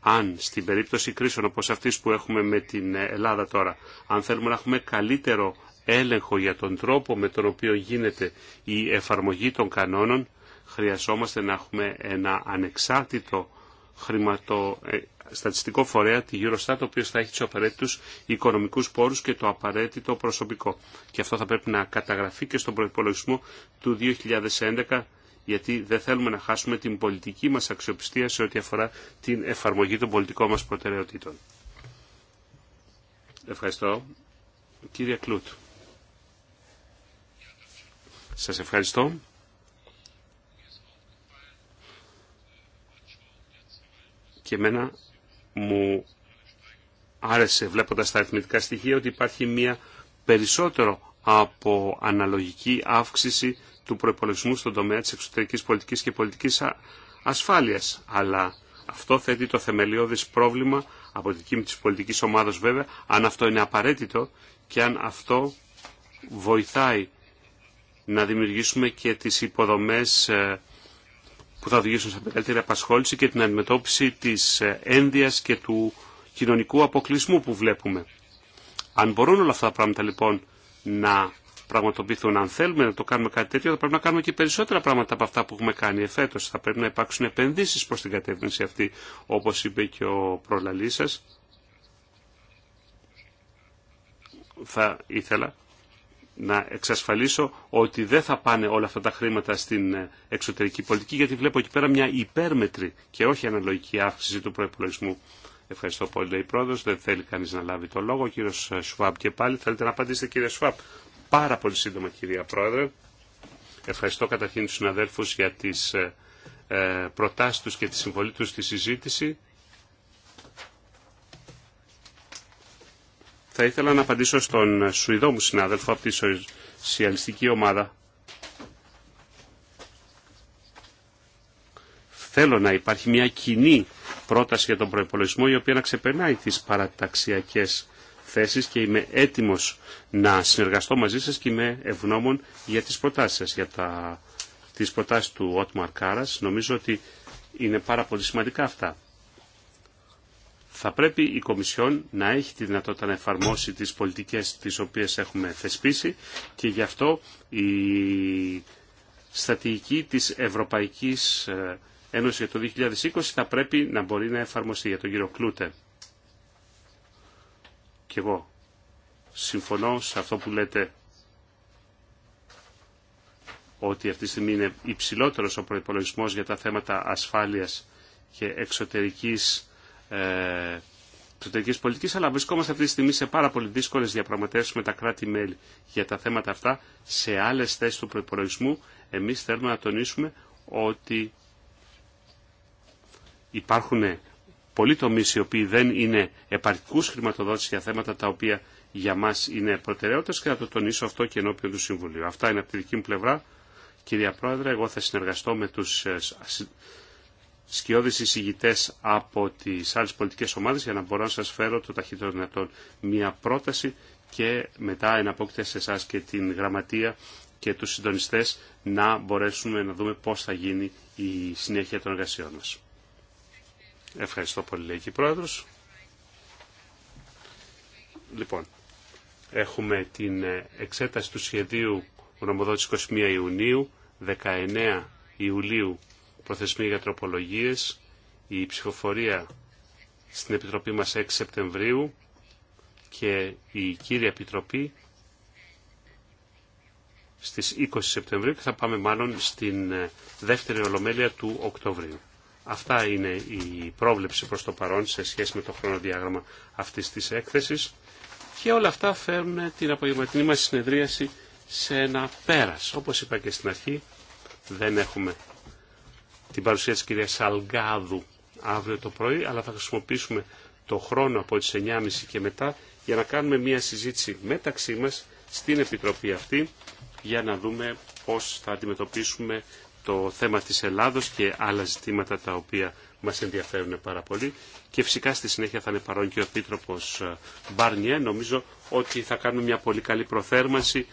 αν στην περίπτωση κρίσεων όπως αυτής που έχουμε με την ε, Ελλάδα τώρα, αν θέλουμε να έχουμε καλύτερο έλεγχο για τον τρόπο με τον οποίο γίνεται η εφαρμογή των κανόνων, χρειαζόμαστε να έχουμε ένα ανεξάρτητο χρηματο, ε, στατιστικό φορέα, τη Eurostat, ο οποίο θα έχει του απαραίτητου οικονομικού πόρου και το απαραίτητο προσωπικό. Και αυτό θα πρέπει να καταγραφεί και στον προπολογισμό του 2011 γιατί δεν θέλουμε να χάσουμε την πολιτική μας αξιοπιστία σε ό,τι αφορά την εφαρμογή των πολιτικών μας προτεραιοτήτων. Ευχαριστώ. Κύριε Κλούτ. Σας ευχαριστώ. Και εμένα μου άρεσε βλέποντας τα αριθμητικά στοιχεία ότι υπάρχει μία περισσότερο από αναλογική αύξηση του προπολογισμού στον τομέα τη εξωτερική πολιτική και πολιτική ασφάλεια. Αλλά αυτό θέτει το θεμελιώδες πρόβλημα από τη δική τη πολιτική ομάδα, βέβαια, αν αυτό είναι απαραίτητο και αν αυτό βοηθάει να δημιουργήσουμε και τις υποδομές ε, που θα οδηγήσουν σε μεγαλύτερη απασχόληση και την αντιμετώπιση της ε, ένδυα και του κοινωνικού αποκλεισμού που βλέπουμε. Αν μπορούν όλα αυτά τα πράγματα λοιπόν να πραγματοποιηθούν. Αν θέλουμε να το κάνουμε κάτι τέτοιο, θα πρέπει να κάνουμε και περισσότερα πράγματα από αυτά που έχουμε κάνει εφέτο. Θα πρέπει να υπάρξουν επενδύσει προ την κατεύθυνση αυτή, όπω είπε και ο προλαλή σα. Θα ήθελα να εξασφαλίσω ότι δεν θα πάνε όλα αυτά τα χρήματα στην εξωτερική πολιτική, γιατί βλέπω εκεί πέρα μια υπέρμετρη και όχι αναλογική αύξηση του προπολογισμού. Ευχαριστώ πολύ, λέει πρόεδρο. Δεν θέλει κανεί να λάβει το λόγο. Ο κύριο Σουάπ και πάλι. Θέλετε να απαντήσετε, κύριε Σουάπ. Πάρα πολύ σύντομα κυρία Πρόεδρε. Ευχαριστώ καταρχήν τους συναδέλφους για τις ε, ε, προτάσεις τους και τη συμβολή τους στη συζήτηση. Θα ήθελα να απαντήσω στον Σουηδό μου συνάδελφο από τη Σοσιαλιστική Ομάδα. Θέλω να υπάρχει μια κοινή πρόταση για τον προϋπολογισμό η οποία να ξεπερνάει τις παραταξιακές θέσεις και είμαι έτοιμος να συνεργαστώ μαζί σας και είμαι ευγνώμων για τις προτάσεις σας, για τα... τις προτάσεις του Ότμαρ Κάρας. Νομίζω ότι είναι πάρα πολύ σημαντικά αυτά. Θα πρέπει η Κομισιόν να έχει τη δυνατότητα να εφαρμόσει τις πολιτικές τις οποίες έχουμε θεσπίσει και γι' αυτό η στατική της Ευρωπαϊκής ε, Ένωσης για το 2020 θα πρέπει να μπορεί να εφαρμοστεί για τον κύριο Κλούτερ και εγώ συμφωνώ σε αυτό που λέτε ότι αυτή τη στιγμή είναι υψηλότερος ο προϋπολογισμός για τα θέματα ασφάλειας και εξωτερικής, ε, εξωτερικής πολιτικής, αλλά βρισκόμαστε αυτή τη στιγμή σε πάρα πολύ δύσκολες διαπραγματεύσεις με τα κράτη-μέλη για τα θέματα αυτά. Σε άλλες θέσεις του προϋπολογισμού εμείς θέλουμε να τονίσουμε ότι υπάρχουν πολλοί τομεί οι οποίοι δεν είναι επαρκού χρηματοδότηση για θέματα τα οποία για μα είναι προτεραιότητες και θα το τονίσω αυτό και ενώπιον του Συμβουλίου. Αυτά είναι από τη δική μου πλευρά. Κυρία Πρόεδρε, εγώ θα συνεργαστώ με του ε, σκιώδεις εισηγητές από τι άλλε πολιτικέ ομάδε για να μπορώ να σα φέρω το ταχύτερο δυνατόν μια πρόταση και μετά εναπόκειται σε εσά και την γραμματεία και τους συντονιστές να μπορέσουμε να δούμε πώς θα γίνει η συνέχεια των εργασιών μας. Ευχαριστώ πολύ, λέει και Πρόεδρος. Λοιπόν, έχουμε την ε, εξέταση του σχεδίου γνωμοδότης 21 Ιουνίου, 19 Ιουλίου προθεσμία για τροπολογίες, η ψηφοφορία στην Επιτροπή μας 6 Σεπτεμβρίου και η κύρια Επιτροπή στις 20 Σεπτεμβρίου και θα πάμε μάλλον στην ε, δεύτερη ολομέλεια του Οκτωβρίου. Αυτά είναι η πρόβλεψη προς το παρόν σε σχέση με το χρονοδιάγραμμα αυτής της έκθεσης και όλα αυτά φέρνουν την απογευματινή μας συνεδρίαση σε ένα πέρας. Όπως είπα και στην αρχή, δεν έχουμε την παρουσία της κυρίας Σαλγκάδου αύριο το πρωί, αλλά θα χρησιμοποιήσουμε το χρόνο από τις 9.30 και μετά για να κάνουμε μια συζήτηση μεταξύ μας στην Επιτροπή αυτή για να δούμε πώς θα αντιμετωπίσουμε το θέμα της Ελλάδος και άλλα ζητήματα τα οποία μας ενδιαφέρουν πάρα πολύ. Και φυσικά στη συνέχεια θα είναι παρόν και ο Επίτροπος ε, Μπάρνιε. Νομίζω ότι θα κάνουμε μια πολύ καλή προθέρμανση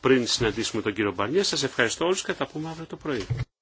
πριν συναντήσουμε τον κύριο Μπαρνιέ. Σας ευχαριστώ όλους και θα τα πούμε αύριο το πρωί.